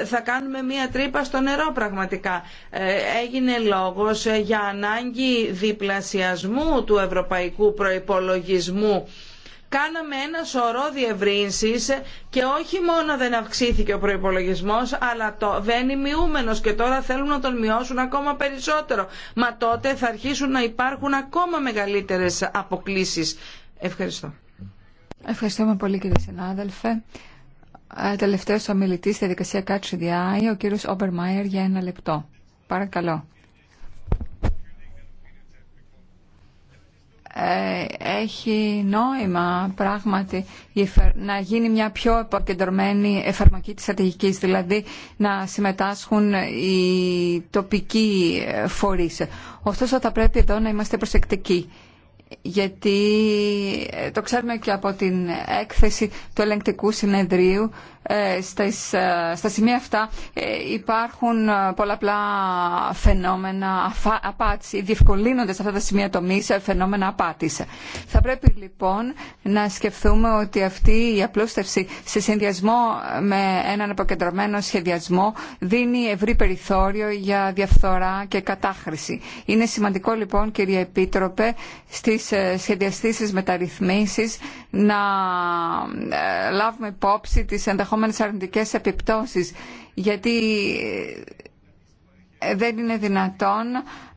ε, θα κάνουμε μια τρύπα στο νερό πραγματικά. Ε, έγινε λόγος για ανάγκη διπλασιασμού του ευρωπαϊκού προϋπολογισμού κάναμε ένα σωρό διευρύνσεις και όχι μόνο δεν αυξήθηκε ο προϋπολογισμός αλλά το βαίνει μειούμενος και τώρα θέλουν να τον μειώσουν ακόμα περισσότερο. Μα τότε θα αρχίσουν να υπάρχουν ακόμα μεγαλύτερες αποκλήσεις. Ευχαριστώ. Ευχαριστούμε πολύ κύριε συνάδελφε. Ε, τελευταίος ομιλητής στη δικασία Κάτσου Διάη, ο κύριος Όμπερ Μάιερ για ένα λεπτό. Παρακαλώ. Ε, έχει νόημα πράγματι να γίνει μια πιο επακεντρωμένη εφαρμογή της στρατηγικής, δηλαδή να συμμετάσχουν οι τοπικοί ε, φορείς. Ωστόσο θα πρέπει εδώ να είμαστε προσεκτικοί γιατί ε, το ξέρουμε και από την έκθεση του ελεγκτικού συνεδρίου ε, ε, στα σημεία αυτά υπάρχουν πολλαπλά φαινόμενα απάτης ή διευκολύνονται σε αυτά τα σημεία τομής φαινόμενα απάτης. Θα πρέπει λοιπόν να σκεφτούμε ότι αυτή απάτηση, απλούστευση σε συνδυασμό με έναν αποκεντρωμένο σχεδιασμό δίνει ευρύ περιθώριο για διαφθορά και κατάχρηση. Είναι σημαντικό λοιπόν κύριε Επίτροπε τις ε, σχεδιαστείς μεταρρυθμίσεις να ε, λάβουμε υπόψη τις ενδεχόμενες αρνητικές επιπτώσεις γιατί ε, δεν είναι δυνατόν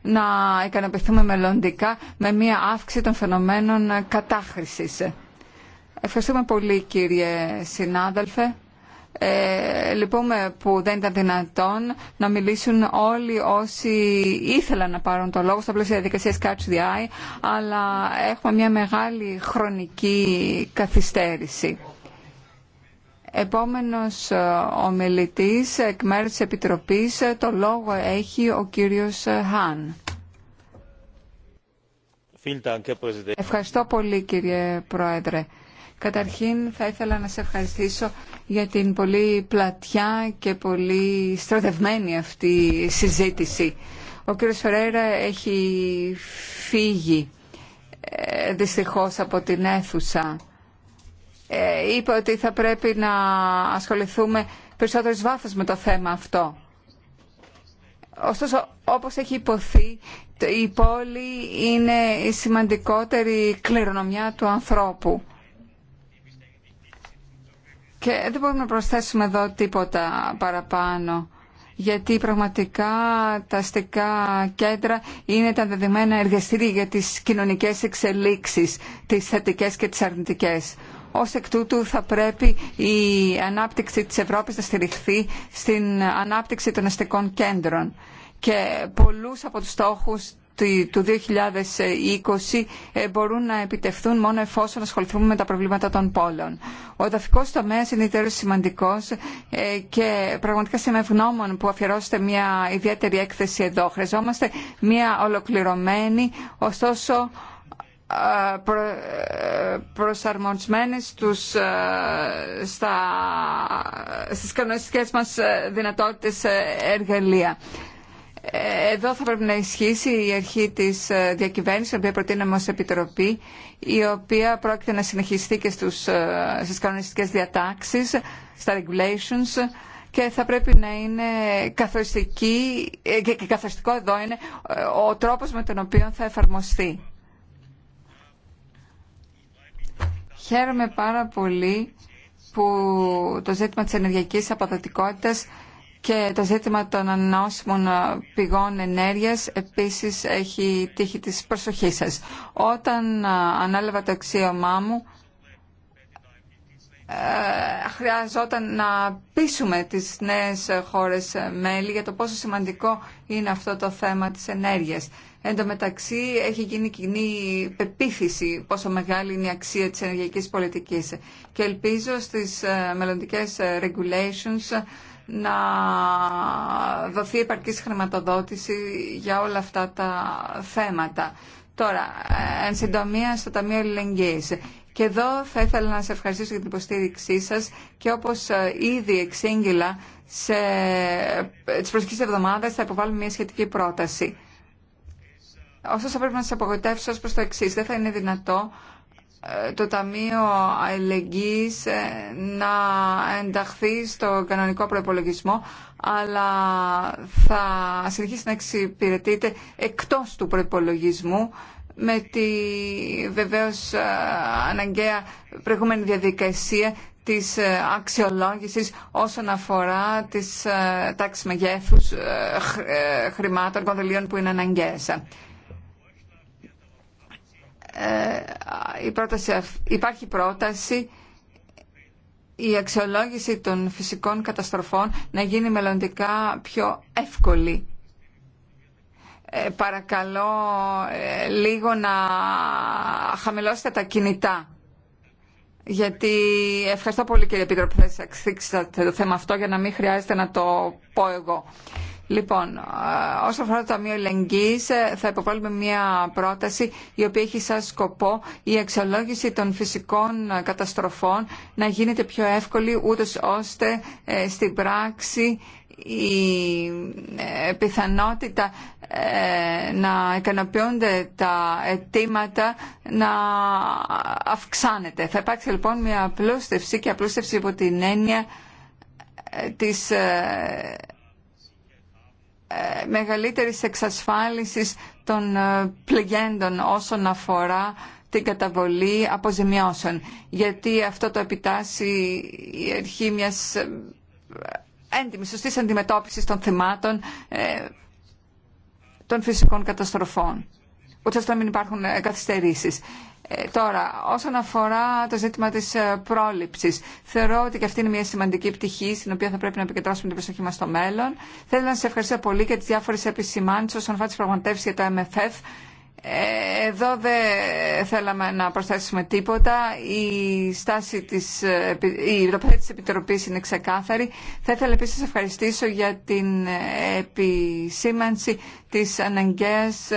να ικανοποιηθούμε μελλοντικά με μία αύξηση των φαινομένων κατάχρησης. Ευχαριστούμε πολύ κύριε συνάδελφε. Ε, λυπούμε που δεν ήταν δυνατόν να μιλήσουν όλοι όσοι ήθελαν να πάρουν το λόγο στα πλαίσια διαδικασία Catch the Eye, αλλά έχουμε μια μεγάλη χρονική καθυστέρηση. Επόμενος ε, ο εκ μέρους της Επιτροπής, ε, το λόγο έχει ο κύριος ε, Χάν. Ευχαριστώ πολύ κύριε Πρόεδρε. Καταρχήν θα ήθελα να σε ευχαριστήσω για την πολύ πλατιά και πολύ στρατευμένη αυτή συζήτηση. Ο κ. Φεραίρα έχει φύγει ε, δυστυχώς από την αίθουσα. Ε, είπε ότι θα πρέπει να ασχοληθούμε περισσότερες βάθος με το θέμα αυτό. Ωστόσο, όπως έχει υποθεί, η πόλη είναι η σημαντικότερη κληρονομιά του ανθρώπου. Και δεν μπορούμε να προσθέσουμε εδώ τίποτα παραπάνω γιατί πραγματικά τα αστικά κέντρα είναι τα δεδομένα εργαστήρια για τις κοινωνικές εξελίξεις, τις θετικές και τις αρνητικές. Ως εκ τούτου θα πρέπει η ανάπτυξη της Ευρώπης να στηριχθεί στην ανάπτυξη των αστικών κέντρων και πολλούς από τους στόχους του 2020 ε, μπορούν να επιτευχθούν μόνο εφόσον ασχοληθούμε με τα προβλήματα των πόλεων. Ο εδαφικό τομέα είναι ιδιαίτερα σημαντικό ε, και πραγματικά είμαι ευγνώμων που αφιερώσετε μια ιδιαίτερη έκθεση εδώ. Χρειαζόμαστε μια ολοκληρωμένη, ωστόσο ε, προσαρμοσμένες τους, στα, στις κανονιστικές μας δυνατότητες εργαλεία. Εδώ θα πρέπει να ισχύσει η αρχή της ε, διακυβέρνησης, η οποία προτείναμε ως Επιτροπή, η οποία πρόκειται να συνεχιστεί και στους, ε, στις κανονιστικές διατάξεις, στα regulations, και θα πρέπει να είναι καθοριστική, ε, και καθοριστικό εδώ είναι ο τρόπος με τον οποίο θα εφαρμοστεί. Χαίρομαι πάρα πολύ που το ζήτημα της ενεργειακής αποδοτικότητας και το ζήτημα των ανανεώσιμων πηγών ενέργειας επίσης έχει τύχει της προσοχής σας. Όταν ανέλαβα το αξίωμά μου, ε, χρειαζόταν να πείσουμε τις νέες χώρες μέλη για το πόσο σημαντικό είναι αυτό το θέμα της ενέργειας. Εν τω μεταξύ έχει γίνει κοινή πεποίθηση πόσο μεγάλη είναι η αξία της ενεργειακής πολιτικής και ελπίζω στις ε, μελλοντικές ε, regulations να δοθεί επαρκής χρηματοδότηση για όλα αυτά τα θέματα. Τώρα, ε, εν συντομία στο Ταμείο Ελληνικής. Και εδώ θα ήθελα να σε ευχαριστήσω για την υποστήριξή σας και όπως ε, ήδη εξήγηλα, σε ε, τις προσεχείς εβδομάδες θα υποβάλουμε μια σχετική πρόταση. Ωστόσο, θα πρέπει να σας απογοητεύσω ως προς το εξής. Δεν θα είναι δυνατό το Ταμείο Αλληλεγγύης ε, να ενταχθεί στο κανονικό προπολογισμό, αλλά θα συνεχίσει να εξυπηρετείται εκτός του προπολογισμού με τη βεβαίως ε, αναγκαία προηγούμενη διαδικασία της ε, αξιολόγησης όσον αφορά τις τάξεις μεγέθους χρημάτων κονδυλίων που είναι αναγκαίες. Ε, η πρόταση, υπάρχει πρόταση η αξιολόγηση των φυσικών καταστροφών να γίνει μελλοντικά πιο εύκολη. Ε, παρακαλώ ε, λίγο να χαμηλώσετε τα κινητά. Γιατί ευχαριστώ πολύ κύριε Πίτρο που θα το θέμα αυτό για να μην χρειάζεται να το πω εγώ. Λοιπόν, ε, όσον αφορά το Ταμείο ε, θα υποβάλουμε μια πρόταση η οποία έχει σαν σκοπό η αξιολόγηση των φυσικών ε, καταστροφών να γίνεται πιο εύκολη ούτως ώστε στην πράξη η πιθανότητα να ικανοποιούνται τα αιτήματα να αυξάνεται. Θα υπάρξει λοιπόν μια απλούστευση και απλούστευση υπό την έννοια της ε, μεγαλύτερης εξασφάλισης των ε, πληγέντων όσον αφορά την καταβολή αποζημιώσεων. Γιατί αυτό το επιτάσσει η αρχή μιας ε, έντιμης, σωστής αντιμετώπισης των θυμάτων των φυσικών καταστροφών, ούτως να μην υπάρχουν καθυστερήσεις. Ε, τώρα, όσον αφορά το ζήτημα της ε, πρόληψης, θεωρώ ότι και αυτή είναι μια σημαντική πτυχή στην οποία θα πρέπει να επικεντρώσουμε την προσοχή μας στο μέλλον. Θέλω να σας ευχαριστήσω πολύ για τις διάφορες επισημάνσεις όσον αφορά τις πραγματεύσεις για το MFF. Ε, εδώ δεν θέλαμε να προσθέσουμε τίποτα. Η στάση της, η είναι ξεκάθαρη. Θα ήθελα επίσης να ευχαριστήσω για την επισήμανση της αναγκαίας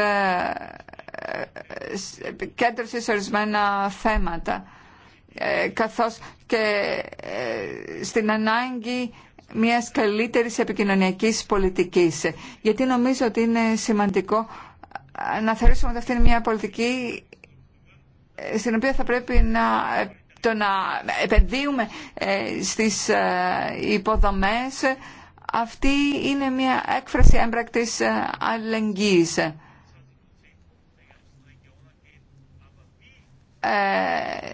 επικέντρωση σε ορισμένα θέματα ε, καθώς και ε, στην ανάγκη μιας καλύτερης επικοινωνιακής πολιτικής. Γιατί νομίζω ότι είναι σημαντικό ε, να θεωρήσουμε ότι αυτή είναι μια πολιτική στην οποία θα πρέπει να, το να επενδύουμε στις υποδομές. Αυτή είναι μια έκφραση έμπρακτης αλληλεγγύης Ε,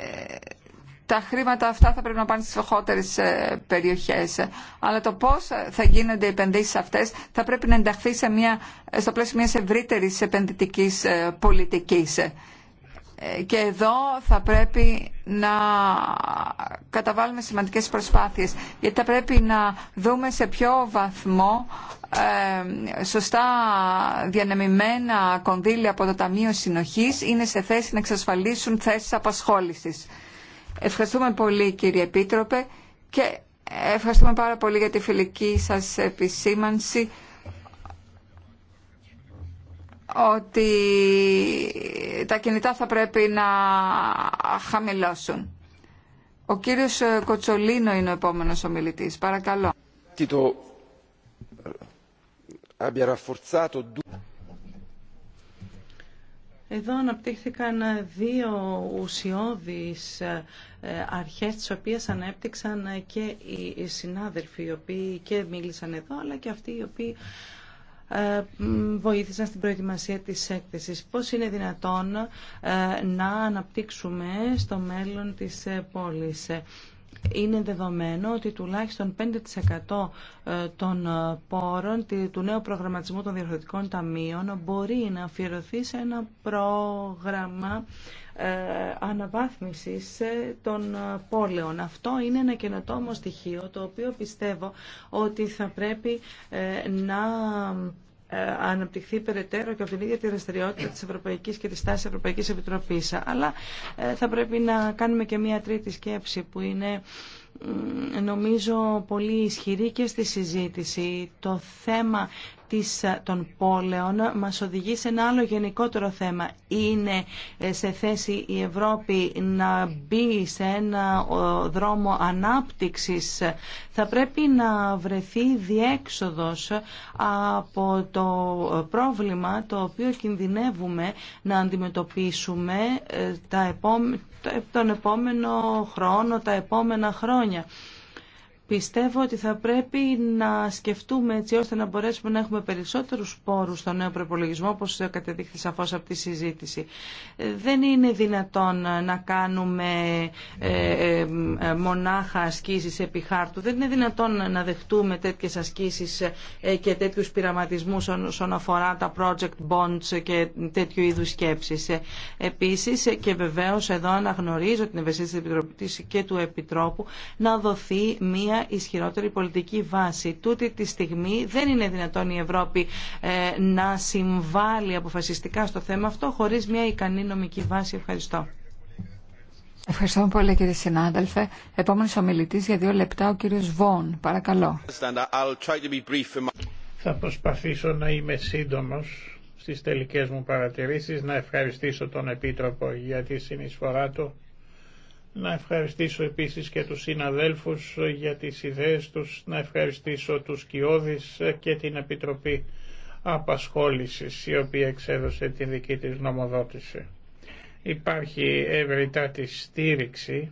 τα χρήματα αυτά θα πρέπει να πάνε στις φτωχότερες ε, περιοχές. Αλλά το πώς θα γίνονται οι επενδύσεις αυτές θα πρέπει να ενταχθεί σε μια, στο πλαίσιο μιας ευρύτερης επενδυτικής ε, πολιτικής. Ε, και εδώ θα πρέπει να καταβάλουμε σημαντικές προσπάθειες γιατί θα πρέπει να δούμε σε ποιο βαθμό σωστά διανεμημένα κονδύλια από το Ταμείο Συνοχής είναι σε θέση να εξασφαλίσουν θέσεις απασχόλησης. Ευχαριστούμε πολύ κύριε Επίτροπε και ευχαριστούμε πάρα πολύ για τη φιλική σας επισήμανση ότι τα κινητά θα πρέπει να χαμηλώσουν. Ο κύριος Κοτσολίνο είναι ο επόμενος ομιλητής. Παρακαλώ. Εδώ αναπτύχθηκαν δύο ουσιώδεις ε, αρχές τις οποίες ανέπτυξαν και οι συνάδελφοι οι οποίοι και μίλησαν εδώ αλλά και αυτοί οι οποίοι ε, βοήθησαν στην προετοιμασία της έκθεσης. Πώς είναι δυνατόν ε, να αναπτύξουμε στο μέλλον της ε, πόλης είναι δεδομένο ότι τουλάχιστον 5% ε, των ε, πόρων του νέου προγραμματισμού των διαφορετικών ταμείων μπορεί να αφιερωθεί σε ένα πρόγραμμα ε, αναβάθμισης των πόλεων. Αυτό είναι ένα καινοτόμο στοιχείο το οποίο πιστεύω ότι θα πρέπει να ε, αναπτυχθεί περαιτέρω και από την ίδια τη δραστηριότητα της Ευρωπαϊκής και της τάση Ευρωπαϊκής Επιτροπής. Αλλά ε, θα πρέπει να κάνουμε και μία τρίτη σκέψη που είναι νομίζω πολύ ισχυρή και στη συζήτηση. Το θέμα της, ε, των πόλεων μας οδηγεί σε ένα άλλο γενικότερο θέμα. Είναι ε, σε θέση η Ευρώπη να μπει σε ένα δρόμο ανάπτυξης. Θα πρέπει να βρεθεί διέξοδος από το πρόβλημα το οποίο κινδυνεύουμε να αντιμετωπίσουμε ε, τα τον επόμενο χρόνο, τα επόμενα χρόνια. Πιστεύω ότι θα πρέπει να σκεφτούμε έτσι ώστε να μπορέσουμε να έχουμε περισσότερους πόρους στο νέο προπολογισμό, όπως κατεδείχθη σαφώς από τη συζήτηση. Δεν είναι δυνατόν να κάνουμε ε, ε, ε, μονάχα ασκήσεις επί χάρτου. Δεν είναι δυνατόν να δεχτούμε τέτοιες ασκήσεις και τέτοιους πειραματισμούς όσον αφορά τα project bonds και τέτοιου είδους σκέψεις. Επίσης και βεβαίως εδώ αναγνωρίζω την ευαισθησία της Επιτροπής και του Επιτρόπου να δοθεί μία μια ισχυρότερη πολιτική βάση. Τούτη τη στιγμή δεν είναι δυνατόν η Ευρώπη ε, να συμβάλλει αποφασιστικά στο θέμα αυτό χωρίς μια ικανή νομική βάση. Ευχαριστώ. Ευχαριστώ πολύ κύριε συνάδελφε. Επόμενο ομιλητή για δύο λεπτά ο κύριο Βόν. Παρακαλώ. Θα προσπαθήσω να είμαι σύντομος στις τελικές μου παρατηρήσει να ευχαριστήσω τον Επίτροπο για τη συνεισφορά του να ευχαριστήσω επίσης και τους συναδέλφους για τις ιδέες τους, να ευχαριστήσω τους Κιώδης και την Επιτροπή Απασχόλησης, η οποία εξέδωσε τη δική της νομοδότηση. Υπάρχει τη στήριξη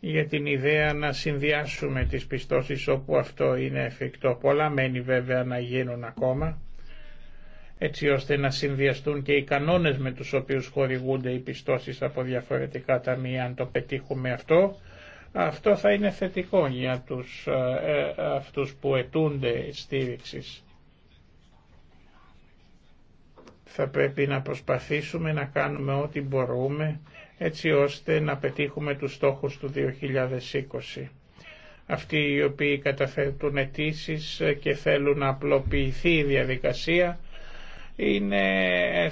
για την ιδέα να συνδυάσουμε τις πιστώσεις όπου αυτό είναι εφικτό. Πολλά μένει βέβαια να γίνουν ακόμα έτσι ώστε να συνδυαστούν και οι κανόνες με τους οποίους χορηγούνται οι πιστώσεις από διαφορετικά ταμεία, αν το πετύχουμε αυτό. Αυτό θα είναι θετικό για τους, ε, ε, αυτούς που ετούνται στήριξης. Θα πρέπει να προσπαθήσουμε να κάνουμε ό,τι μπορούμε έτσι ώστε να πετύχουμε τους στόχους του 2020. Αυτοί οι οποίοι καταφέρνουν αιτήσει και θέλουν να απλοποιηθεί η διαδικασία είναι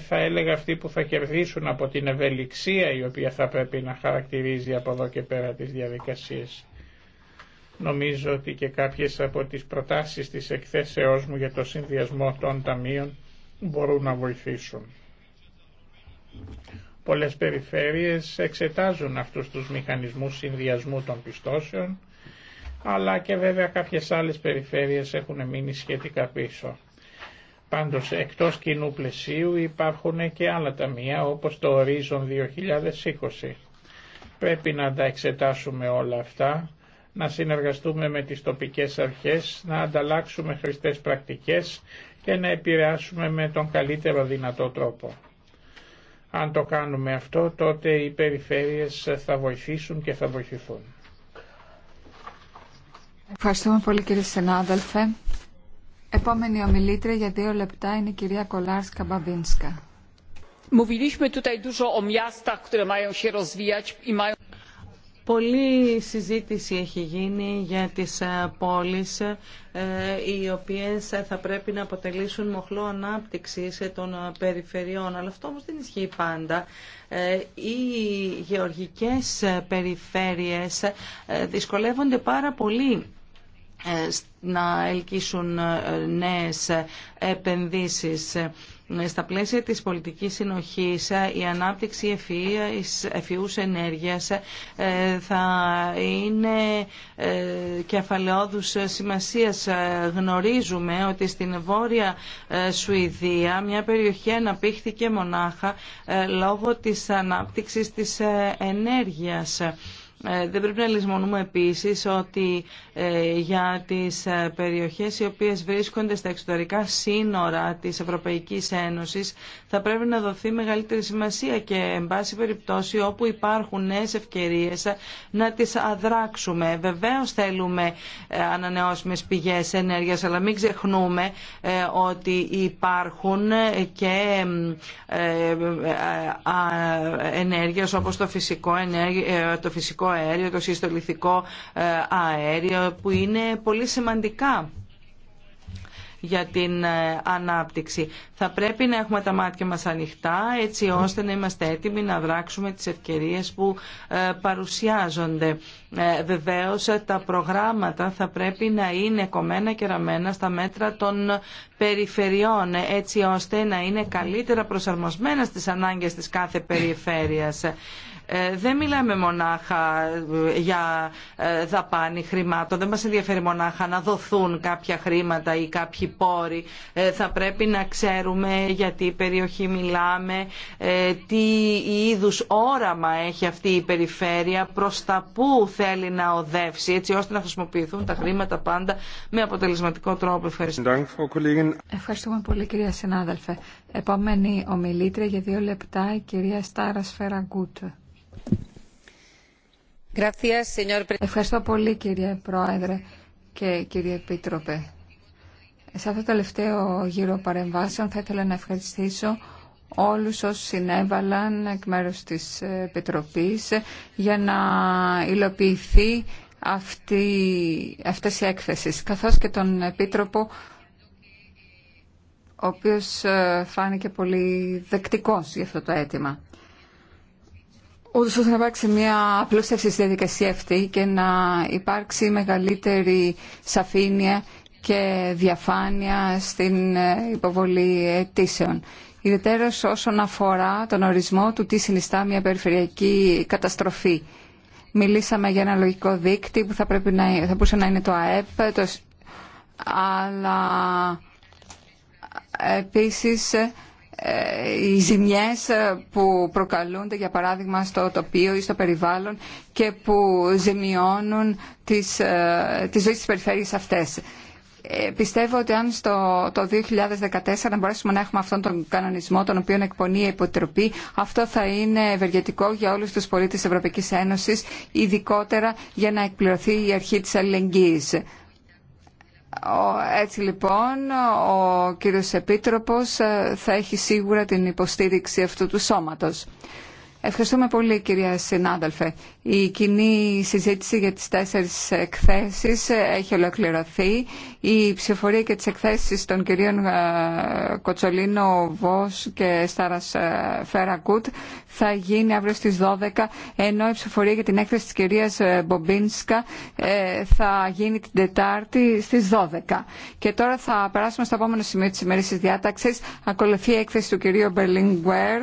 θα έλεγα αυτοί που θα κερδίσουν από την ευελιξία η οποία θα πρέπει να χαρακτηρίζει από εδώ και πέρα τις διαδικασίες. Νομίζω ότι και κάποιες από τις προτάσεις της εκθέσεώς μου για το συνδυασμό των ταμείων μπορούν να βοηθήσουν. Πολλές περιφέρειες εξετάζουν αυτούς τους μηχανισμούς συνδυασμού των πιστώσεων, αλλά και βέβαια κάποιες άλλες περιφέρειες έχουν μείνει σχετικά πίσω. Πάντως εκτός κοινού πλαισίου υπάρχουν και άλλα ταμεία όπως το Horizon 2020. Πρέπει να τα εξετάσουμε όλα αυτά, να συνεργαστούμε με τις τοπικές αρχές, να ανταλλάξουμε χρηστές πρακτικές και να επηρεάσουμε με τον καλύτερο δυνατό τρόπο. Αν το κάνουμε αυτό, τότε οι περιφέρειες θα βοηθήσουν και θα βοηθηθούν. Ευχαριστούμε πολύ κύριε Επόμενη ομιλήτρια για δύο λεπτά είναι η κυρία Κολάρσκα Μπαμπίνσκα. Πολλή συζήτηση έχει γίνει για τις ε, πόλεις ε, οι οποίες θα πρέπει να αποτελήσουν μοχλό ανάπτυξης ε, των περιφερειών. Αλλά αυτό όμως δεν ισχύει πάντα. Οι γεωργικές περιφέρειες δυσκολεύονται πάρα πολύ ε, να ελκύσουν ε, νέες ε, επενδύσεις. Στα πλαίσια της πολιτικής συνοχής η ανάπτυξη εφιούς ενέργειας θα είναι κεφαλαιόδους σημασίας. Γνωρίζουμε ότι στην Βόρεια Σουηδία μια περιοχή αναπήχθηκε μονάχα λόγω της ανάπτυξης της ενέργειας. Ε, δεν πρέπει να λησμονούμε επίσης ότι ε, για τις ε, περιοχές οι οποίες βρίσκονται στα εξωτερικά σύνορα της Ευρωπαϊκής Ένωσης θα πρέπει να δοθεί μεγαλύτερη σημασία και εν πάση περιπτώσει όπου υπάρχουν νέες ευκαιρίες να τις αδράξουμε. Βεβαίως θέλουμε ανανεώσιμες πηγές ενέργειας αλλά μην ξεχνούμε ότι υπάρχουν και ενέργειες όπως το φυσικό, το φυσικό αέριο, το συστολιθικό ε, αέριο που είναι πολύ σημαντικά για την ε, ανάπτυξη. Θα πρέπει να έχουμε τα μάτια μας ανοιχτά έτσι ώστε να είμαστε έτοιμοι να δράξουμε τις ευκαιρίες που ε, παρουσιάζονται. Βεβαίως τα προγράμματα θα πρέπει να είναι κομμένα και ραμμένα στα μέτρα των περιφερειών έτσι ώστε να είναι καλύτερα προσαρμοσμένα στις ανάγκες της κάθε περιφέρειας. Ε, δεν μιλάμε μονάχα ε, για ε, δαπάνη χρημάτων, δεν μας ενδιαφέρει μονάχα να δοθούν κάποια χρήματα ή κάποιοι πόροι. Θα πρέπει να ξέρουμε για τι περιοχή μιλάμε, τι είδους όραμα έχει αυτή η περιφέρεια, προς τα που θέλει να οδεύσει, έτσι ώστε να χρησιμοποιηθούν τα χρήματα πάντα με αποτελεσματικό τρόπο. Ευχαριστώ. Ευχαριστούμε πολύ κυρία συνάδελφε. Επόμενη ομιλήτρια για δύο λεπτά η κυρία Στάρα Σφεραγκούτ. Ευχαριστώ πολύ κύριε Πρόεδρε και κύριε Επίτροπε. Σε αυτό το τελευταίο γύρο παρεμβάσεων θα ήθελα να ευχαριστήσω όλους όσους συνέβαλαν εκ μέρους της Επιτροπής για να υλοποιηθεί αυτή, αυτές οι έκθεσεις, καθώς και τον Επίτροπο ο οποίος ε, φάνηκε πολύ δεκτικός για αυτό το αίτημα ούτως ώστε να υπάρξει μια απλούστευση στη διαδικασία αυτή και να υπάρξει μεγαλύτερη σαφήνεια και διαφάνεια στην ε, υποβολή αιτήσεων. Ιδιαίτερως όσον αφορά τον ορισμό του τι συνιστά μια περιφερειακή καταστροφή. Μιλήσαμε για ένα λογικό δίκτυ που θα, πρέπει να, ε, θα μπορούσε να είναι το ΑΕΠ, αλλά ε, επίσης ε, οι ζημιές ε, που προκαλούνται για παράδειγμα στο τοπίο ή στο περιβάλλον και που ζημιώνουν τις, ε, τη ζωή της περιφέρειας αυτές. Πιστεύω ότι αν στο, το 2014 μπορέσουμε να έχουμε αυτόν τον κανονισμό τον οποίο εκπονεί η υποτροπή, αυτό θα είναι ευεργετικό για όλους τους πολίτες της Ευρωπαϊκής Ένωσης, ειδικότερα για να εκπληρωθεί η αρχή της αλληλεγγύης έτσι λοιπόν ο κύριος Επίτροπος ε, θα έχει σίγουρα την υποστήριξη αυτού του σώματος. Ευχαριστούμε πολύ κυρία συνάδελφε. Η κοινή συζήτηση για τις τέσσερις εκθέσεις έχει ολοκληρωθεί. Η ψηφορία και τις εκθέσεις των κυρίων ε, Κοτσολίνο Βος και Στάρας ε, Φερακούτ θα γίνει αύριο στις 12 ενώ η ψηφορία για την έκθεση της κυρίας ε, Μπομπίνσκα θα γίνει την Τετάρτη στις 12. Και τώρα θα περάσουμε στο επόμενο σημείο της ημέρης της διάταξης. Ακολουθεί η έκθεση του κυρίου Μπερλινγκουέρ